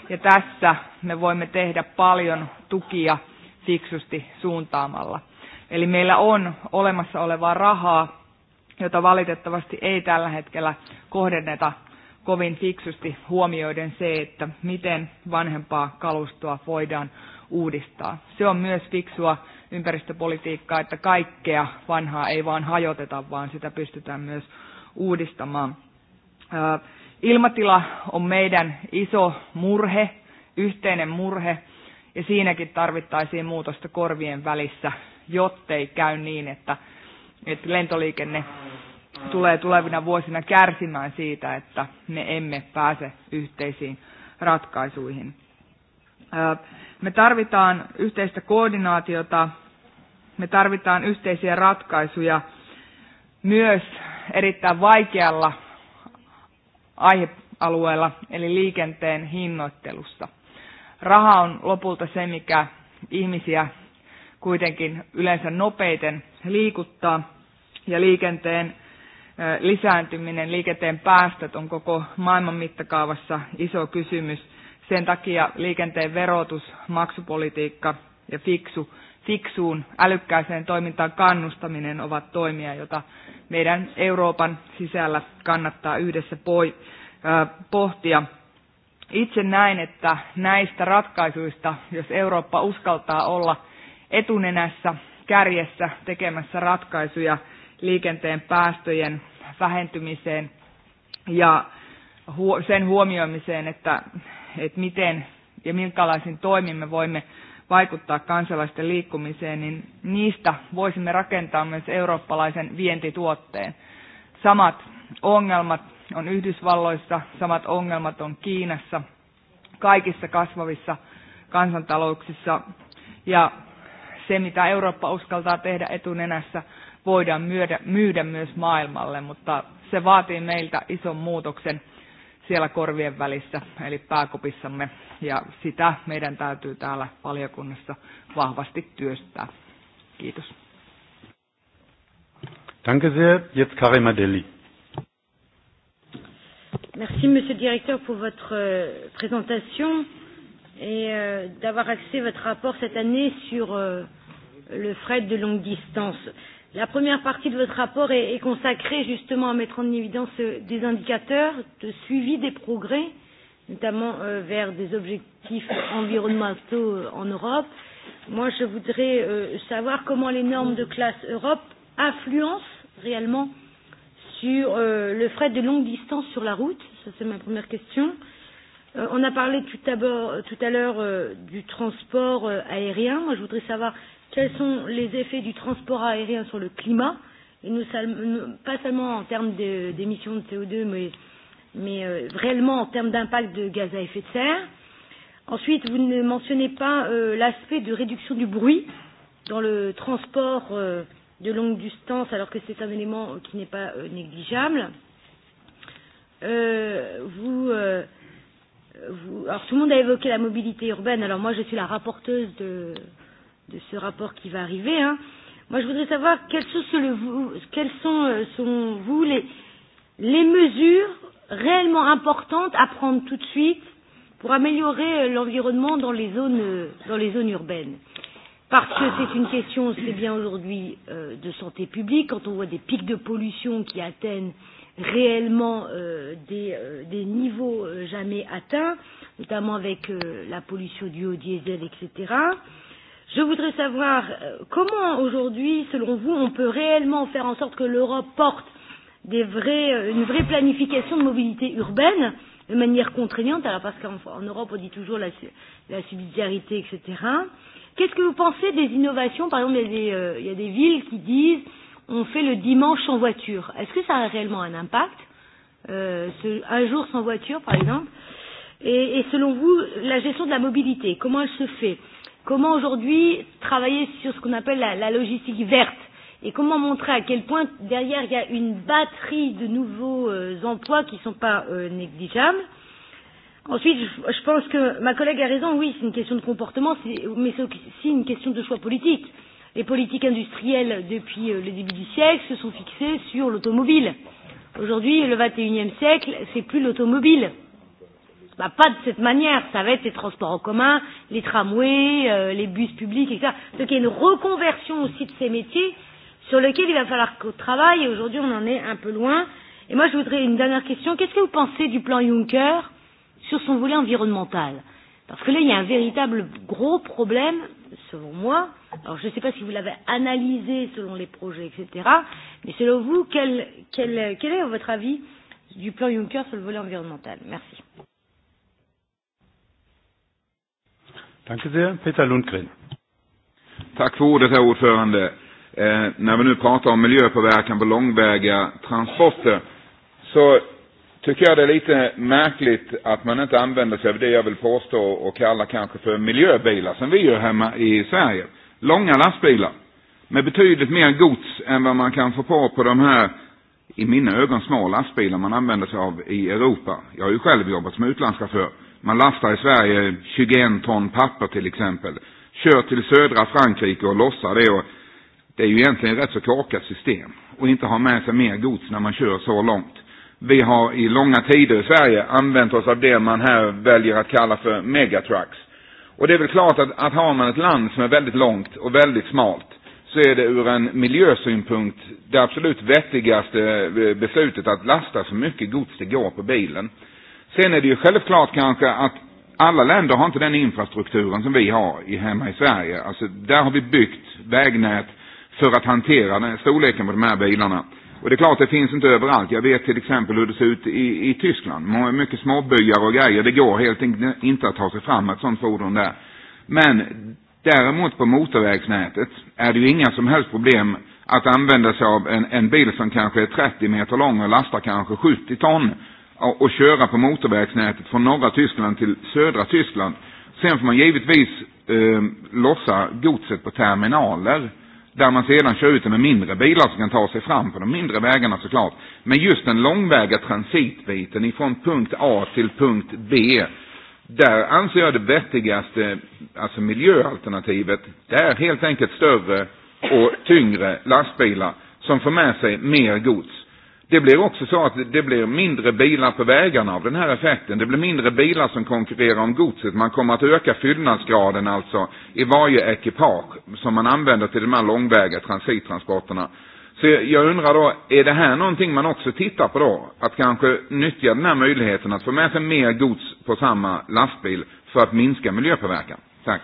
Ja tässä me voimme tehdä paljon tukia fiksusti suuntaamalla. Eli meillä on olemassa olevaa rahaa, jota valitettavasti ei tällä hetkellä kohdenneta kovin fiksusti huomioiden se, että miten vanhempaa kalustoa voidaan uudistaa. Se on myös fiksua ympäristöpolitiikkaa, että kaikkea vanhaa ei vaan hajoteta, vaan sitä pystytään myös uudistamaan. Ilmatila on meidän iso murhe, yhteinen murhe, ja siinäkin tarvittaisiin muutosta korvien välissä, jottei käy niin, että, että lentoliikenne tulee tulevina vuosina kärsimään siitä, että me emme pääse yhteisiin ratkaisuihin. Me tarvitaan yhteistä koordinaatiota, me tarvitaan yhteisiä ratkaisuja myös erittäin vaikealla aihealueella, eli liikenteen hinnoittelussa. Raha on lopulta se, mikä ihmisiä kuitenkin yleensä nopeiten liikuttaa, ja liikenteen lisääntyminen, liikenteen päästöt on koko maailman mittakaavassa iso kysymys sen takia liikenteen verotus, maksupolitiikka ja fiksu, fiksuun älykkääseen toimintaan kannustaminen ovat toimia, joita meidän Euroopan sisällä kannattaa yhdessä poi, äh, pohtia. Itse näen, että näistä ratkaisuista, jos Eurooppa uskaltaa olla etunenässä, kärjessä tekemässä ratkaisuja liikenteen päästöjen vähentymiseen ja sen huomioimiseen, että että miten ja minkälaisin toimin me voimme vaikuttaa kansalaisten liikkumiseen, niin niistä voisimme rakentaa myös eurooppalaisen vientituotteen. Samat ongelmat on Yhdysvalloissa, samat ongelmat on Kiinassa, kaikissa kasvavissa kansantalouksissa. Ja se, mitä Eurooppa uskaltaa tehdä etunenässä, voidaan myydä, myydä myös maailmalle, mutta se vaatii meiltä ison muutoksen – siellä korvien välissä, eli pääkopissamme, ja sitä meidän täytyy täällä valiokunnassa vahvasti työstää. Kiitos. Danke sehr. Jetzt Karima Deli. Merci, Monsieur le Directeur, pour votre présentation et euh, d'avoir axé votre rapport cette année sur le fret de longue distance. La première partie de votre rapport est, est consacrée justement à mettre en évidence des indicateurs de suivi des progrès, notamment euh, vers des objectifs environnementaux en Europe. Moi, je voudrais euh, savoir comment les normes de classe Europe influencent réellement sur euh, le fret de longue distance sur la route. Ça, c'est ma première question. Euh, on a parlé tout, tout à l'heure euh, du transport euh, aérien. Moi, je voudrais savoir quels sont les effets du transport aérien sur le climat, et nous, pas seulement en termes d'émissions de CO2, mais, mais euh, réellement en termes d'impact de gaz à effet de serre. Ensuite, vous ne mentionnez pas euh, l'aspect de réduction du bruit dans le transport euh, de longue distance, alors que c'est un élément qui n'est pas euh, négligeable. Euh, vous, euh, vous, alors tout le monde a évoqué la mobilité urbaine. Alors moi, je suis la rapporteuse de, de ce rapport qui va arriver. Hein. Moi, je voudrais savoir quelles sont, selon vous, quelles sont, selon vous les, les mesures réellement importantes à prendre tout de suite pour améliorer l'environnement dans les zones, dans les zones urbaines. Parce que c'est une question, c'est bien aujourd'hui, euh, de santé publique, quand on voit des pics de pollution qui atteignent réellement euh, des, euh, des niveaux euh, jamais atteints, notamment avec euh, la pollution du haut diesel, etc. Euh, Je voudrais savoir comment aujourd'hui, selon vous, on peut réellement faire en sorte que l'Europe porte des vrais, une vraie planification de mobilité urbaine de manière contraignante, alors parce qu'en Europe on dit toujours la, la subsidiarité, etc. Qu'est-ce que vous pensez des innovations Par exemple, il y, a des, euh, il y a des villes qui disent on fait le dimanche sans voiture. Est-ce que ça a réellement un impact euh, ce, Un jour sans voiture, par exemple et, et selon vous, la gestion de la mobilité, comment elle se fait Comment aujourd'hui travailler sur ce qu'on appelle la, la logistique verte et comment montrer à quel point derrière il y a une batterie de nouveaux euh, emplois qui ne sont pas euh, négligeables. Ensuite, je, je pense que ma collègue a raison, oui, c'est une question de comportement, mais c'est aussi une question de choix politique. Les politiques industrielles depuis le début du siècle se sont fixées sur l'automobile. Aujourd'hui, le 21e siècle, c'est plus l'automobile bah, pas de cette manière, ça va être les transports en commun, les tramways, euh, les bus publics, etc. Donc il y a une reconversion aussi de ces métiers sur lesquels il va falloir qu'on travaille, et aujourd'hui on en est un peu loin. Et moi je voudrais une dernière question, qu'est-ce que vous pensez du plan Juncker sur son volet environnemental Parce que là il y a un véritable gros problème, selon moi, alors je ne sais pas si vous l'avez analysé selon les projets, etc., mais selon vous, quel, quel, quel est votre avis du plan Juncker sur le volet environnemental Merci. Danke sehr. Peter Lundgren. Tack för ordet, herr ordförande. Eh, när vi nu pratar om miljöpåverkan på långväga transporter så tycker jag det är lite märkligt att man inte använder sig av det jag vill påstå och kalla kanske för miljöbilar som vi gör hemma i Sverige. Långa lastbilar med betydligt mer gods än vad man kan få på på de här i mina ögon små lastbilar man använder sig av i Europa. Jag har ju själv jobbat som utlandschaufför. Man lastar i Sverige 21 ton papper till exempel, kör till södra Frankrike och lossar det. Och det är ju egentligen ett rätt så korkat system och inte ha med sig mer gods när man kör så långt. Vi har i långa tider i Sverige använt oss av det man här väljer att kalla för megatrucks. Och det är väl klart att, att har man ett land som är väldigt långt och väldigt smalt så är det ur en miljösynpunkt det absolut vettigaste beslutet att lasta så mycket gods det går på bilen. Sen är det ju självklart kanske att alla länder har inte den infrastrukturen som vi har hemma i Sverige. Alltså, där har vi byggt vägnät för att hantera den storleken på de här bilarna. Och det är klart, det finns inte överallt. Jag vet till exempel hur det ser ut i, i Tyskland. mycket småbyar och grejer. Det går helt enkelt inte att ta sig fram med ett sånt fordon där. Men däremot på motorvägsnätet är det ju inga som helst problem att använda sig av en, en bil som kanske är 30 meter lång och lastar kanske 70 ton och köra på motorvägsnätet från norra Tyskland till södra Tyskland. Sen får man givetvis eh, lossa godset på terminaler där man sedan kör ut det med mindre bilar som kan ta sig fram på de mindre vägarna såklart. Men just den långväga transitbiten ifrån punkt A till punkt B där anser jag det vettigaste, alltså miljöalternativet, det är helt enkelt större och tyngre lastbilar som får med sig mer gods. Det blir också så att det blir mindre bilar på vägarna av den här effekten. Det blir mindre bilar som konkurrerar om godset. Man kommer att öka fyllnadsgraden alltså i varje ekipage som man använder till de här långväga transittransporterna. Så jag undrar då, är det här någonting man också tittar på då? Att kanske nyttja den här möjligheten att få med sig mer gods på samma lastbil för att minska miljöpåverkan? Tack.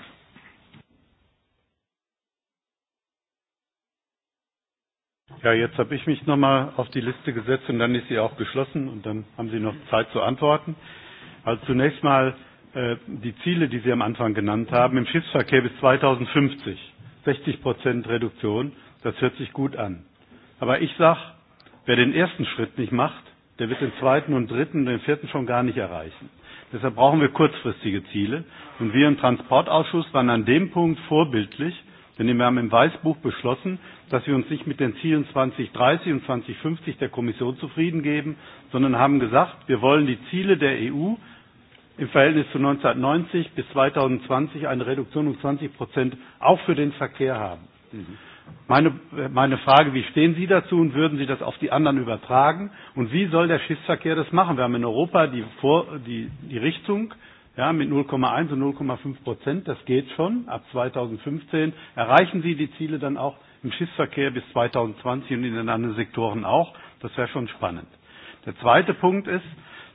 Ja, jetzt habe ich mich nochmal auf die Liste gesetzt und dann ist sie auch geschlossen und dann haben Sie noch Zeit zu antworten. Also zunächst mal äh, die Ziele, die Sie am Anfang genannt haben, im Schiffsverkehr bis 2050 60 Prozent Reduktion, das hört sich gut an. Aber ich sage, wer den ersten Schritt nicht macht, der wird den zweiten und dritten und den vierten schon gar nicht erreichen. Deshalb brauchen wir kurzfristige Ziele. Und wir im Transportausschuss waren an dem Punkt vorbildlich, Denn wir haben im Weißbuch beschlossen, dass wir uns nicht mit den Zielen 2030 und 2050 der Kommission zufrieden geben, sondern haben gesagt, wir wollen die Ziele der EU im Verhältnis zu 1990 bis 2020 eine Reduktion um 20 Prozent auch für den Verkehr haben. Meine, meine Frage, wie stehen Sie dazu und würden Sie das auf die anderen übertragen? Und wie soll der Schiffsverkehr das machen? Wir haben in Europa die, Vor die, die Richtung, ja, mit 0,1 und 0,5 Prozent. Das geht schon. Ab 2015 erreichen Sie die Ziele dann auch im Schiffsverkehr bis 2020 und in den anderen Sektoren auch. Das wäre schon spannend. Der zweite Punkt ist,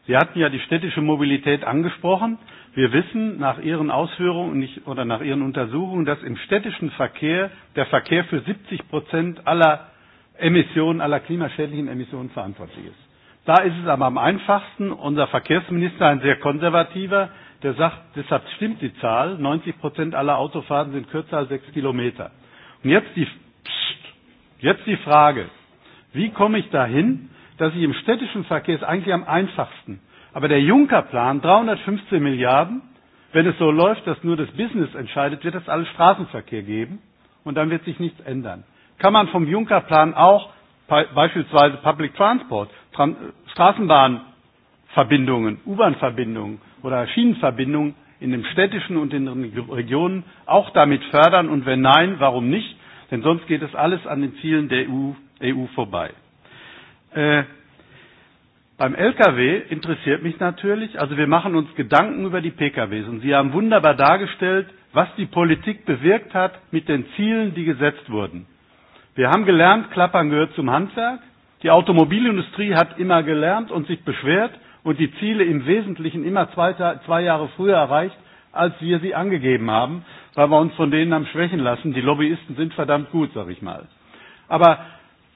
Sie hatten ja die städtische Mobilität angesprochen. Wir wissen nach Ihren Ausführungen oder nach Ihren Untersuchungen, dass im städtischen Verkehr der Verkehr für 70 Prozent aller Emissionen, aller klimaschädlichen Emissionen verantwortlich ist. Da ist es aber am einfachsten. Unser Verkehrsminister, ein sehr konservativer, der sagt, deshalb stimmt die Zahl, 90 Prozent aller Autofahrten sind kürzer als sechs Kilometer. Und jetzt die, pst, jetzt die Frage, wie komme ich dahin, dass ich im städtischen Verkehr ist eigentlich am einfachsten. Aber der Juncker-Plan, 315 Milliarden, wenn es so läuft, dass nur das Business entscheidet, wird es alles Straßenverkehr geben und dann wird sich nichts ändern. Kann man vom Juncker-Plan auch beispielsweise Public Transport, Straßenbahnverbindungen, U-Bahn-Verbindungen oder Schienenverbindungen in den städtischen und in den Regionen auch damit fördern? Und wenn nein, warum nicht? Denn sonst geht es alles an den Zielen der EU, EU vorbei. Äh, beim Lkw interessiert mich natürlich, also wir machen uns Gedanken über die Pkws und Sie haben wunderbar dargestellt, was die Politik bewirkt hat mit den Zielen, die gesetzt wurden. Wir haben gelernt, Klappern gehört zum Handwerk. Die Automobilindustrie hat immer gelernt und sich beschwert, und die Ziele im Wesentlichen immer zwei, zwei Jahre früher erreicht, als wir sie angegeben haben, weil wir uns von denen am Schwächen lassen. Die Lobbyisten sind verdammt gut, sage ich mal. Aber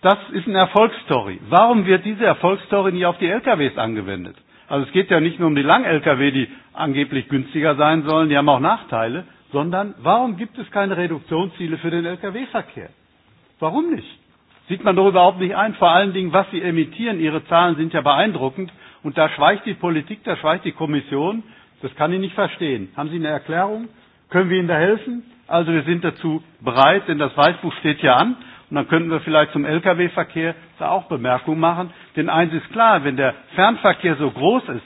das ist eine Erfolgsstory. Warum wird diese Erfolgsstory nie auf die LKWs angewendet? Also es geht ja nicht nur um die Lang-LKW, die angeblich günstiger sein sollen, die haben auch Nachteile, sondern warum gibt es keine Reduktionsziele für den Lkw-Verkehr? Warum nicht? Sieht man doch überhaupt nicht ein, vor allen Dingen, was sie emittieren. Ihre Zahlen sind ja beeindruckend, Und da schweigt die Politik, da schweigt die Kommission. Das kann ich nicht verstehen. Haben Sie eine Erklärung? Können wir Ihnen da helfen? Also wir sind dazu bereit, denn das Weißbuch steht ja an. Und dann könnten wir vielleicht zum Lkw-Verkehr da auch Bemerkungen machen. Denn eins ist klar, wenn der Fernverkehr so groß ist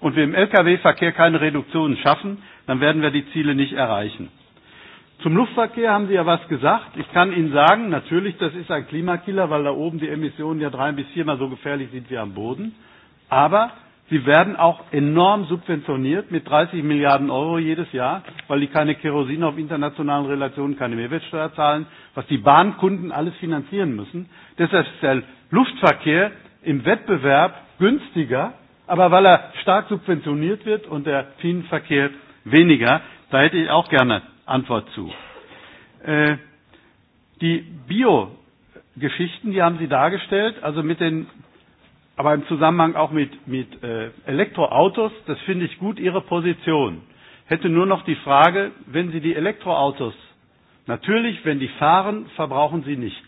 und wir im Lkw-Verkehr keine Reduktionen schaffen, dann werden wir die Ziele nicht erreichen. Zum Luftverkehr haben Sie ja was gesagt. Ich kann Ihnen sagen, natürlich, das ist ein Klimakiller, weil da oben die Emissionen ja drei bis viermal so gefährlich sind wie am Boden. Aber sie werden auch enorm subventioniert mit 30 Milliarden Euro jedes Jahr, weil die keine Kerosin auf internationalen Relationen, keine Mehrwertsteuer zahlen, was die Bahnkunden alles finanzieren müssen. Deshalb ist der Luftverkehr im Wettbewerb günstiger, aber weil er stark subventioniert wird und der Schienenverkehr weniger, da hätte ich auch gerne Antwort zu. Äh, die Bio-Geschichten, die haben Sie dargestellt, also mit den aber im Zusammenhang auch mit, mit äh, Elektroautos, das finde ich gut, Ihre Position. Hätte nur noch die Frage, wenn Sie die Elektroautos, natürlich, wenn die fahren, verbrauchen sie nichts.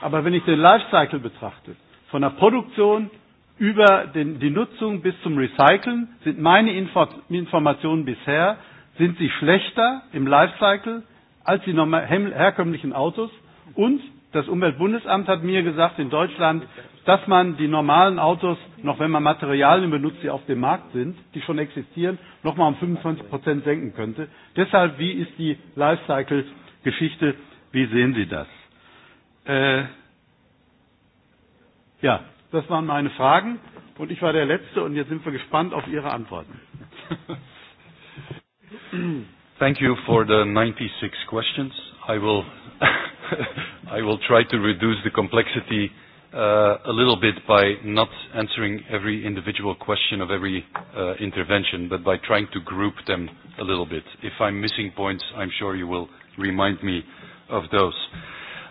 Aber wenn ich den Lifecycle betrachte, von der Produktion über den, die Nutzung bis zum Recyceln, sind meine Info Informationen bisher, sind sie schlechter im Lifecycle als die herkömmlichen Autos und das Umweltbundesamt hat mir gesagt, in Deutschland dass man die normalen Autos, noch wenn man Materialien benutzt, die auf dem Markt sind, die schon existieren, nochmal um 25 Prozent senken könnte. Deshalb, wie ist die Lifecycle-Geschichte? Wie sehen Sie das? Äh, ja, das waren meine Fragen und ich war der Letzte und jetzt sind wir gespannt auf Ihre Antworten. Thank you for the 96 questions. I will, I will try to reduce the complexity uh, a little bit by not answering every individual question of every uh, intervention, but by trying to group them a little bit. If I'm missing points, I'm sure you will remind me of those.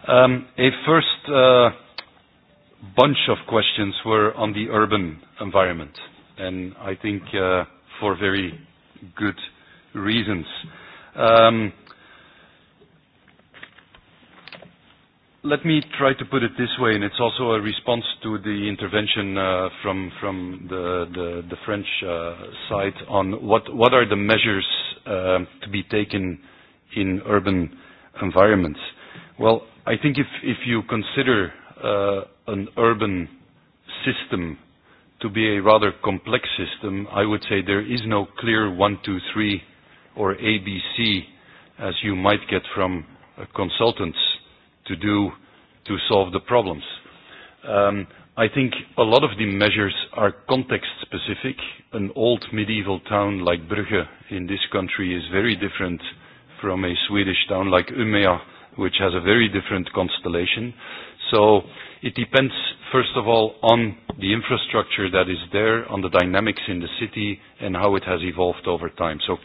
Um, a first uh, bunch of questions were on the urban environment, and I think uh, for very good reasons. Um, Let me try to put it this way, and it's also a response to the intervention uh, from from the the, the French uh, side on what what are the measures uh, to be taken in urban environments. Well, I think if if you consider uh, an urban system to be a rather complex system, I would say there is no clear one, two, three, or ABC, as you might get from uh, consultants to do to solve the problems. Um, I think a lot of the measures are context specific. An old medieval town like Brugge in this country is very different from a Swedish town like Umea, which has a very different constellation. So it depends, first of all, on the infrastructure that is there, on the dynamics in the city, and how it has evolved over time. So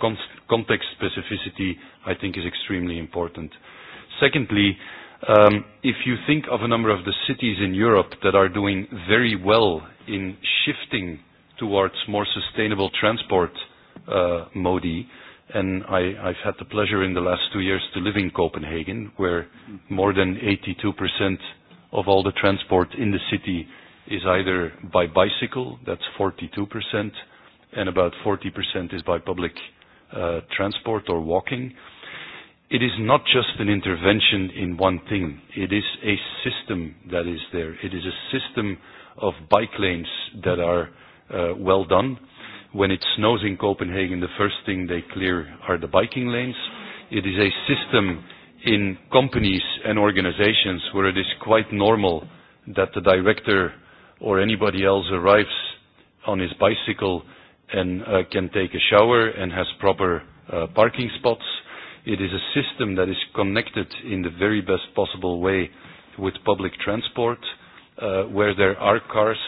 context specificity, I think, is extremely important. Secondly, Um, if you think of a number of the cities in Europe that are doing very well in shifting towards more sustainable transport uh, modi, and I, I've had the pleasure in the last two years to live in Copenhagen, where more than 82% of all the transport in the city is either by bicycle, that's 42%, and about 40% is by public uh, transport or walking it is not just an intervention in one thing. It is a system that is there. It is a system of bike lanes that are uh, well done. When it snows in Copenhagen, the first thing they clear are the biking lanes. It is a system in companies and organizations where it is quite normal that the director or anybody else arrives on his bicycle and uh, can take a shower and has proper uh, parking spots It is a system that is connected in the very best possible way with public transport, uh, where there are cars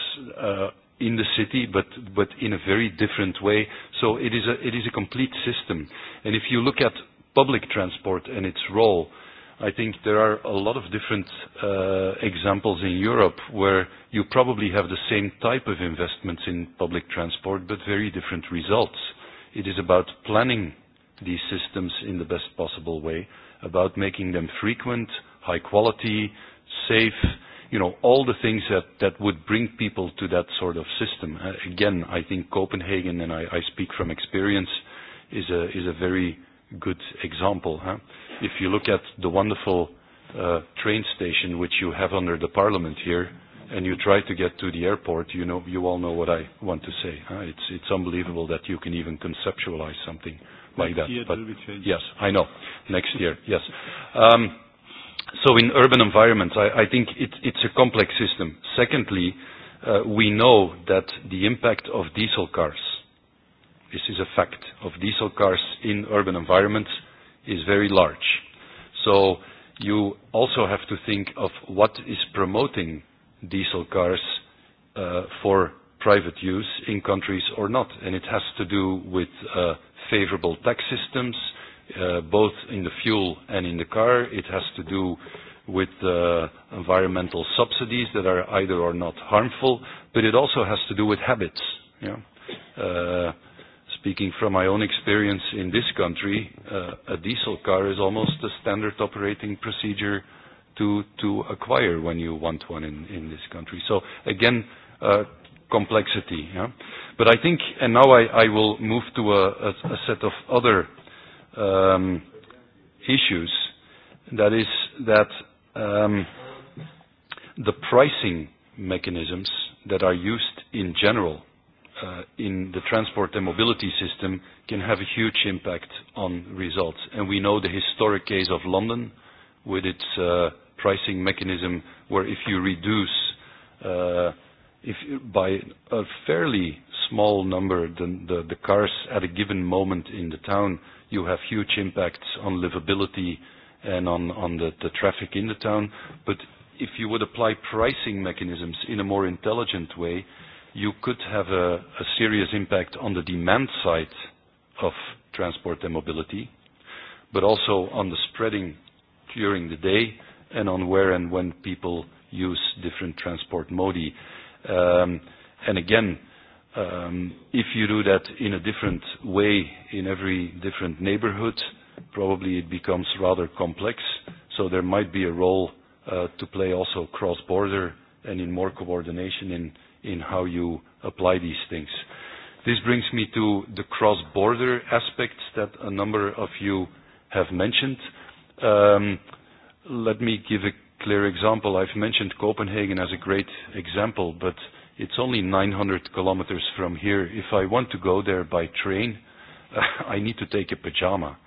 uh, in the city, but but in a very different way. So it is a it is a complete system. And if you look at public transport and its role, I think there are a lot of different uh, examples in Europe where you probably have the same type of investments in public transport, but very different results. It is about planning these systems in the best possible way, about making them frequent, high quality, safe, you know, all the things that, that would bring people to that sort of system. Uh, again, I think Copenhagen, and I, I speak from experience, is a, is a very good example. Huh? If you look at the wonderful uh, train station which you have under the parliament here, and you try to get to the airport, you know, you all know what I want to say. Huh? It's, it's unbelievable that you can even conceptualize something like that. Year changed. yes, I know. Next year, yes. Um, so in urban environments, I, I think it, it's a complex system. Secondly, uh, we know that the impact of diesel cars, this is a fact, of diesel cars in urban environments is very large. So you also have to think of what is promoting diesel cars uh, for private use in countries or not. And it has to do with uh, favorable tax systems, uh, both in the fuel and in the car. It has to do with uh, environmental subsidies that are either or not harmful, but it also has to do with habits. Yeah? Uh, speaking from my own experience in this country, uh, a diesel car is almost a standard operating procedure to, to acquire when you want one in, in this country. So again, uh, complexity. Yeah? But I think, and now I, I will move to a, a, a set of other um, issues, that is that um, the pricing mechanisms that are used in general uh, in the transport and mobility system can have a huge impact on results. And we know the historic case of London with its uh, pricing mechanism where if you reduce uh, if by a fairly small number the, the, the cars at a given moment in the town, you have huge impacts on livability and on, on the, the traffic in the town. But if you would apply pricing mechanisms in a more intelligent way, you could have a, a serious impact on the demand side of transport and mobility, but also on the spreading during the day and on where and when people use different transport modi. Um, and again, um, if you do that in a different way in every different neighborhood, probably it becomes rather complex. So there might be a role uh, to play also cross-border and in more coordination in, in how you apply these things. This brings me to the cross-border aspects that a number of you have mentioned. Um, let me give a clear example. I've mentioned Copenhagen as a great example, but it's only 900 kilometers from here. If I want to go there by train, I need to take a pajama,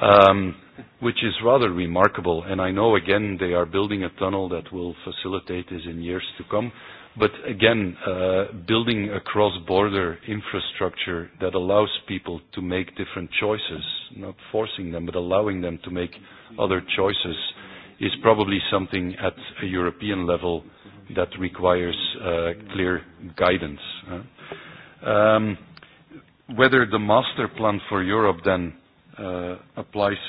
um, which is rather remarkable. And I know, again, they are building a tunnel that will facilitate this in years to come. But again, uh, building a cross-border infrastructure that allows people to make different choices, not forcing them, but allowing them to make other choices is probably something at a European level that requires uh, clear guidance. um, whether the master plan for Europe then uh, applies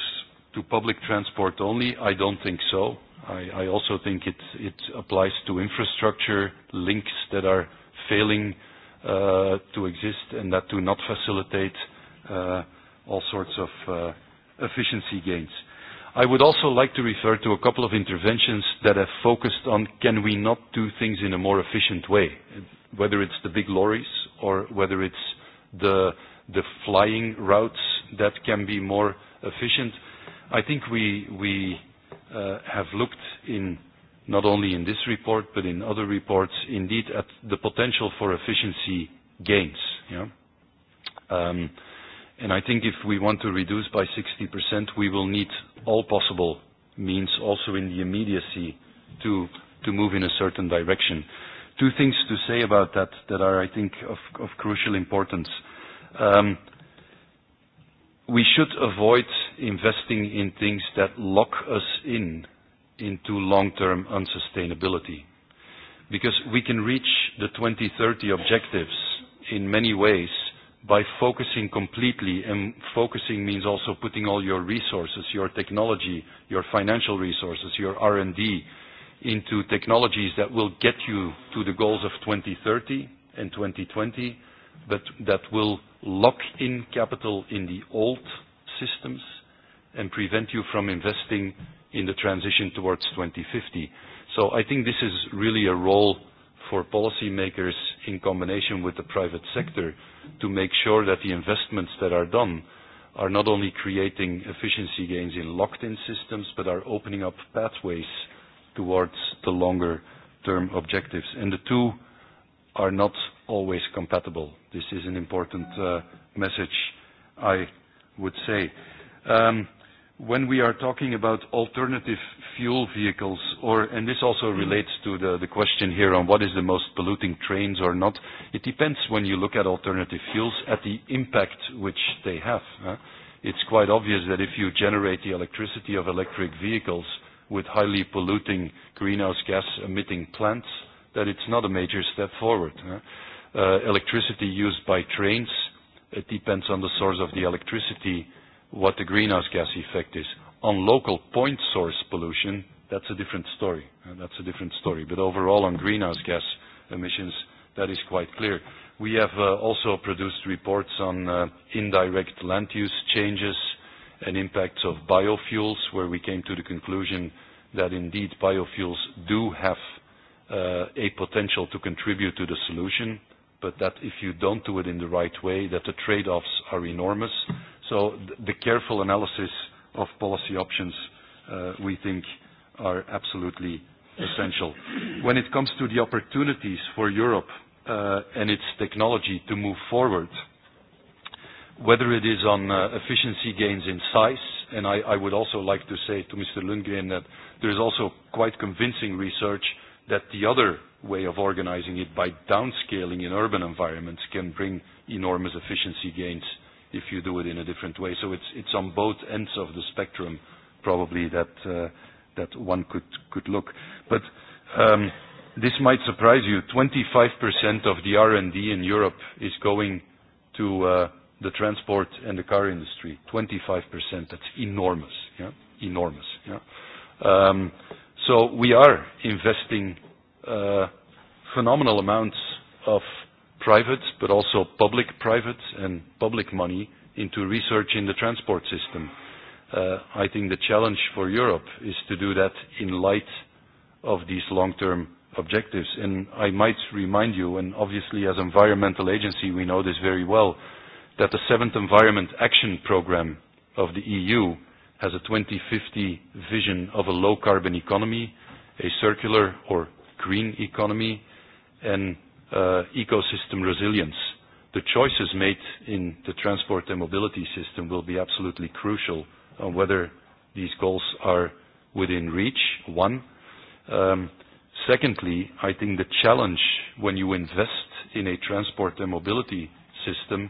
to public transport only, I don't think so. I, I also think it, it applies to infrastructure links that are failing uh, to exist and that do not facilitate uh, all sorts of uh, efficiency gains. I would also like to refer to a couple of interventions that have focused on can we not do things in a more efficient way, whether it's the big lorries or whether it's the, the flying routes that can be more efficient. I think we, we uh, have looked in not only in this report but in other reports indeed at the potential for efficiency gains. Yeah? Um, And I think if we want to reduce by 60%, we will need all possible means also in the immediacy to, to move in a certain direction. Two things to say about that that are, I think, of, of crucial importance. Um, we should avoid investing in things that lock us in into long-term unsustainability. Because we can reach the 2030 objectives in many ways by focusing completely, and focusing means also putting all your resources, your technology, your financial resources, your R&D into technologies that will get you to the goals of 2030 and 2020, but that will lock in capital in the old systems and prevent you from investing in the transition towards 2050. So I think this is really a role for policymakers in combination with the private sector to make sure that the investments that are done are not only creating efficiency gains in locked-in systems, but are opening up pathways towards the longer-term objectives. And The two are not always compatible. This is an important uh message, I would say. Um when we are talking about alternative fuel vehicles, or and this also relates to the the question here on what is the most polluting trains or not, it depends when you look at alternative fuels at the impact which they have. huh? It's quite obvious that if you generate the electricity of electric vehicles with highly polluting greenhouse gas emitting plants, that it's not a major step forward. huh? Uh Electricity used by trains, it depends on the source of the electricity what the greenhouse gas effect is. On local point source pollution, that's a different story. That's a different story. But overall, on greenhouse gas emissions, that is quite clear. We have uh, also produced reports on uh, indirect land use changes and impacts of biofuels, where we came to the conclusion that indeed biofuels do have uh, a potential to contribute to the solution, but that if you don't do it in the right way, that the trade-offs are enormous So the careful analysis of policy options, uh, we think, are absolutely essential. When it comes to the opportunities for Europe uh, and its technology to move forward, whether it is on uh, efficiency gains in size, and I, I would also like to say to Mr. Lundgren that there is also quite convincing research that the other way of organizing it by downscaling in urban environments can bring enormous efficiency gains if you do it in a different way. So it's it's on both ends of the spectrum, probably that uh, that one could could look. But um, this might surprise you. 25% of the R&D in Europe is going to uh, the transport and the car industry. 25%. That's enormous. Yeah, enormous. Yeah. Um, so we are investing uh, phenomenal amounts of private, but also public-private and public money into research in the transport system. Uh, I think the challenge for Europe is to do that in light of these long-term objectives. And I might remind you, and obviously as environmental agency we know this very well, that the seventh Environment Action Programme of the EU has a 2050 vision of a low carbon economy, a circular or green economy, and uh, ecosystem resilience. The choices made in the transport and mobility system will be absolutely crucial on whether these goals are within reach, one. Um, secondly, I think the challenge when you invest in a transport and mobility system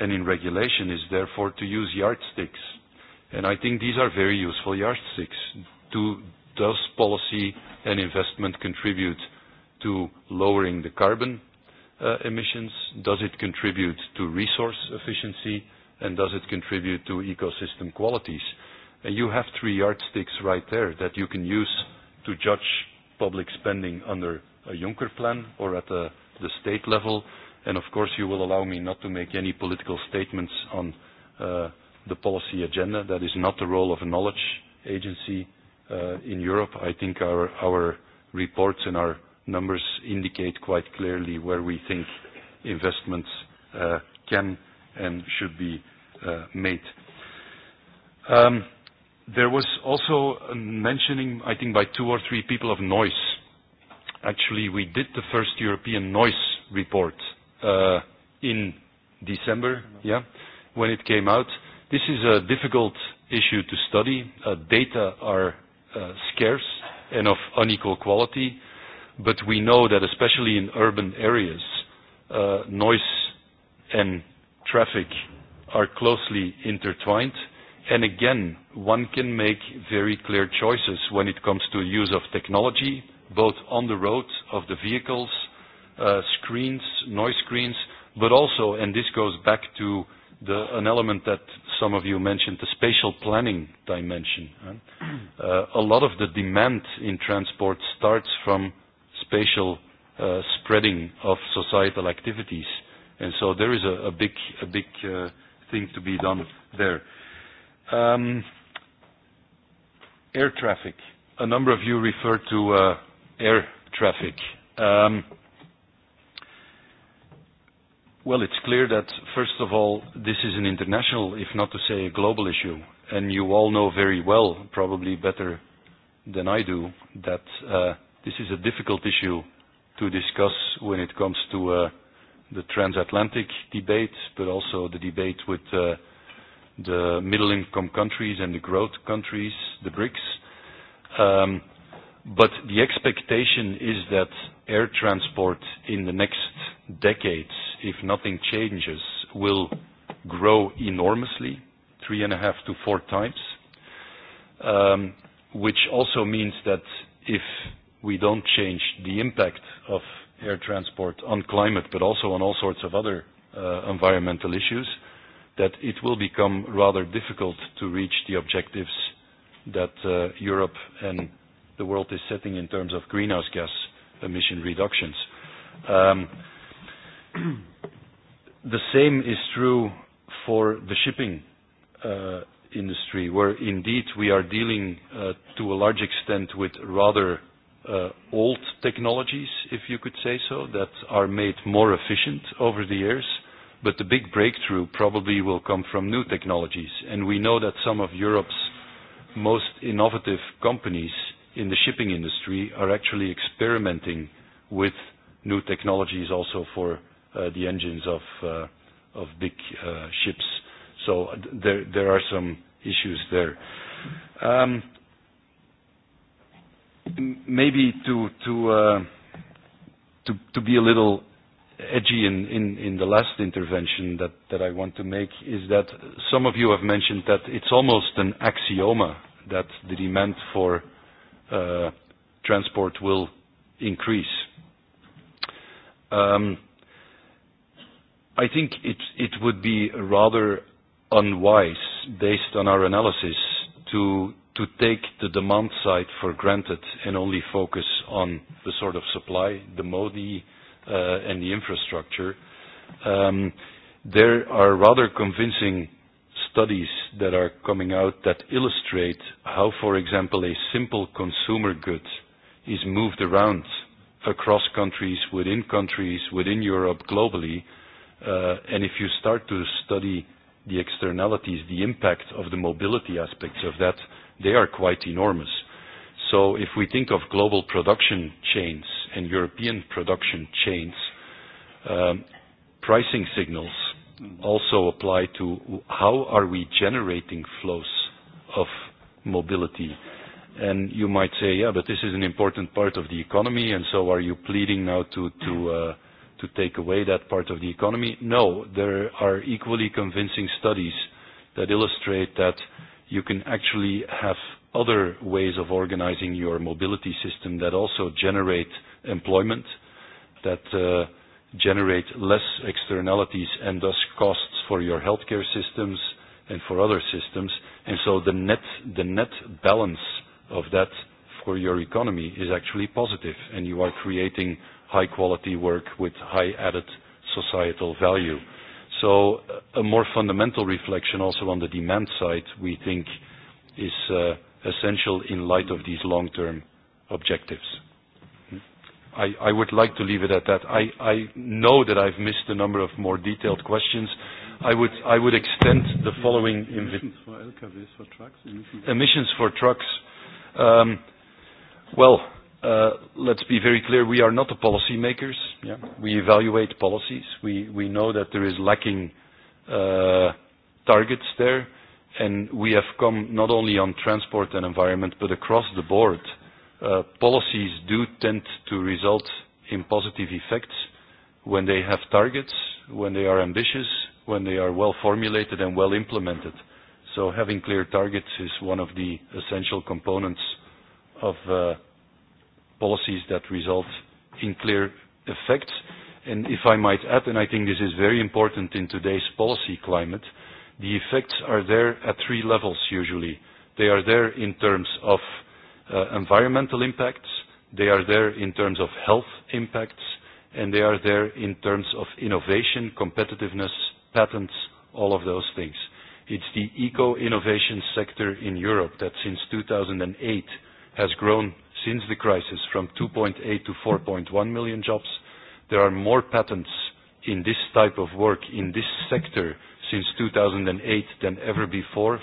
and in regulation is therefore to use yardsticks. And I think these are very useful yardsticks. Do, does policy and investment contribute to lowering the carbon uh, emissions? Does it contribute to resource efficiency? And does it contribute to ecosystem qualities? And you have three yardsticks right there that you can use to judge public spending under a Juncker plan or at the, the state level. And of course, you will allow me not to make any political statements on uh, the policy agenda. That is not the role of a knowledge agency uh, in Europe. I think our, our reports and our numbers indicate quite clearly where we think investments uh can and should be uh made. Um There was also a mentioning, I think, by two or three people of noise. Actually, we did the first European noise report uh in December, yeah, when it came out. This is a difficult issue to study. Uh Data are uh scarce and of unequal quality But we know that especially in urban areas, uh, noise and traffic are closely intertwined. And again, one can make very clear choices when it comes to use of technology, both on the road of the vehicles, uh, screens, noise screens, but also, and this goes back to the, an element that some of you mentioned, the spatial planning dimension. Uh, a lot of the demand in transport starts from spatial uh, spreading of societal activities. And so there is a, a big, a big uh, thing to be done there. Um, air traffic. A number of you referred to uh, air traffic. Um, well, it's clear that, first of all, this is an international, if not to say a global issue. And you all know very well, probably better than I do, that uh, This is a difficult issue to discuss when it comes to uh, the transatlantic debate, but also the debate with uh, the middle-income countries and the growth countries, the BRICS. Um, but the expectation is that air transport in the next decades, if nothing changes, will grow enormously, three and a half to four times, um, which also means that if we don't change the impact of air transport on climate, but also on all sorts of other uh, environmental issues, that it will become rather difficult to reach the objectives that uh, Europe and the world is setting in terms of greenhouse gas emission reductions. Um, the same is true for the shipping uh, industry, where indeed we are dealing uh, to a large extent with rather uh, old technologies, if you could say so, that are made more efficient over the years. But the big breakthrough probably will come from new technologies. And we know that some of Europe's most innovative companies in the shipping industry are actually experimenting with new technologies also for uh, the engines of, uh, of big uh, ships. So there, there are some issues there. Um, Maybe to to uh, to to be a little edgy in, in, in the last intervention that, that I want to make is that some of you have mentioned that it's almost an axioma that the demand for uh, transport will increase. Um, I think it it would be rather unwise, based on our analysis, to to take the demand side for granted and only focus on the sort of supply, the MODI, uh, and the infrastructure. Um, there are rather convincing studies that are coming out that illustrate how, for example, a simple consumer good is moved around across countries, within countries, within Europe, globally. Uh, and if you start to study the externalities, the impact of the mobility aspects of that, they are quite enormous. So if we think of global production chains and European production chains, um, pricing signals also apply to how are we generating flows of mobility. And you might say, yeah, but this is an important part of the economy, and so are you pleading now to, to, uh, to take away that part of the economy? No, there are equally convincing studies that illustrate that you can actually have other ways of organizing your mobility system that also generate employment, that uh, generate less externalities and thus costs for your healthcare systems and for other systems. And so the net, the net balance of that for your economy is actually positive, and you are creating high quality work with high added societal value. So a more fundamental reflection also on the demand side, we think, is essential in light of these long-term objectives. I, I would like to leave it at that. I, I know that I've missed a number of more detailed questions. I would, I would extend the following Emissions for LKWs, for trucks. Emissions, for trucks. well, uh, let's be very clear, we are not the policymakers. Yeah. We evaluate policies. We, we know that there is lacking uh, targets there, and we have come not only on transport and environment, but across the board. Uh, policies do tend to result in positive effects when they have targets, when they are ambitious, when they are well formulated and well implemented. So having clear targets is one of the essential components of uh, policies that result in clear effects. And if I might add, and I think this is very important in today's policy climate, the effects are there at three levels usually. They are there in terms of uh, environmental impacts, they are there in terms of health impacts, and they are there in terms of innovation, competitiveness, patents, all of those things. It's the eco-innovation sector in Europe that since 2008 has grown since the crisis from 2.8 to 4.1 million jobs. There are more patents in this type of work, in this sector, since 2008 than ever before.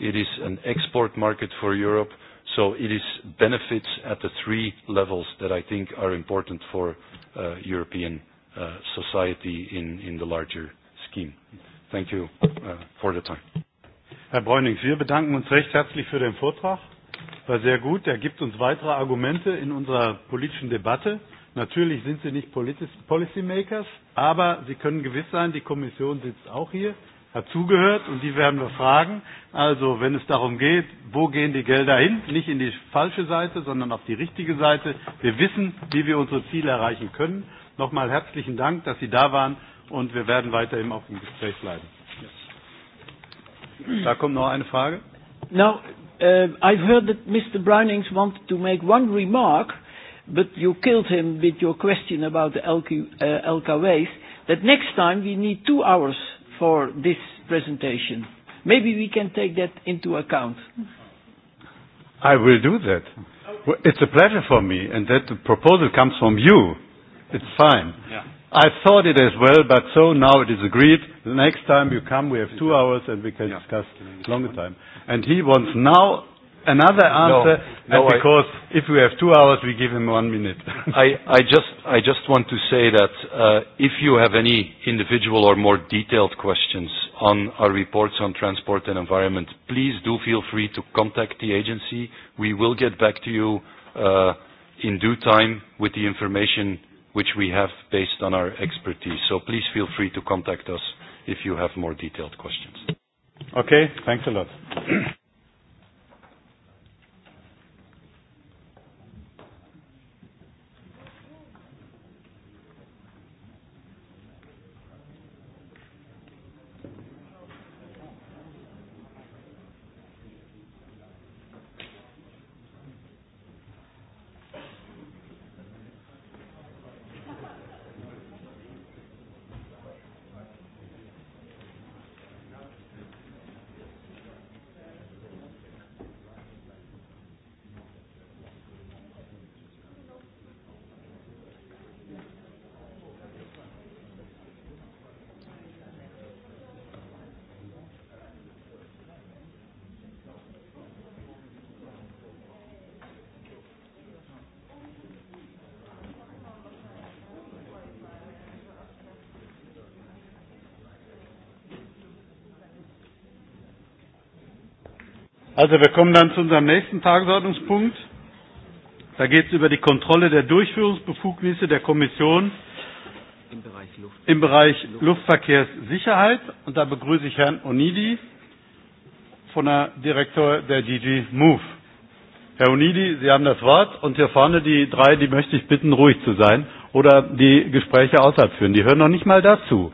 It is an export market for Europe, so it is benefits at the three levels that I think are important for uh, European uh, society in, in the larger scheme. Thank you uh, for the time. Herr Bräuning, wir bedanken uns recht herzlich für den Vortrag war sehr gut. Er gibt uns weitere Argumente in unserer politischen Debatte. Natürlich sind Sie nicht Policymakers, aber Sie können gewiss sein, die Kommission sitzt auch hier, hat zugehört und die werden wir fragen. Also, wenn es darum geht, wo gehen die Gelder hin? Nicht in die falsche Seite, sondern auf die richtige Seite. Wir wissen, wie wir unsere Ziele erreichen können. Nochmal herzlichen Dank, dass Sie da waren und wir werden weiterhin auch im Gespräch bleiben. Da kommt noch eine Frage. Now, Uh, I've heard that Mr. Brownings wanted to make one remark, but you killed him with your question about the LQ, uh, LKWs, that next time we need two hours for this presentation. Maybe we can take that into account. I will do that. It's a pleasure for me, and that the proposal comes from you. It's fine. Yeah. I thought it as well, but so now it is agreed. The next time you come, we have two hours and we can discuss longer time. And he wants now another answer, no, no, and because I, if we have two hours, we give him one minute. I, I, just, I just want to say that uh, if you have any individual or more detailed questions on our reports on transport and environment, please do feel free to contact the agency. We will get back to you uh, in due time with the information which we have based on our expertise. So please feel free to contact us if you have more detailed questions. Okay, thanks a lot. Also wir kommen dann zu unserem nächsten Tagesordnungspunkt. Da geht es über die Kontrolle der Durchführungsbefugnisse der Kommission im Bereich, Luft im Bereich Luftverkehrssicherheit. Und da begrüße ich Herrn Onidi von der Direktor der DG Move. Herr Onidi, Sie haben das Wort. Und hier vorne die drei, die möchte ich bitten, ruhig zu sein oder die Gespräche außerhalb führen. Die hören noch nicht mal dazu.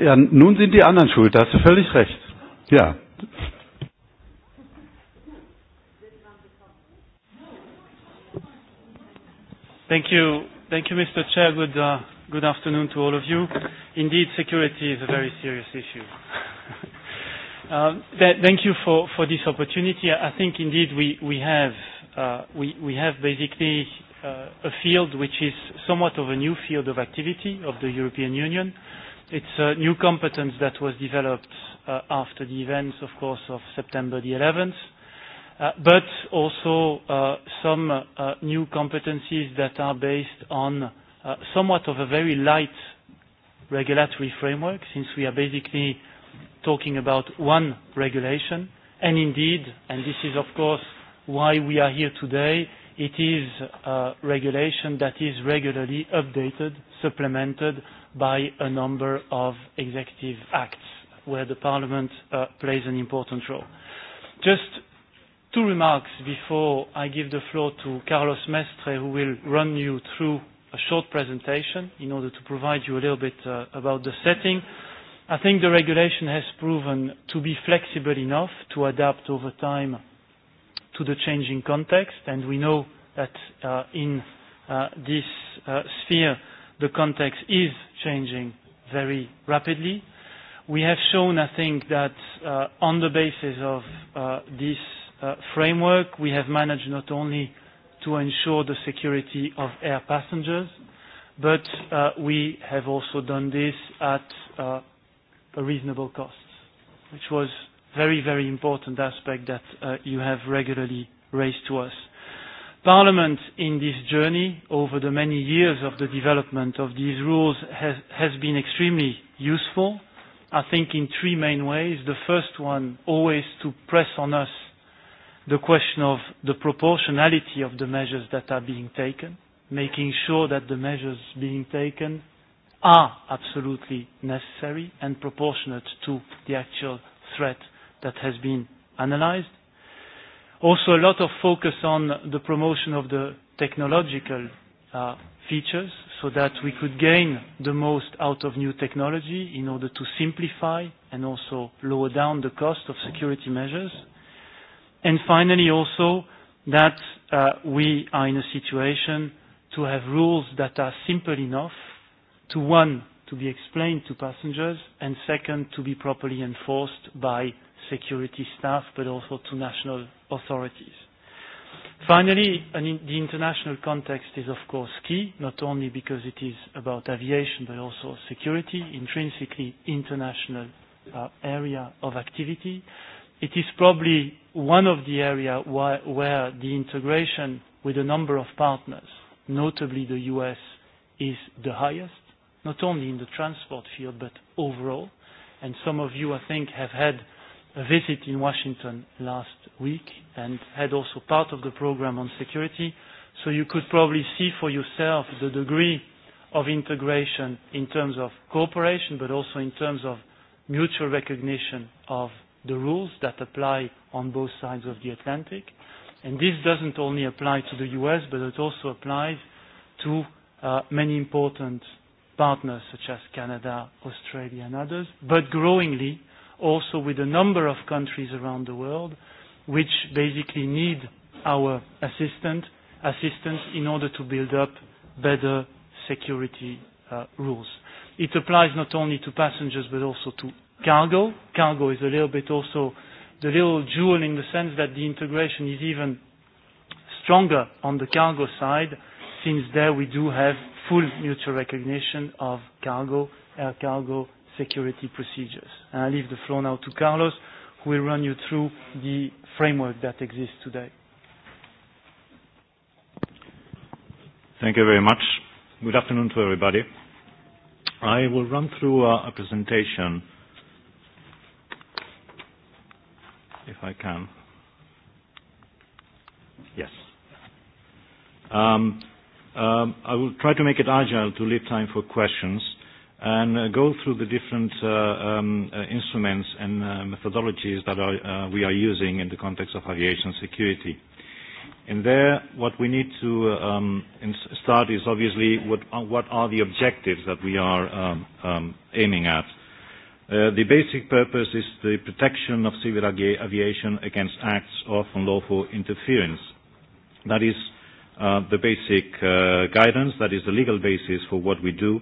ja, nun sind die anderen schuld, da hast du völlig recht. Ja. Thank you. Thank you, Mr. Chair. Good, uh, good afternoon to all of you. Indeed, security is a very serious issue. um, th thank you for, for this opportunity. I think indeed we, we have uh, we, we have basically uh, a field which is somewhat of a new field of activity of the European Union. Uh, It's a new competence that was developed uh, after the events, of course, of September the 11th, uh, but also uh, some uh, new competencies that are based on uh, somewhat of a very light regulatory framework, since we are basically talking about one regulation. And indeed, and this is, of course, why we are here today, it is a regulation that is regularly updated, supplemented, by a number of executive acts where the Parliament uh, plays an important role. Just two remarks before I give the floor to Carlos Mestre, who will run you through a short presentation in order to provide you a little bit uh, about the setting. I think the regulation has proven to be flexible enough to adapt over time to the changing context, and we know that uh, in uh, this uh, sphere The context is changing very rapidly. We have shown, I think, that uh, on the basis of uh, this uh, framework, we have managed not only to ensure the security of air passengers, but uh, we have also done this at uh, a reasonable cost, which was very, very important aspect that uh, you have regularly raised to us. Parliament in this journey over the many years of the development of these rules has, has been extremely useful, I think in three main ways. The first one, always to press on us the question of the proportionality of the measures that are being taken, making sure that the measures being taken are absolutely necessary and proportionate to the actual threat that has been analyzed. Also a lot of focus on the promotion of the technological uh, features so that we could gain the most out of new technology in order to simplify and also lower down the cost of security measures. And finally, also that uh, we are in a situation to have rules that are simple enough to one, to be explained to passengers, and second, to be properly enforced by security staff, but also to national authorities. Finally, an in the international context is of course key, not only because it is about aviation, but also security, intrinsically international uh, area of activity. It is probably one of the areas where the integration with a number of partners, notably the US, is the highest, not only in the transport field, but overall. And some of you, I think, have had a visit in Washington last week and had also part of the program on security. So you could probably see for yourself the degree of integration in terms of cooperation, but also in terms of mutual recognition of the rules that apply on both sides of the Atlantic. And this doesn't only apply to the US, but it also applies to uh, many important partners such as Canada, Australia, and others. But growingly, also with a number of countries around the world which basically need our assistance assistance in order to build up better security uh, rules. It applies not only to passengers but also to cargo. Cargo is a little bit also the little jewel in the sense that the integration is even stronger on the cargo side since there we do have full mutual recognition of cargo, air cargo security procedures. And I leave the floor now to Carlos, who will run you through the framework that exists today. Thank you very much. Good afternoon to everybody. I will run through uh, a presentation, if I can. Yes. Um, um, I will try to make it agile to leave time for questions and go through the different uh, um, uh, instruments and uh, methodologies that are, uh, we are using in the context of aviation security. And there, what we need to um, start is obviously what, what are the objectives that we are um, um, aiming at. Uh, the basic purpose is the protection of civil aviation against acts of unlawful interference. That is uh, the basic uh, guidance, that is the legal basis for what we do,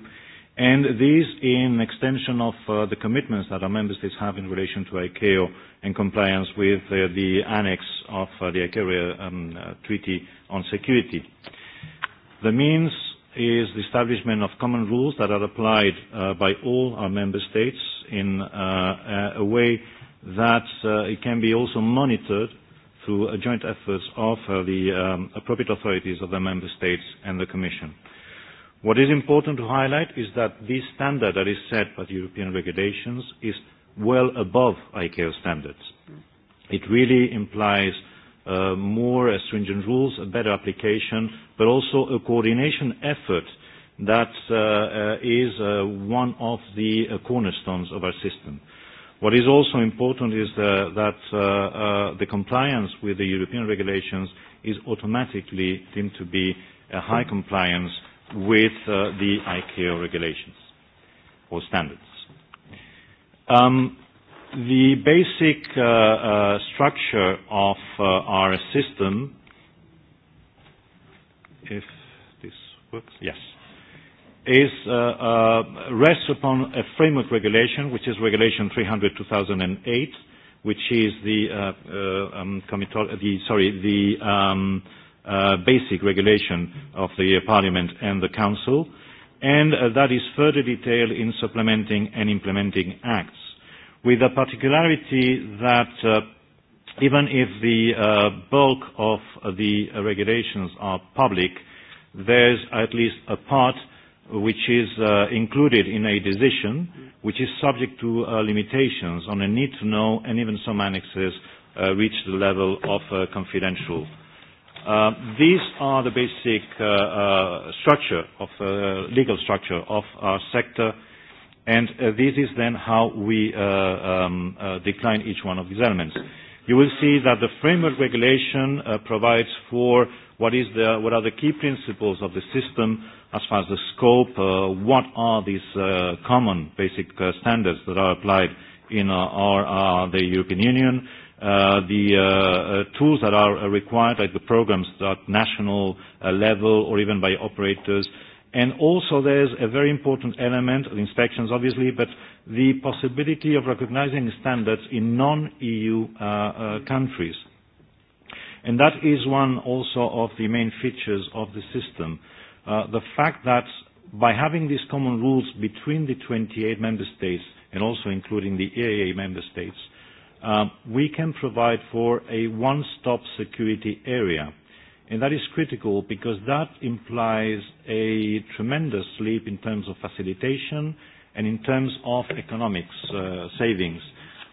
and these in extension of uh, the commitments that our member states have in relation to ICAO and compliance with uh, the annex of uh, the ICAO um, uh, Treaty on Security. The means is the establishment of common rules that are applied uh, by all our member states in uh, a way that uh, it can be also monitored through joint efforts of uh, the um, appropriate authorities of the member states and the Commission. What is important to highlight is that this standard that is set by the European regulations is well above ICAO standards. It really implies uh, more stringent rules, a better application, but also a coordination effort that uh, is uh, one of the uh, cornerstones of our system. What is also important is that uh, uh, the compliance with the European regulations is automatically deemed to be a high compliance with uh, the ICAO regulations or standards. Um, the basic uh, uh, structure of uh, our system, if this works, yes, is uh, uh, rests upon a framework regulation, which is Regulation 300/2008, which is the uh, uh, um, comitol- the sorry the um, uh, basic regulation of the Parliament and the Council, and uh, that is further detailed in supplementing and implementing acts, with the particularity that uh, even if the uh, bulk of the regulations are public, there's at least a part which is uh, included in a decision, which is subject to uh, limitations on a need to know and even some annexes uh, reach the level of uh, confidential these are the basic uh, uh, structure of uh, legal structure of our sector, and uh, this is then how we uh, um, uh, decline each one of these elements. You will see that the framework regulation uh, provides for what, is the, what are the key principles of the system as far as the scope, uh, what are these uh, common basic uh, standards that are applied in our, uh, the European Union, the uh, uh, tools that are required, like the programs at national uh, level or even by operators. And also there's a very important element of inspections, obviously, but the possibility of recognizing standards in non-EU uh, uh, countries. And that is one also of the main features of the system. Uh, the fact that by having these common rules between the 28 member states and also including the EAA member states, we can provide for a one-stop security area. And that is critical because that implies a tremendous leap in terms of facilitation and in terms of economics uh, savings.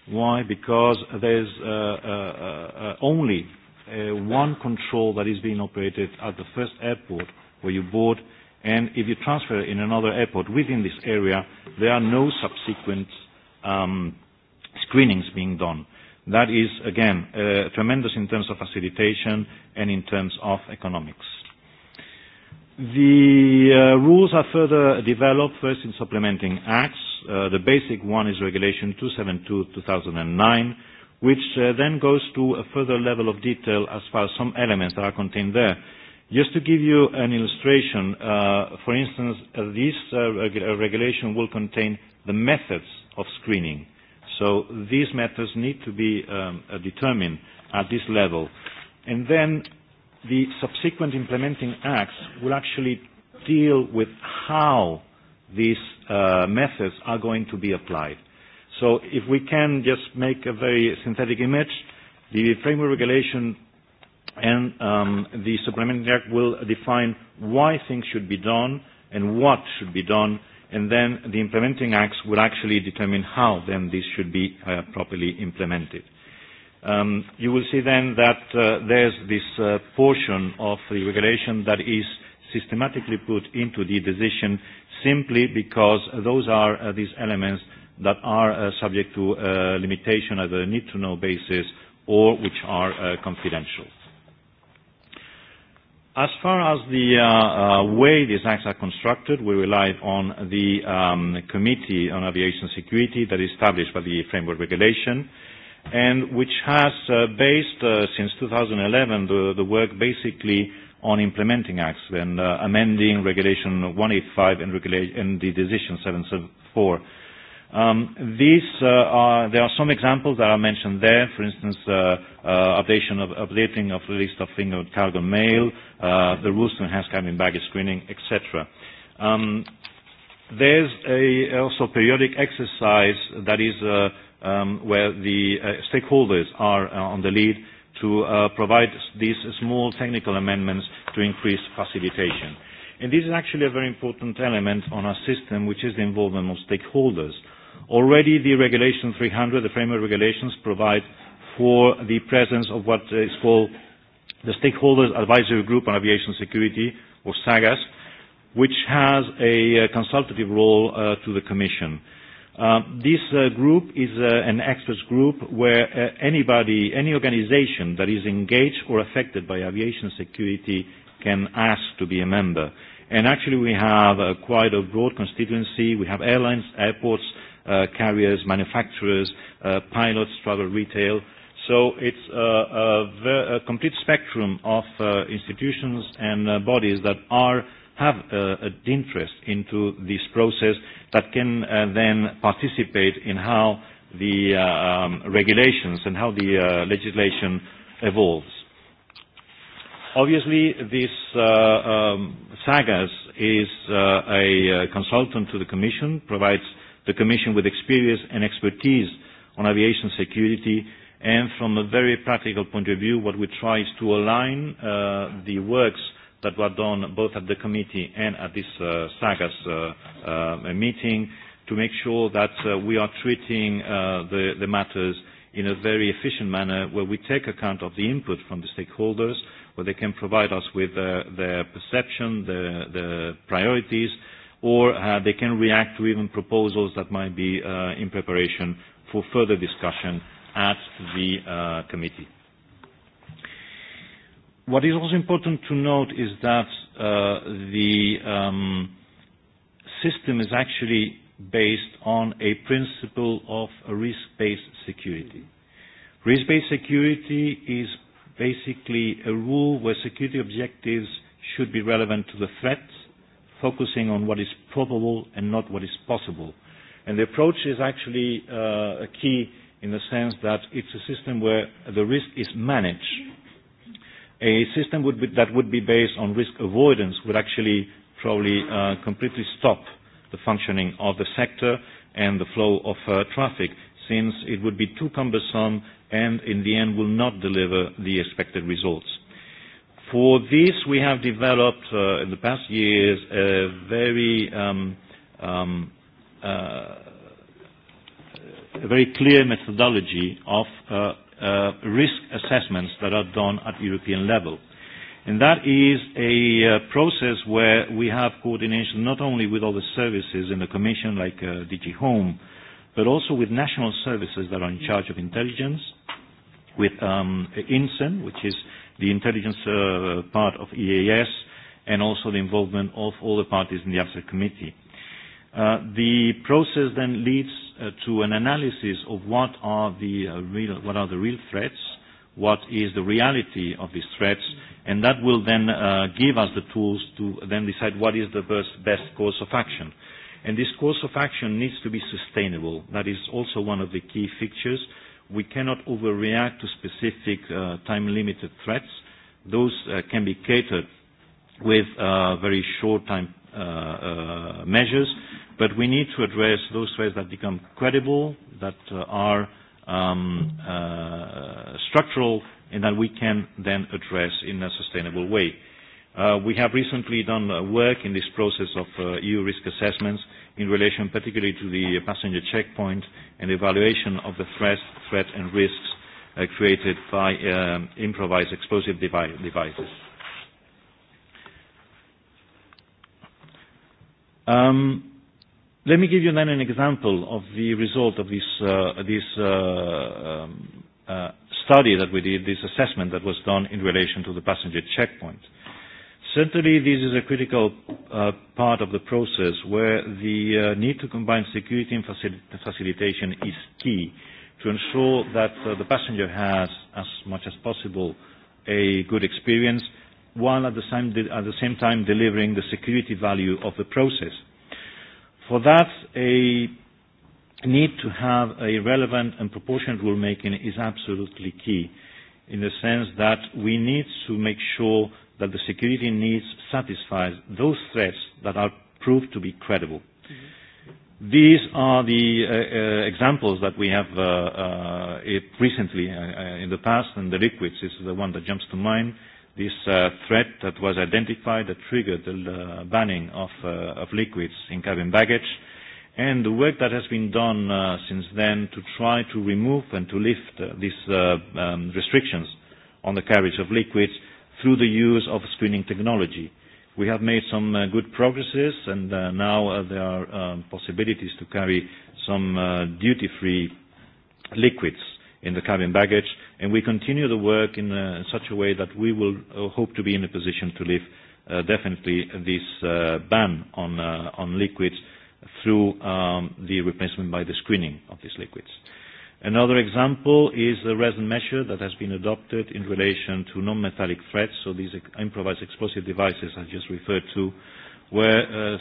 Why? Because there's uh, uh, uh, only uh, one control that is being operated at the first airport where you board, and if you transfer in another airport within this area, there are no subsequent um, screenings being done. That is, again, uh, tremendous in terms of facilitation and in terms of economics. The uh, rules are further developed first in supplementing acts. Uh, the basic one is Regulation 272-2009, which uh, then goes to a further level of detail as far as some elements that are contained there. Just to give you an illustration, uh, for instance, uh, this uh, reg regulation will contain the methods of screening So these matters need to be um, uh, determined at this level. And then the subsequent implementing acts will actually deal with how these uh, methods are going to be applied. So if we can just make a very synthetic image, the framework regulation and um, the supplementary act will define why things should be done and what should be done and then the implementing acts would actually determine how then this should be uh, properly implemented. Um, you will see then that uh, there's this uh, portion of the regulation that is systematically put into the decision simply because those are uh, these elements that are uh, subject to uh, limitation at a need-to-know basis or which are uh, confidential. As far as the uh, uh, way these acts are constructed, we rely on the um, Committee on Aviation Security that is established by the Framework Regulation and which has uh, based uh, since 2011 the, the work basically on implementing acts and uh, amending Regulation 185 and, regula- and the Decision 774 Um, these, uh, are, there are some examples that are mentioned there, for instance, uh, uh, updation of, updating of the list of finger cargo mail, uh, the rules to enhance cabin baggage screening, etc. Um, there's a, also periodic exercise that is uh, um, where the uh, stakeholders are uh, on the lead to uh, provide these small technical amendments to increase facilitation. And this is actually a very important element on our system, which is the involvement of stakeholders – Already the Regulation 300, the framework regulations, provide for the presence of what is called the Stakeholders Advisory Group on Aviation Security, or SAGAS, which has a consultative role uh, to the Commission. this uh, group is uh, an experts group where uh, anybody, any organization that is engaged or affected by aviation security can ask to be a member. And actually we have uh, quite a broad constituency. We have airlines, airports, uh, uh, carriers, manufacturers, uh, pilots, travel retail. So it's a a, a complete spectrum of uh, institutions and uh, bodies that are have uh, an interest into this process that can uh, then participate in how the uh, um, regulations and how the uh, legislation evolves. Obviously, this uh, um, SAGAS is uh, a consultant to the Commission, provides the Commission with experience and expertise on aviation security, and from a very practical point of view, what we try is to align uh, the works that were done both at the committee and at this uh, SAGAS uh, uh, meeting to make sure that uh, we are treating uh, the, the matters in a very efficient manner where we take account of the input from the stakeholders, where they can provide us with uh, their perception, their, their priorities, uh, or uh, they can react to even proposals that might be uh, in preparation for further discussion at the uh, committee. What is also important to note is that uh, the um, system is actually based on a principle of risk-based security. Risk-based security is basically a rule where security objectives should be relevant to the threat focusing on what is probable and not what is possible. And the approach is actually uh, key in the sense that it's a system where the risk is managed. A system would be, that would be based on risk avoidance would actually probably uh, completely stop the functioning of the sector and the flow of uh, traffic, since it would be too cumbersome and in the end will not deliver the expected results For this, we have developed uh, in the past years a very um, um, uh, a very clear methodology of uh, uh, risk assessments that are done at European level. And that is a uh, process where we have coordination not only with other services in the Commission like uh, DG Home, but also with national services that are in charge of intelligence, with um, INSEN, which is the intelligence uh, part of EAS, and also the involvement of all the parties in the AFSA committee. Uh, the process then leads uh, to an analysis of what are the uh, real, what are the real threats, what is the reality of these threats, and that will then uh, give us the tools to then decide what is the best, best course of action. And this course of action needs to be sustainable. That is also one of the key features We cannot overreact to specific uh, time-limited threats. Those uh, can be catered with uh, very short time uh, uh, measures, but we need to address those threats that become credible, that uh, are um, uh, structural, and that we can then address in a sustainable way. Uh, we have recently done work in this process of uh, EU risk assessments in relation particularly to the passenger checkpoint and evaluation of the threat, threat and risks uh, created by um, improvised explosive devi- devices. Um, let me give you then an example of the result of this, uh, this uh, um, uh, study that we did, this assessment that was done in relation to the passenger checkpoint. Uh, Certainly, this is a critical uh, part of the process where the uh, need to combine security and facil- facilitation is key to ensure that uh, the passenger has, as much as possible, a good experience while at the, same, at the same time delivering the security value of the process. For that, a need to have a relevant and proportionate rulemaking is absolutely key in the sense that we need to make sure that the security needs satisfies those threats that are proved to be credible. These are the uh, uh, examples that we have uh, uh, recently uh, in the past, and the liquids is the one that jumps to mind. This uh, threat that was identified that triggered the uh, banning of, uh, of liquids in cabin baggage, and the work that has been done uh, since then to try to remove and to lift uh, these uh, um, restrictions on the carriage of liquids through the use of screening technology. We have made some uh, good progresses, and uh, now uh, there are possibilities to carry some uh, duty-free liquids in the cabin baggage, and we continue the work in uh, such a way that we will uh, hope to be in a position to lift uh, definitely this uh, ban on, uh, on liquids through um, the replacement by the screening of these liquids. Another example is the resin measure that has been adopted in relation to non-metallic threats, so these improvised explosive devices I just referred to, where uh,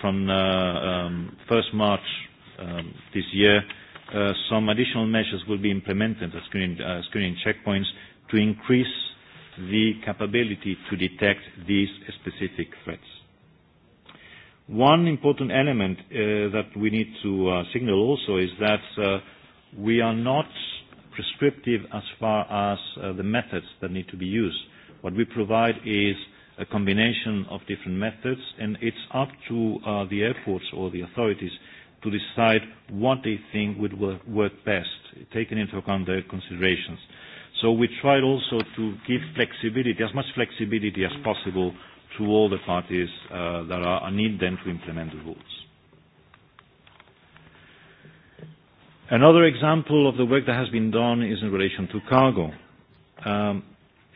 from uh, 1st March um, this year, uh, some additional measures will be implemented at screening, uh, screening checkpoints to increase the capability to detect these specific threats. One important element uh, that we need to uh, signal also is that uh, we are not prescriptive as far as uh, the methods that need to be used. What we provide is a combination of different methods, and it's up to uh, the airports or the authorities to decide what they think would work best, taking into account their considerations. So we tried also to give flexibility, as much flexibility as possible, to all the parties uh, that are, need then to implement the rules. Another example of the work that has been done is in relation to cargo. Um,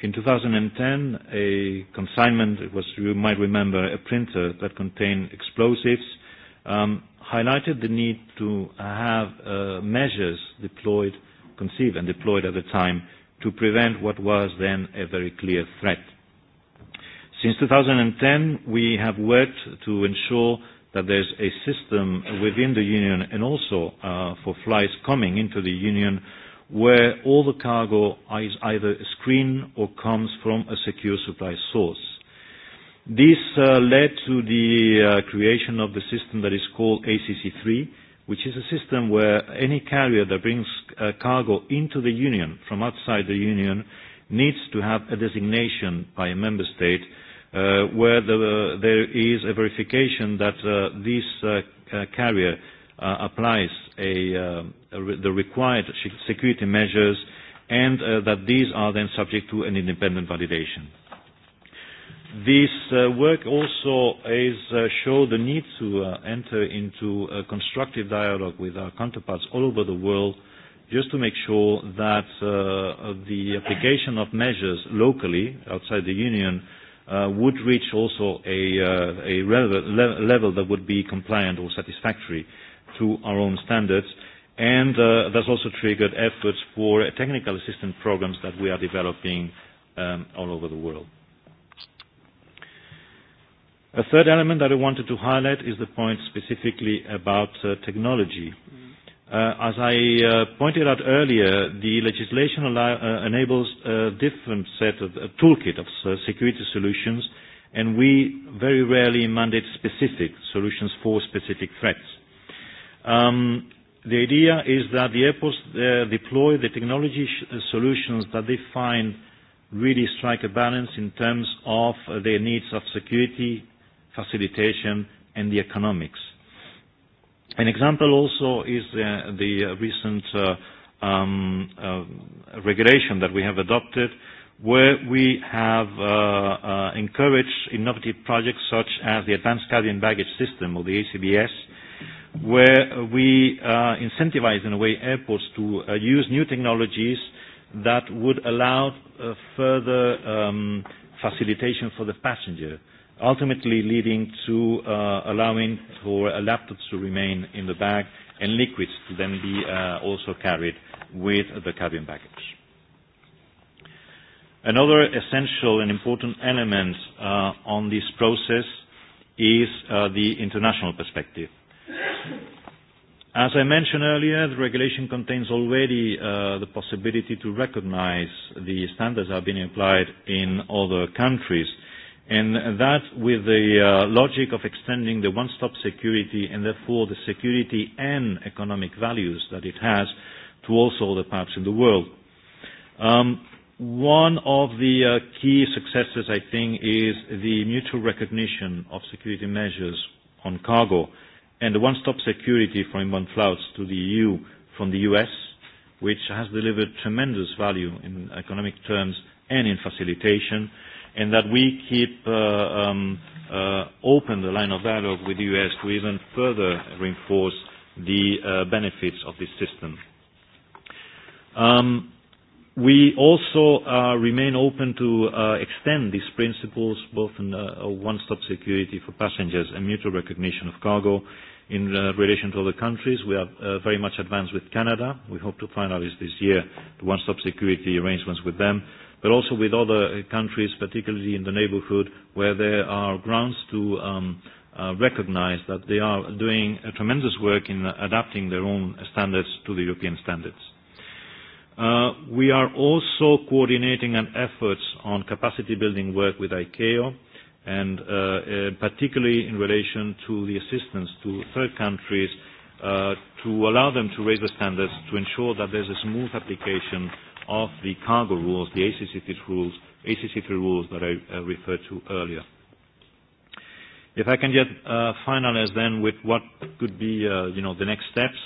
in 2010, a consignment it was, you might remember, a printer that contained explosives, um, highlighted the need to have uh, measures deployed, conceived and deployed at the time to prevent what was then a very clear threat. Since 2010, we have worked to ensure that there's a system within the Union and also uh, for flights coming into the Union where all the cargo is either screened or comes from a secure supply source. This uh, led to the uh, creation of the system that is called ACC3, which is a system where any carrier that brings uh, cargo into the Union from outside the Union needs to have a designation by a member state uh, uh, where the, there is a verification that uh, this uh, uh, carrier uh, applies a, uh, the required security measures and uh, that these are then subject to an independent validation. This uh, work also is uh, show the need to uh, enter into a constructive dialogue with our counterparts all over the world just to make sure that uh, the application of measures locally outside the Union uh, uh, would reach also a, uh, a le level that would be compliant or satisfactory to our own standards. And uh, that's also triggered efforts for technical assistance programs that we are developing um, all over the world. A third element that I wanted to highlight is the point specifically about uh, technology. Mm As I uh pointed out earlier, the legislation allow uh enables a different set of a toolkit of security solutions, and we very rarely mandate specific solutions for specific threats. Um The idea is that the airports uh deploy the technology solutions that they find really strike a balance in terms of their needs of security, facilitation, and the economics An example also is uh, the recent uh, um, uh, regulation that we have adopted where we have uh, uh, encouraged innovative projects such as the Advanced Carry Baggage System or the ACBS, where we uh, incentivize in a way airports to uh, use new technologies that would allow uh, further um, facilitation for the passenger. Uh, ultimately leading to uh, allowing for laptops to remain in the bag and liquids to then be uh, also carried with the cabin baggage. Another essential and important element uh, on this process is uh, the international perspective. As I mentioned earlier, the regulation contains already uh, the possibility to recognize the standards that have been applied in other countries and that with the uh, logic of extending the one-stop security and therefore the security and economic values that it has to also other parts in the world. Um, one of the uh, key successes, I think, is the mutual recognition of security measures on cargo and the one-stop security for inbound flights to the EU from the US, which has delivered tremendous value in economic terms and in facilitation and that we keep uh, um, uh, open the line of dialogue with the US to even further reinforce the uh, benefits of this system. Um, we also uh, remain open to uh, extend these principles, both in uh, one-stop security for passengers and mutual recognition of cargo, in uh, relation to other countries. We are uh, very much advanced with Canada. We hope to finalize this year the one-stop security arrangements with them but also with other countries, particularly in the neighborhood, where there are grounds to um, uh, recognize that they are doing a tremendous work in adapting their own standards to the European standards. Uh, we are also coordinating an efforts on capacity building work with ICAO and uh, uh, particularly in relation to the assistance to third countries uh, to allow them to raise the standards to ensure that there's a smooth application of the cargo rules, the ACC3 rules, ACC3 rules that I uh, referred to earlier. If I can just uh, finalize then with what could be uh, you know, the next steps,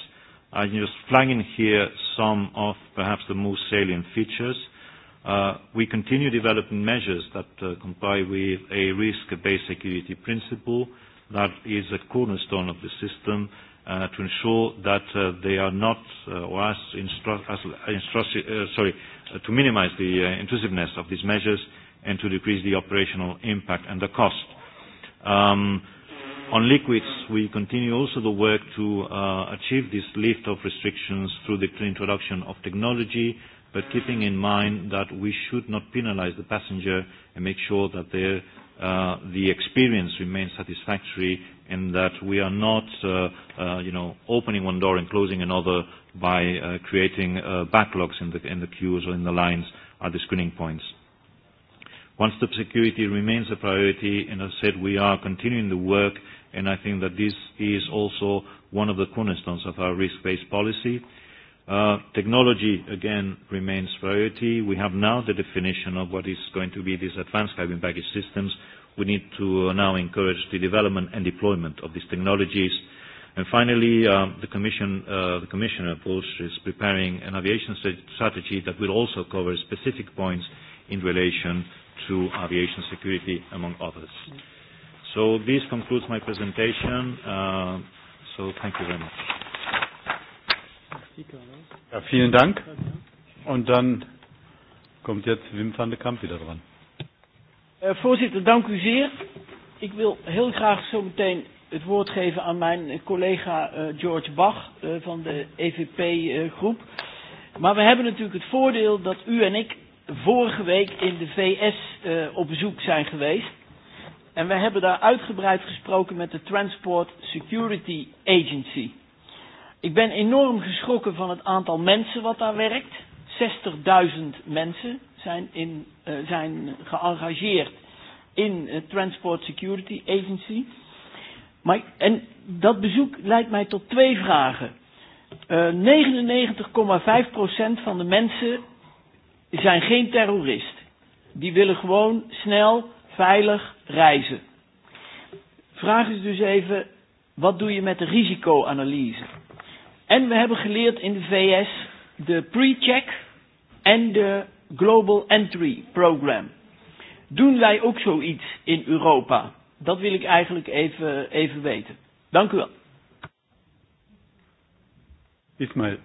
I'm just flagging here some of perhaps the most salient features. Uh, we continue developing measures that uh, comply with a risk-based security principle that is a cornerstone of the system uh, to ensure that uh, they are not, uh, or as, instru- as instru- uh, sorry, uh, to minimize the uh, intrusiveness of these measures and to decrease the operational impact and the cost. Um, on liquids, we continue also the work to uh, achieve this lift of restrictions through the introduction of technology, but keeping in mind that we should not penalize the passenger and make sure that their uh, the experience remains satisfactory and that we are not, uh, uh, you know, opening one door and closing another by uh, creating uh, backlogs in the, in the queues or in the lines at the screening points. Once the security remains a priority, and as I said, we are continuing the work, and I think that this is also one of the cornerstones of our risk-based policy. Uh, Uh, technology, again, remains priority. We have now the definition of what is going to be these advanced cabin baggage systems. We need to now encourage the development and deployment of these technologies. And Finally, the commission uh the Commissioner Bulch is preparing an aviation strategy that will also cover specific points in relation to aviation security, among others. So This concludes my presentation. Uh, So Thank you very much. Ja, vielen Dank. Und dann komt jetzt Wim van de Kamp wieder dran. Uh, voorzitter, dank u zeer. Ik wil heel graag zo meteen het woord geven aan mijn collega uh, George Bach uh, van de EVP-groep. Uh, maar we hebben natuurlijk het voordeel dat u en ik vorige week in de VS uh, op bezoek zijn geweest. En we hebben daar uitgebreid gesproken met de Transport Security Agency. Ik ben enorm geschrokken van het aantal mensen wat daar werkt. 60.000 mensen zijn, in, uh, zijn geëngageerd in uh, Transport Security Agency. Maar, en dat bezoek leidt mij tot twee vragen. Uh, 99,5% van de mensen zijn geen terrorist. Die willen gewoon snel, veilig reizen. Vraag eens dus even, wat doe je met de risicoanalyse? En we hebben geleerd in de VS de pre-check en de Global Entry Program. Doen wij ook zoiets in Europa? Dat wil ik eigenlijk even, even weten. Dank u wel. Ismail.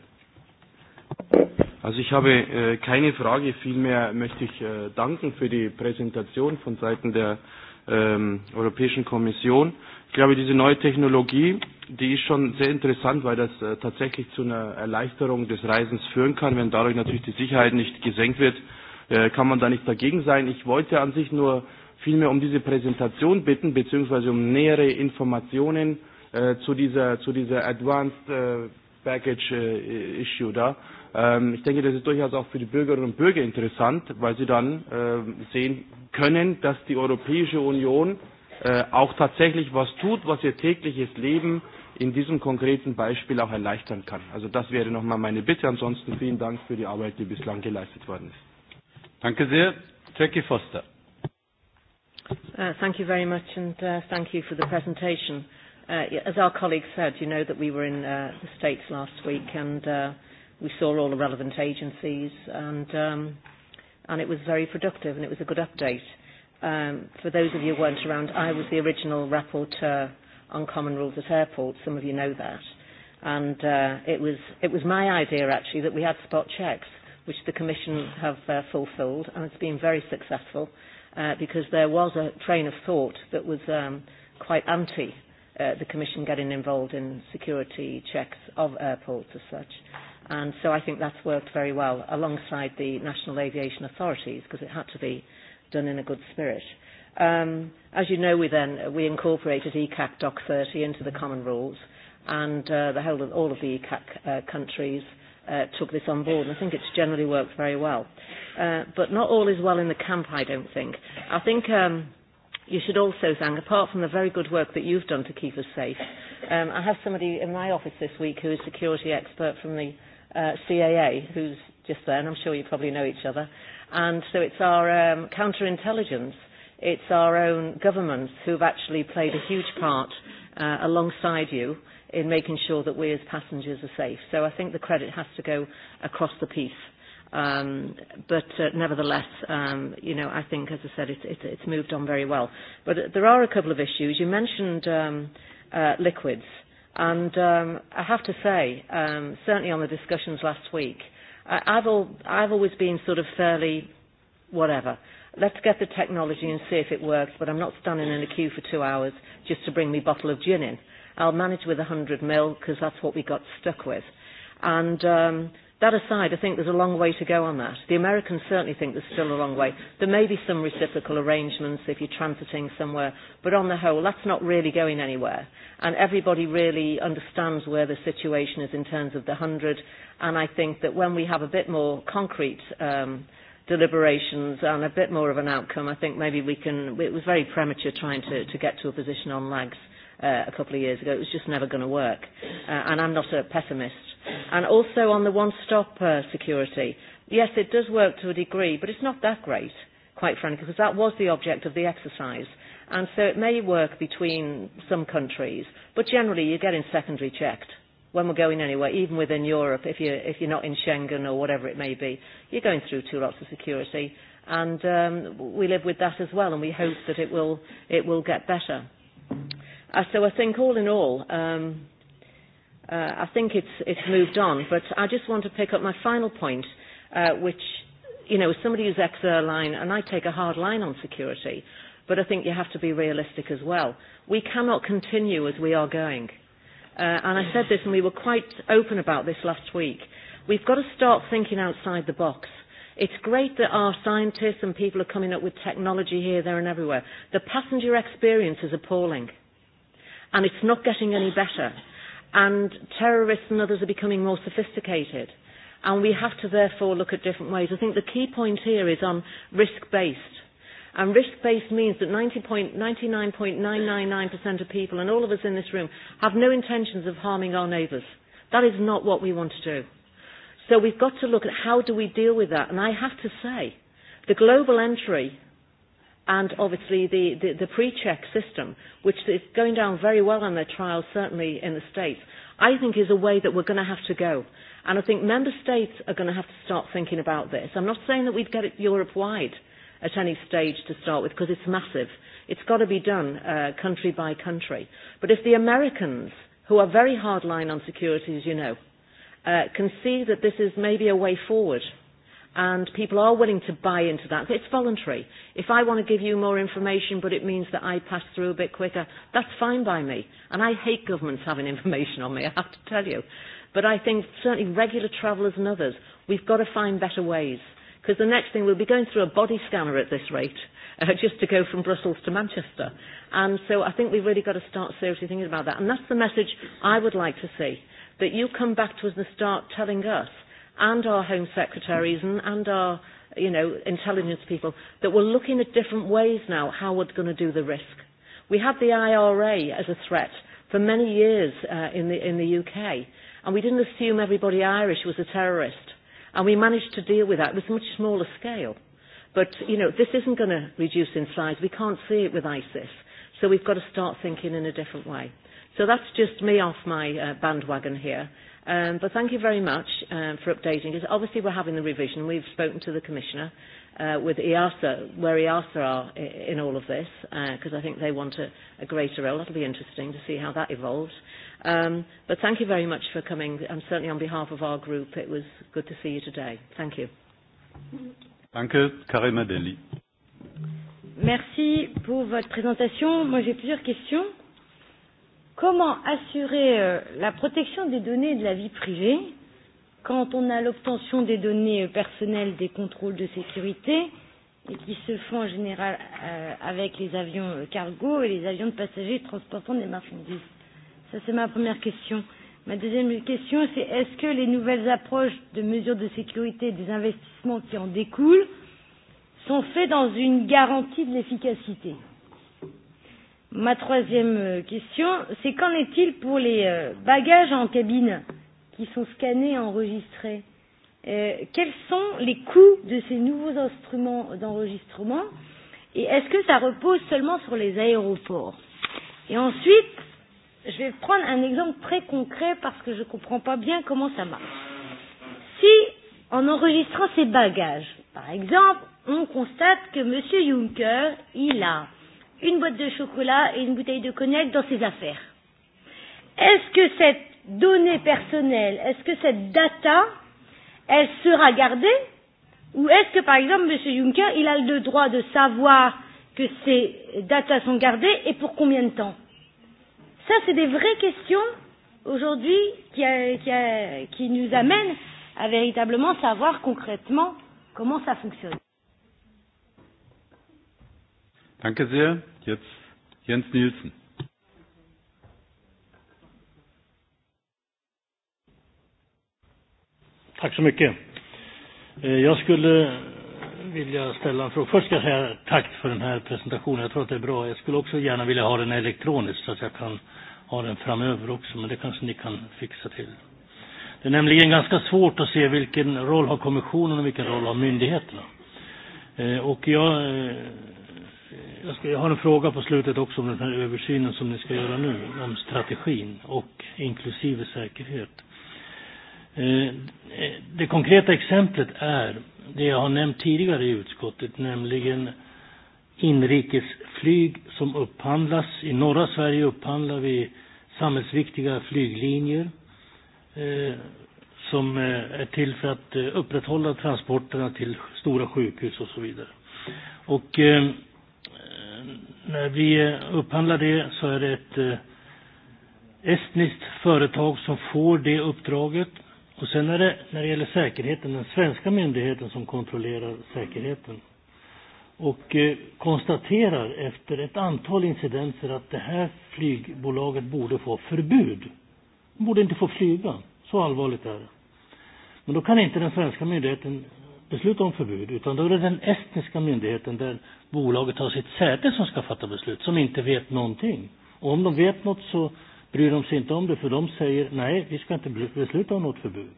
Also ich habe äh, keine Frage, vielmehr möchte ich äh, danken für die Präsentation von Seiten der ähm, Europäischen Kommission. Ich glaube, diese neue Technologie, die ist schon sehr interessant, weil das äh, tatsächlich zu einer Erleichterung des Reisens führen kann. Wenn dadurch natürlich die Sicherheit nicht gesenkt wird, äh, kann man da nicht dagegen sein. Ich wollte an sich nur vielmehr um diese Präsentation bitten, beziehungsweise um nähere Informationen äh, zu, dieser, zu dieser Advanced äh, Package äh, Issue da. Ähm, ich denke, das ist durchaus auch für die Bürgerinnen und Bürger interessant, weil sie dann äh, sehen können, dass die Europäische Union auch tatsächlich was tut, was ihr tägliches Leben in diesem konkreten Beispiel auch erleichtern kann. Also das wäre nochmal meine Bitte. Ansonsten vielen Dank für die Arbeit, die bislang geleistet worden ist. Danke sehr. Jackie Foster. Uh, thank you very much and uh, thank you for the presentation. Uh, as our colleague said, you know that we were in uh, the States last week and uh, we saw all the relevant agencies and, um, and it was very productive and it was a good update. Um, for those of you who weren't around, I was the original rapporteur on common rules at airports. Some of you know that. And uh, it, was, it was my idea, actually, that we had spot checks, which the Commission have uh, fulfilled, and it's been very successful uh, because there was a train of thought that was um, quite anti uh, the Commission getting involved in security checks of airports as such. And so I think that's worked very well alongside the national aviation authorities because it had to be done in a good spirit. Um, as you know, we then we incorporated ECAC Doc 30 into the Common Rules, and uh, the whole of, all of the ECAC uh, countries uh, took this on board, and I think it's generally worked very well. Uh, but not all is well in the camp, I don't think. I think um, you should also thank, apart from the very good work that you've done to keep us safe, um, I have somebody in my office this week who is security expert from the uh, CAA, who's just there, and I'm sure you probably know each other. And so it's our um, counterintelligence, it's our own governments who've actually played a huge part uh, alongside you in making sure that we as passengers are safe. So I think the credit has to go across the piece. Um, but uh, nevertheless, um, you know, I think, as I said, it, it, it's moved on very well. But there are a couple of issues. You mentioned um, uh, liquids, and um, I have to say, um, certainly on the discussions last week, uh, I, I've, all, I've always been sort of fairly whatever. Let's get the technology and see if it works, but I'm not standing in a queue for two hours just to bring me a bottle of gin in. I'll manage with 100 mil because that's what we got stuck with. And um, That aside, I think there's a long way to go on that. The Americans certainly think there's still a long way. There may be some reciprocal arrangements if you're transiting somewhere, but on the whole, that's not really going anywhere. And everybody really understands where the situation is in terms of the 100, and I think that when we have a bit more concrete um, deliberations and a bit more of an outcome, I think maybe we can... It was very premature trying to, to get to a position on lags uh, a couple of years ago. It was just never going to work. Uh, and I'm not a pessimist And also on the one-stop uh, security. Yes, it does work to a degree, but it's not that great, quite frankly, because that was the object of the exercise. And so it may work between some countries, but generally you're getting secondary checked when we're going anywhere, even within Europe, if you're, if you're not in Schengen or whatever it may be, you're going through two lots of security. And um, we live with that as well, and we hope that it will, it will get better. Uh, so I think all in all, um, uh, I think it's, it's moved on. But I just want to pick up my final point, uh, which, you know, as somebody who's ex-airline, and I take a hard line on security, but I think you have to be realistic as well. We cannot continue as we are going. Uh, and I said this, and we were quite open about this last week. We've got to start thinking outside the box. It's great that our scientists and people are coming up with technology here, there, and everywhere. The passenger experience is appalling, and it's not getting any better and terrorists and others are becoming more sophisticated. And we have to therefore look at different ways. I think the key point here is on risk-based. And risk-based means that 99.999% of people and all of us in this room have no intentions of harming our neighbours. That is not what we want to do. So we've got to look at how do we deal with that. And I have to say, the global entry and obviously the, the, the pre-check system, which is going down very well on their trials, certainly in the States, I think is a way that we're going to have to go. And I think member states are going to have to start thinking about this. I'm not saying that we'd get it Europe-wide at any stage to start with, because it's massive. It's got to be done uh, country by country. But if the Americans, who are very hardline on security, as you know, uh, can see that this is maybe a way forward – and people are willing to buy into that. It's voluntary. If I want to give you more information, but it means that I pass through a bit quicker, that's fine by me. And I hate governments having information on me, I have to tell you. But I think certainly regular travellers and others, we've got to find better ways. Because the next thing, we'll be going through a body scanner at this rate, uh, just to go from Brussels to Manchester. And so I think we've really got to start seriously thinking about that. And that's the message I would like to see, that you come back to us and start telling us – and our home secretaries and, and our you know, intelligence people that we're looking at different ways now how we're going to do the risk. We had the IRA as a threat for many years uh, in, the, in the UK, and we didn't assume everybody Irish was a terrorist, and we managed to deal with that. It was much smaller scale. But, you know, this isn't going to reduce in size. We can't see it with ISIS. So we've got to start thinking in a different way. So that's just me off my uh, bandwagon here. Um, but thank you very much um, for updating us. Obviously, we're having the revision. We've spoken to the Commissioner uh, with EASA, where EASA are in all of this, because uh, I think they want a, a greater role. That'll be interesting to see how that evolves. Um, but thank you very much for coming, and certainly on behalf of our group, it was good to see you today. Thank you. Danke, Karim Adeli. Merci pour votre présentation. Moi, j'ai plusieurs questions comment assurer la protection des données de la vie privée quand on a l'obtention des données personnelles des contrôles de sécurité et qui se font en général euh, avec les avions cargo et les avions de passagers transportant des marchandises Ça, c'est ma première question. Ma deuxième question, c'est est-ce que les nouvelles approches de mesures de sécurité et des investissements qui en découlent sont faits dans une garantie de l'efficacité ma troisième question, c'est qu'en est-il pour les bagages en cabine qui sont scannés et enregistrés euh, Quels sont les coûts de ces nouveaux instruments d'enregistrement Et est-ce que ça repose seulement sur les aéroports Et ensuite, je vais prendre un exemple très concret parce que je ne comprends pas bien comment ça marche. Si, en enregistrant ses bagages, par exemple, on constate que M. Juncker, il a une boîte de chocolat et une bouteille de cognac dans ses affaires. Est-ce que cette donnée personnelle, est-ce que cette data, elle sera gardée Ou est-ce que, par exemple, M. Juncker, il a le droit de savoir que ces data sont gardées et pour combien de temps Ça, c'est des vraies questions aujourd'hui qui, qui, qui nous amènent à véritablement savoir concrètement comment ça fonctionne. Danke sehr. Jetzt Jens Nielsen. Tack så mycket. Jag skulle vilja ställa en fråga. Först ska jag säga tack för den här presentationen. Jag tror att det är bra. Jag skulle också gärna vilja ha den elektroniskt så att jag kan ha den framöver också, men det kanske ni kan fixa till. Det är nämligen ganska svårt att se vilken roll har kommissionen och vilken roll har myndigheterna. Och jag Jag, ska, jag har en fråga på slutet också om den här översynen som ni ska göra nu, om strategin och inklusive säkerhet. Det konkreta exemplet är det jag har nämnt tidigare i utskottet, nämligen inrikesflyg som upphandlas. I norra Sverige upphandlar vi samhällsviktiga flyglinjer som är till för att upprätthålla transporterna till stora sjukhus och så vidare. Och När vi upphandlar det så är det ett estniskt företag som får det uppdraget. Och sen är det när det gäller säkerheten den svenska myndigheten som kontrollerar säkerheten. Och konstaterar efter ett antal incidenter att det här flygbolaget borde få förbud. De borde inte få flyga. Så allvarligt är det. Men då kan inte den svenska myndigheten beslut om förbud, utan då är det den estniska myndigheten där bolaget har sitt säte som ska fatta beslut, som inte vet någonting. Och om de vet något så bryr de sig inte om det, för de säger nej, vi ska inte besluta om något förbud.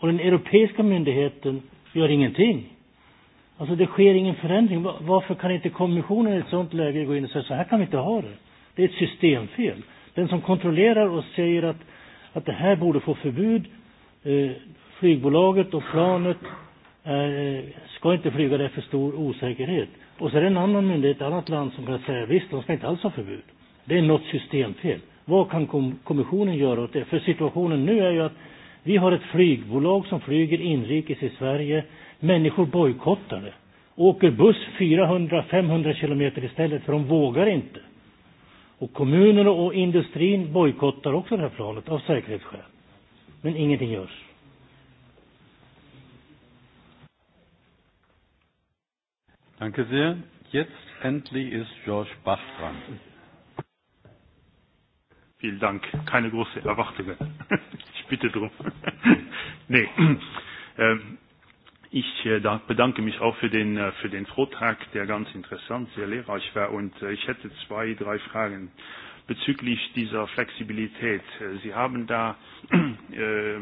Och den europeiska myndigheten gör ingenting. Alltså det sker ingen förändring. Varför kan inte kommissionen i ett sådant läge gå in och säga så här kan vi inte ha det? Det är ett systemfel. Den som kontrollerar och säger att, att det här borde få förbud, eh, flygbolaget och planet ska inte flyga det för stor osäkerhet. Och så är det en annan myndighet, ett annat land som kan säga visst, de ska inte alls ha förbud. Det är något systemfel. Vad kan kommissionen göra åt det? För situationen nu är ju att vi har ett flygbolag som flyger inrikes i Sverige. Människor bojkottar det. Åker buss 400-500 kilometer istället för de vågar inte. Och kommuner och industrin bojkottar också det här planet av säkerhetsskäl. Men ingenting görs. Danke sehr. Jetzt endlich ist George Bach dran. Vielen Dank. Keine große Erwartungen. Ich bitte drum. Nee. Ich bedanke mich auch für den, für den Vortrag, der ganz interessant, sehr lehrreich war. Und ich hätte zwei, drei Fragen bezüglich dieser Flexibilität. Sie haben da, äh,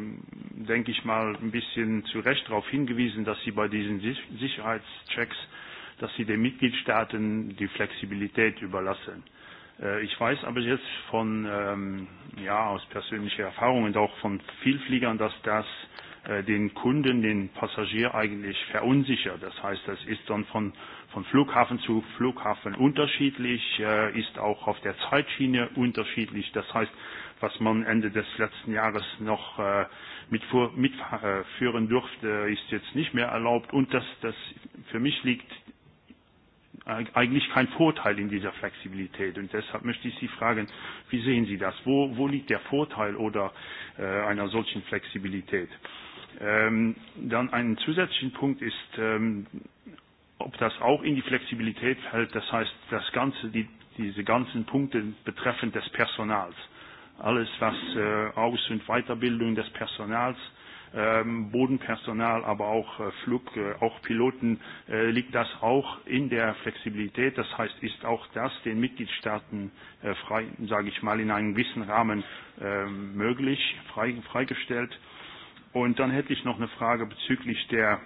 denke ich mal, ein bisschen zu Recht darauf hingewiesen, dass Sie bei diesen Sicherheitschecks dass sie den Mitgliedstaaten die Flexibilität überlassen. Ich weiß aber jetzt von, ja, aus persönlicher Erfahrung und auch von Vielfliegern, dass das den Kunden, den Passagier eigentlich verunsichert. Das heißt, das ist dann von, von Flughafen zu Flughafen unterschiedlich, ist auch auf der Zeitschiene unterschiedlich. Das heißt, was man Ende des letzten Jahres noch mitführen durfte, ist jetzt nicht mehr erlaubt. Und das, das für mich liegt eigentlich kein Vorteil in dieser Flexibilität. Und deshalb möchte ich Sie fragen, wie sehen Sie das? Wo, wo liegt der Vorteil oder äh, einer solchen Flexibilität? Ähm, dann ein zusätzlicher Punkt ist, ähm, ob das auch in die Flexibilität fällt, das heißt, das Ganze, die, diese ganzen Punkte betreffend des Personals. Alles, was äh, Aus- und Weiterbildung des Personals äh, Bodenpersonal, aber auch Flug, auch Piloten, liegt das auch in der Flexibilität. Das heißt, ist auch das den Mitgliedstaaten frei, sage ich mal, in einem gewissen Rahmen möglich, freigestellt. Und dann hätte ich noch eine Frage bezüglich der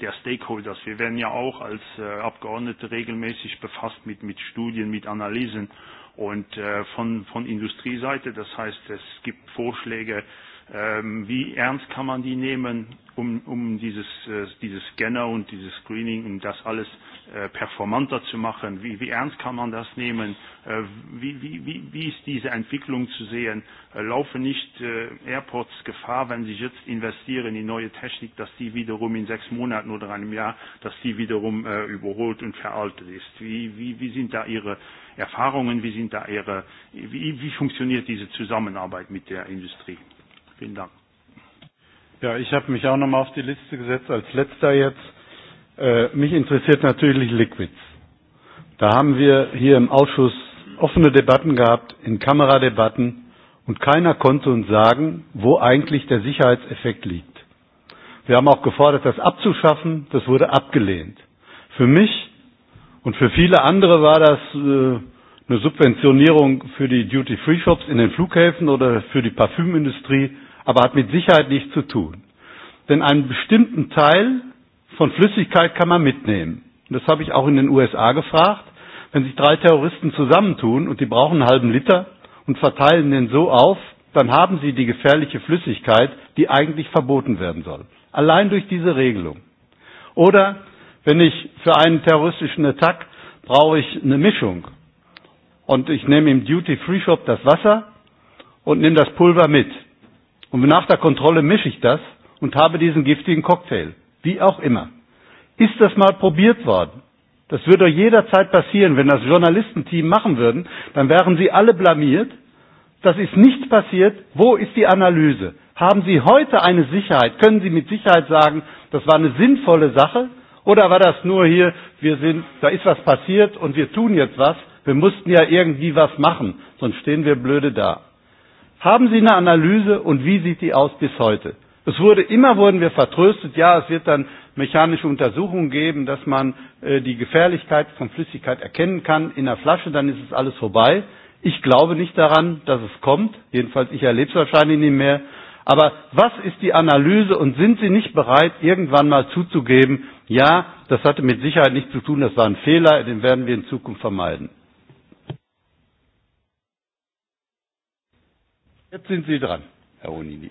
der Stakeholders. Wir werden ja auch als äh, Abgeordnete regelmäßig befasst mit, mit Studien, mit Analysen und äh, von, von Industrieseite. Das heißt, es gibt Vorschläge wie ernst kann man die nehmen, um, um dieses, äh, diese Scanner und dieses Screening, um das alles äh, performanter zu machen? Wie, wie ernst kann man das nehmen? Äh, wie, wie, wie, wie ist diese Entwicklung zu sehen? Äh, laufen nicht äh, Airports Gefahr, wenn sie jetzt investieren in neue Technik, dass die wiederum in sechs Monaten oder einem Jahr, dass die wiederum äh, überholt und veraltet ist? Wie, wie, wie sind da Ihre Erfahrungen? Wie sind da Ihre, wie, wie funktioniert diese Zusammenarbeit mit der Industrie? Vielen Dank. Ja, ich habe mich auch nochmal auf die Liste gesetzt als letzter jetzt. Äh, mich interessiert natürlich Liquids. Da haben wir hier im Ausschuss offene Debatten gehabt, in Kameradebatten, und keiner konnte uns sagen, wo eigentlich der Sicherheitseffekt liegt. Wir haben auch gefordert, das abzuschaffen, das wurde abgelehnt. Für mich und für viele andere war das äh, eine Subventionierung für die Duty-Free-Shops in den Flughäfen oder für die Parfümindustrie aber hat mit Sicherheit nichts zu tun. Denn einen bestimmten Teil von Flüssigkeit kann man mitnehmen. Das habe ich auch in den USA gefragt. Wenn sich drei Terroristen zusammentun und die brauchen einen halben Liter und verteilen den so auf, dann haben sie die gefährliche Flüssigkeit, die eigentlich verboten werden soll. Allein durch diese Regelung. Oder wenn ich für einen terroristischen Attack brauche ich eine Mischung und ich nehme im Duty Free Shop das Wasser und nehme das Pulver mit. Und nach der Kontrolle mische ich das und habe diesen giftigen Cocktail. Wie auch immer. Ist das mal probiert worden? Das würde doch jederzeit passieren. Wenn das Journalistenteam machen würden, dann wären sie alle blamiert. Das ist nicht passiert. Wo ist die Analyse? Haben Sie heute eine Sicherheit? Können Sie mit Sicherheit sagen, das war eine sinnvolle Sache? Oder war das nur hier, wir sind, da ist was passiert und wir tun jetzt was? Wir mussten ja irgendwie was machen, sonst stehen wir blöde da. Haben Sie eine Analyse und wie sieht die aus bis heute? Es wurde immer wurden wir vertröstet, ja, es wird dann mechanische Untersuchungen geben, dass man äh, die Gefährlichkeit von Flüssigkeit erkennen kann in der Flasche, dann ist es alles vorbei. Ich glaube nicht daran, dass es kommt. Jedenfalls ich erlebe es wahrscheinlich nicht mehr. Aber was ist die Analyse und sind Sie nicht bereit, irgendwann mal zuzugeben, ja, das hatte mit Sicherheit nichts zu tun, das war ein Fehler, den werden wir in Zukunft vermeiden? Jetzt sind Sie dran, Herr Onini.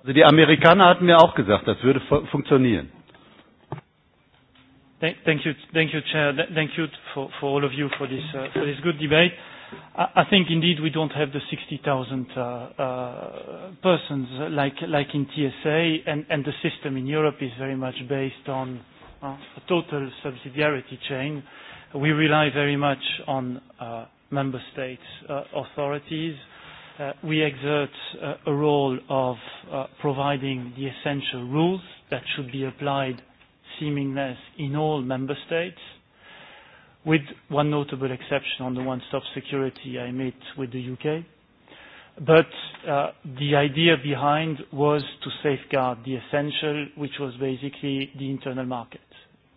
Also die Amerikaner hatten mir auch gesagt, das würde funktionieren. Thank you, thank you, Chair. Thank you for, for all of you for this, uh, for this good debate. I, I think indeed we don't have the 60,000 uh, uh, persons like, like in TSA, and, and the system in Europe is very much based on a total subsidiarity chain, we rely very much on uh, member states' uh, authorities. Uh, we exert uh, a role of uh, providing the essential rules that should be applied seemingless in all member states, with one notable exception on the one-stop security I made with the UK. But uh, the idea behind was to safeguard the essential, which was basically the internal market.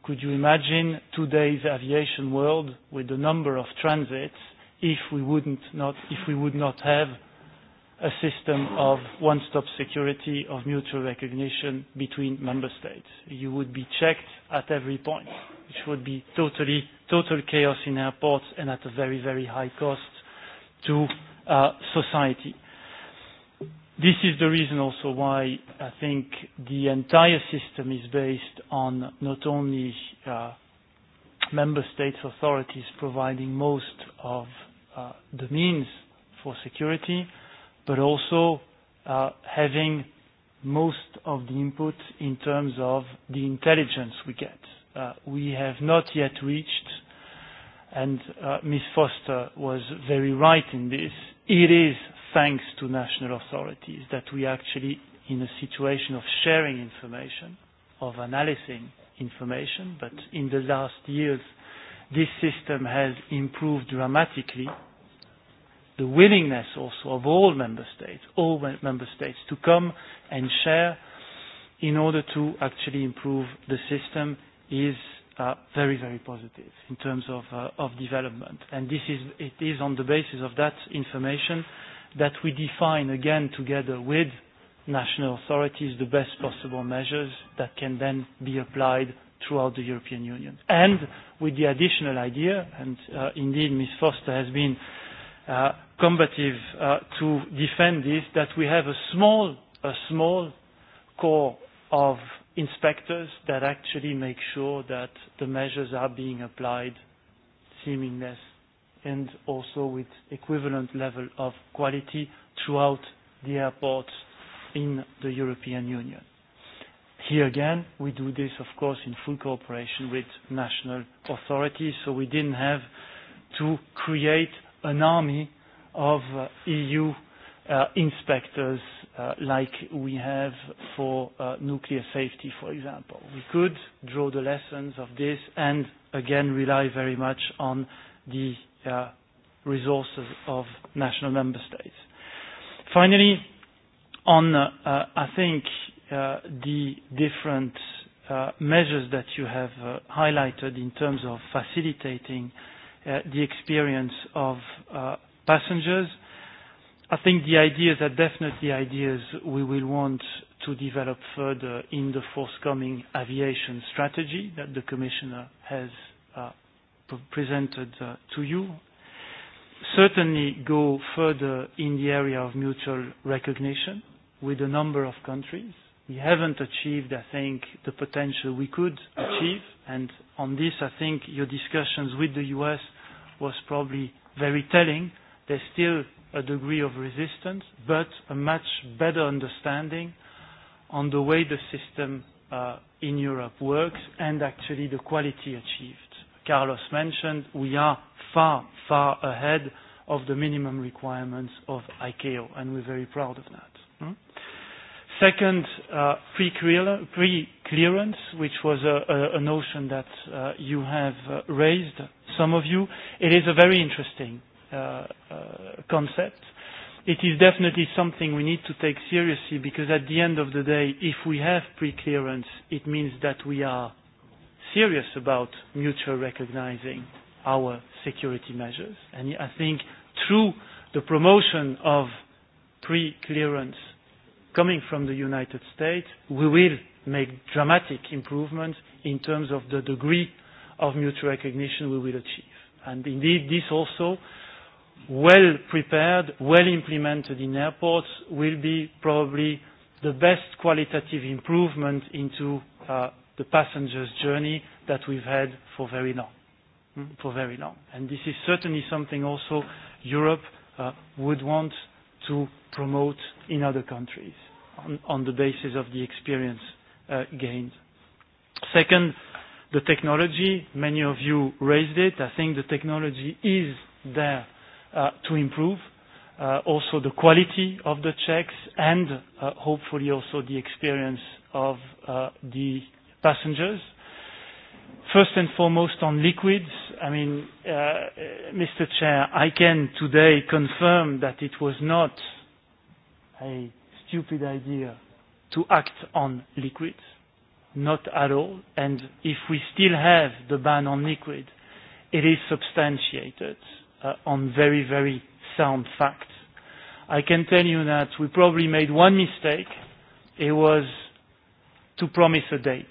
Could you imagine today's aviation world with the number of transits if we wouldn't not if we would not have a system of one-stop security of mutual recognition between member states. You would be checked at every point, which would be totally total chaos in airports and at a very very high cost to uh, society. This is the reason also why I think the entire system is based on not only uh, member states authorities providing most of uh, the means for security, but also uh, having most of the input in terms of the intelligence we get. Uh, we have not yet reached, and uh, Ms. Foster was very right in this, it is thanks to national authorities that we are actually in a situation of sharing information, of analyzing information, but in the last years this system has improved dramatically. The willingness also of all member states, all member states to come and share in order to actually improve the system is uh, very, very positive in terms of, uh, of development. And this is, it is on the basis of that information that we define again together with national authorities the best possible measures that can then be applied throughout the European Union. And with the additional idea, and uh, indeed Ms. Foster has been uh, combative uh, to defend this, that we have a small, a small core of inspectors that actually make sure that the measures are being applied seemingless and also with equivalent level of quality throughout the airports in the European Union. Here again, we do this, of course, in full cooperation with national authorities, so we didn't have to create an army of EU inspectors like we have for nuclear safety, for example. We could draw the lessons of this and, again, rely very much on the uh, resources of national member states. Finally, on, uh, uh, I think, uh, the different uh, measures that you have uh, highlighted in terms of facilitating uh, the experience of uh, passengers, I think the ideas are definitely ideas we will want to develop further in the forthcoming aviation strategy that the Commissioner has uh, presented uh, to you certainly go further in the area of mutual recognition with a number of countries. We haven't achieved, I think, the potential we could achieve, and on this, I think your discussions with the U.S. was probably very telling. There's still a degree of resistance, but a much better understanding on the way the system uh, in Europe works and actually the quality achieved. Carlos mentioned, we are far, far ahead of the minimum requirements of ICAO, and we're very proud of that. Second, pre-clearance, which was a notion that you have raised, some of you. It is a very interesting concept. It is definitely something we need to take seriously because at the end of the day, if we have pre-clearance, it means that we are serious about mutual recognizing our security measures. And I think through the promotion of pre-clearance coming from the United States, we will make dramatic improvements in terms of the degree of mutual recognition we will achieve. And indeed, this also, well prepared, well implemented in airports, will be probably the best qualitative improvement into uh, the passenger's journey that we've had for very long. For very long. And this is certainly something also Europe uh, would want to promote in other countries on, on the basis of the experience uh, gained. Second, the technology. Many of you raised it. I think the technology is there uh, to improve. Uh, also the quality of the checks and uh, hopefully also the experience of uh, the passengers. First and foremost on liquids, I mean, uh, Mr. Chair, I can today confirm that it was not a stupid idea to act on liquids, not at all. And if we still have the ban on liquid, it is substantiated uh, on very, very sound facts. I can tell you that we probably made one mistake. It was to promise a date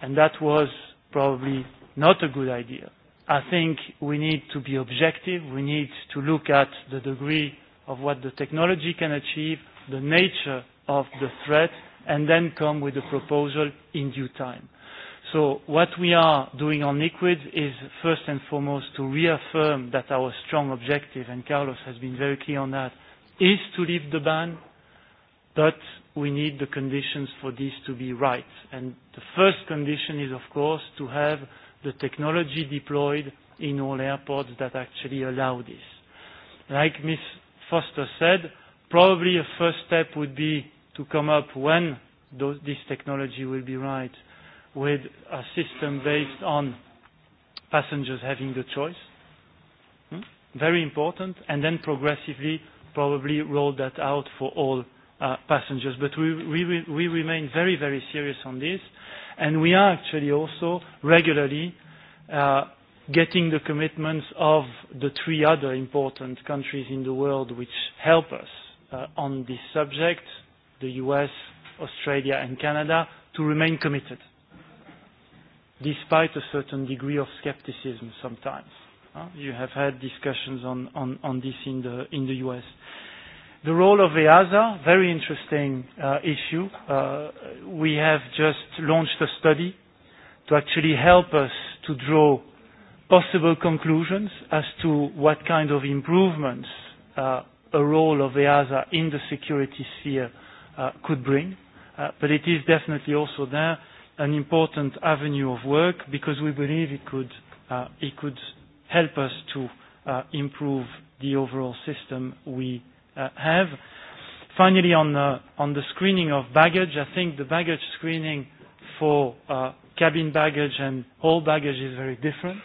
and that was probably not a good idea. I think we need to be objective. We need to look at the degree of what the technology can achieve, the nature of the threat, and then come with a proposal in due time. So what we are doing on liquid is first and foremost to reaffirm that our strong objective, and Carlos has been very clear on that, is to leave the ban but we need the conditions for this to be right. And the first condition is, of course, to have the technology deployed in all airports that actually allow this. Like Ms. Foster said, probably a first step would be to come up when those, this technology will be right with a system based on passengers having the choice. Hmm? Very important. And then progressively, probably roll that out for all uh, passengers. But we, we, we remain very, very serious on this. And we are actually also regularly uh, getting the commitments of the three other important countries in the world which help us uh, on this subject, the US, Australia and Canada, to remain committed, despite a certain degree of skepticism sometimes. Uh, you have had discussions on, on, on this in the, in the US. The role of EASA, very interesting uh, issue. Uh, we have just launched a study to actually help us to draw possible conclusions as to what kind of improvements uh, a role of EASA in the security sphere uh, could bring. Uh, but it is definitely also there an important avenue of work because we believe it could, uh, it could help us to uh, improve the overall system we uh, have. Finally, on the, on the screening of baggage, I think the baggage screening for uh, cabin baggage and all baggage is very different.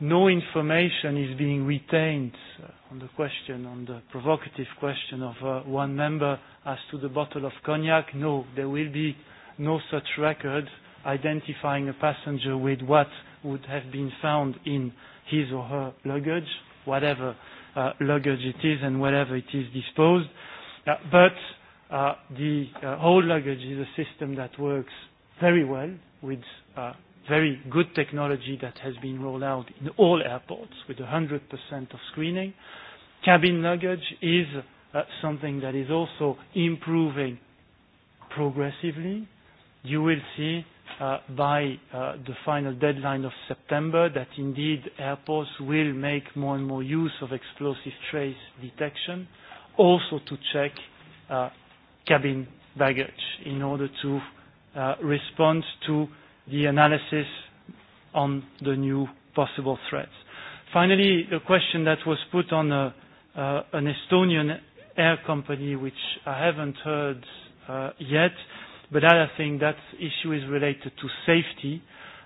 No information is being retained uh, on the question, on the provocative question of uh, one member as to the bottle of cognac. No, there will be no such record identifying a passenger with what would have been found in his or her luggage, whatever uh, luggage it is and wherever it is disposed. Uh, but uh, the uh, whole luggage is a system that works very well with uh, very good technology that has been rolled out in all airports with 100% of screening. Cabin luggage is uh, something that is also improving progressively. You will see uh, by uh, the final deadline of September that indeed airports will make more and more use of explosive trace detection also to check uh, cabin baggage in order to uh, respond to the analysis on the new possible threats. Finally, the question that was put on a, uh, an Estonian air company, which I haven't heard uh, yet, But I think that issue is related to safety.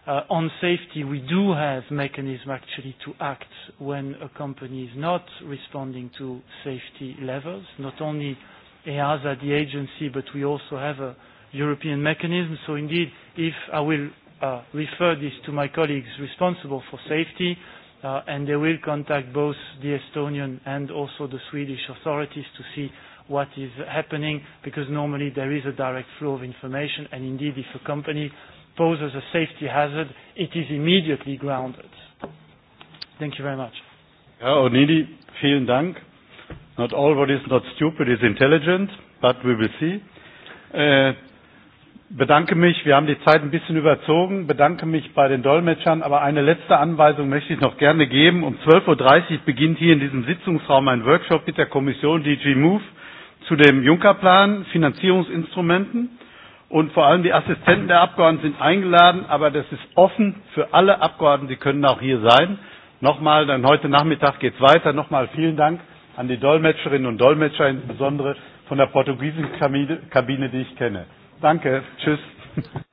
Uh, on safety, we do have mechanism actually to act when a company is not responding to safety levels. Not only EASA, the agency, but we also have a European mechanism. So indeed, if I will uh, refer this to my colleagues responsible for safety, uh, and they will contact both the Estonian and also the Swedish authorities to see what is happening because normally there is a direct flow of information and indeed if a company poses a safety hazard, it is immediately grounded. Thank you very much. Ja, Onidi, vielen Dank. Not all what is not stupid is intelligent, but we will see. Äh, bedanke mich, wir haben die Zeit ein bisschen überzogen, bedanke mich bei den Dolmetschern, aber eine letzte Anweisung möchte ich noch gerne geben. Um 12.30 Uhr beginnt hier in diesem Sitzungsraum ein Workshop mit der Kommission DG Move zu dem Juncker-Plan, Finanzierungsinstrumenten. Und vor allem die Assistenten der Abgeordneten sind eingeladen, aber das ist offen für alle Abgeordneten, die können auch hier sein. Nochmal, dann heute Nachmittag geht es weiter. Nochmal vielen Dank an die Dolmetscherinnen und Dolmetscher, insbesondere von der portugiesischen Kabine, die ich kenne. Danke, tschüss.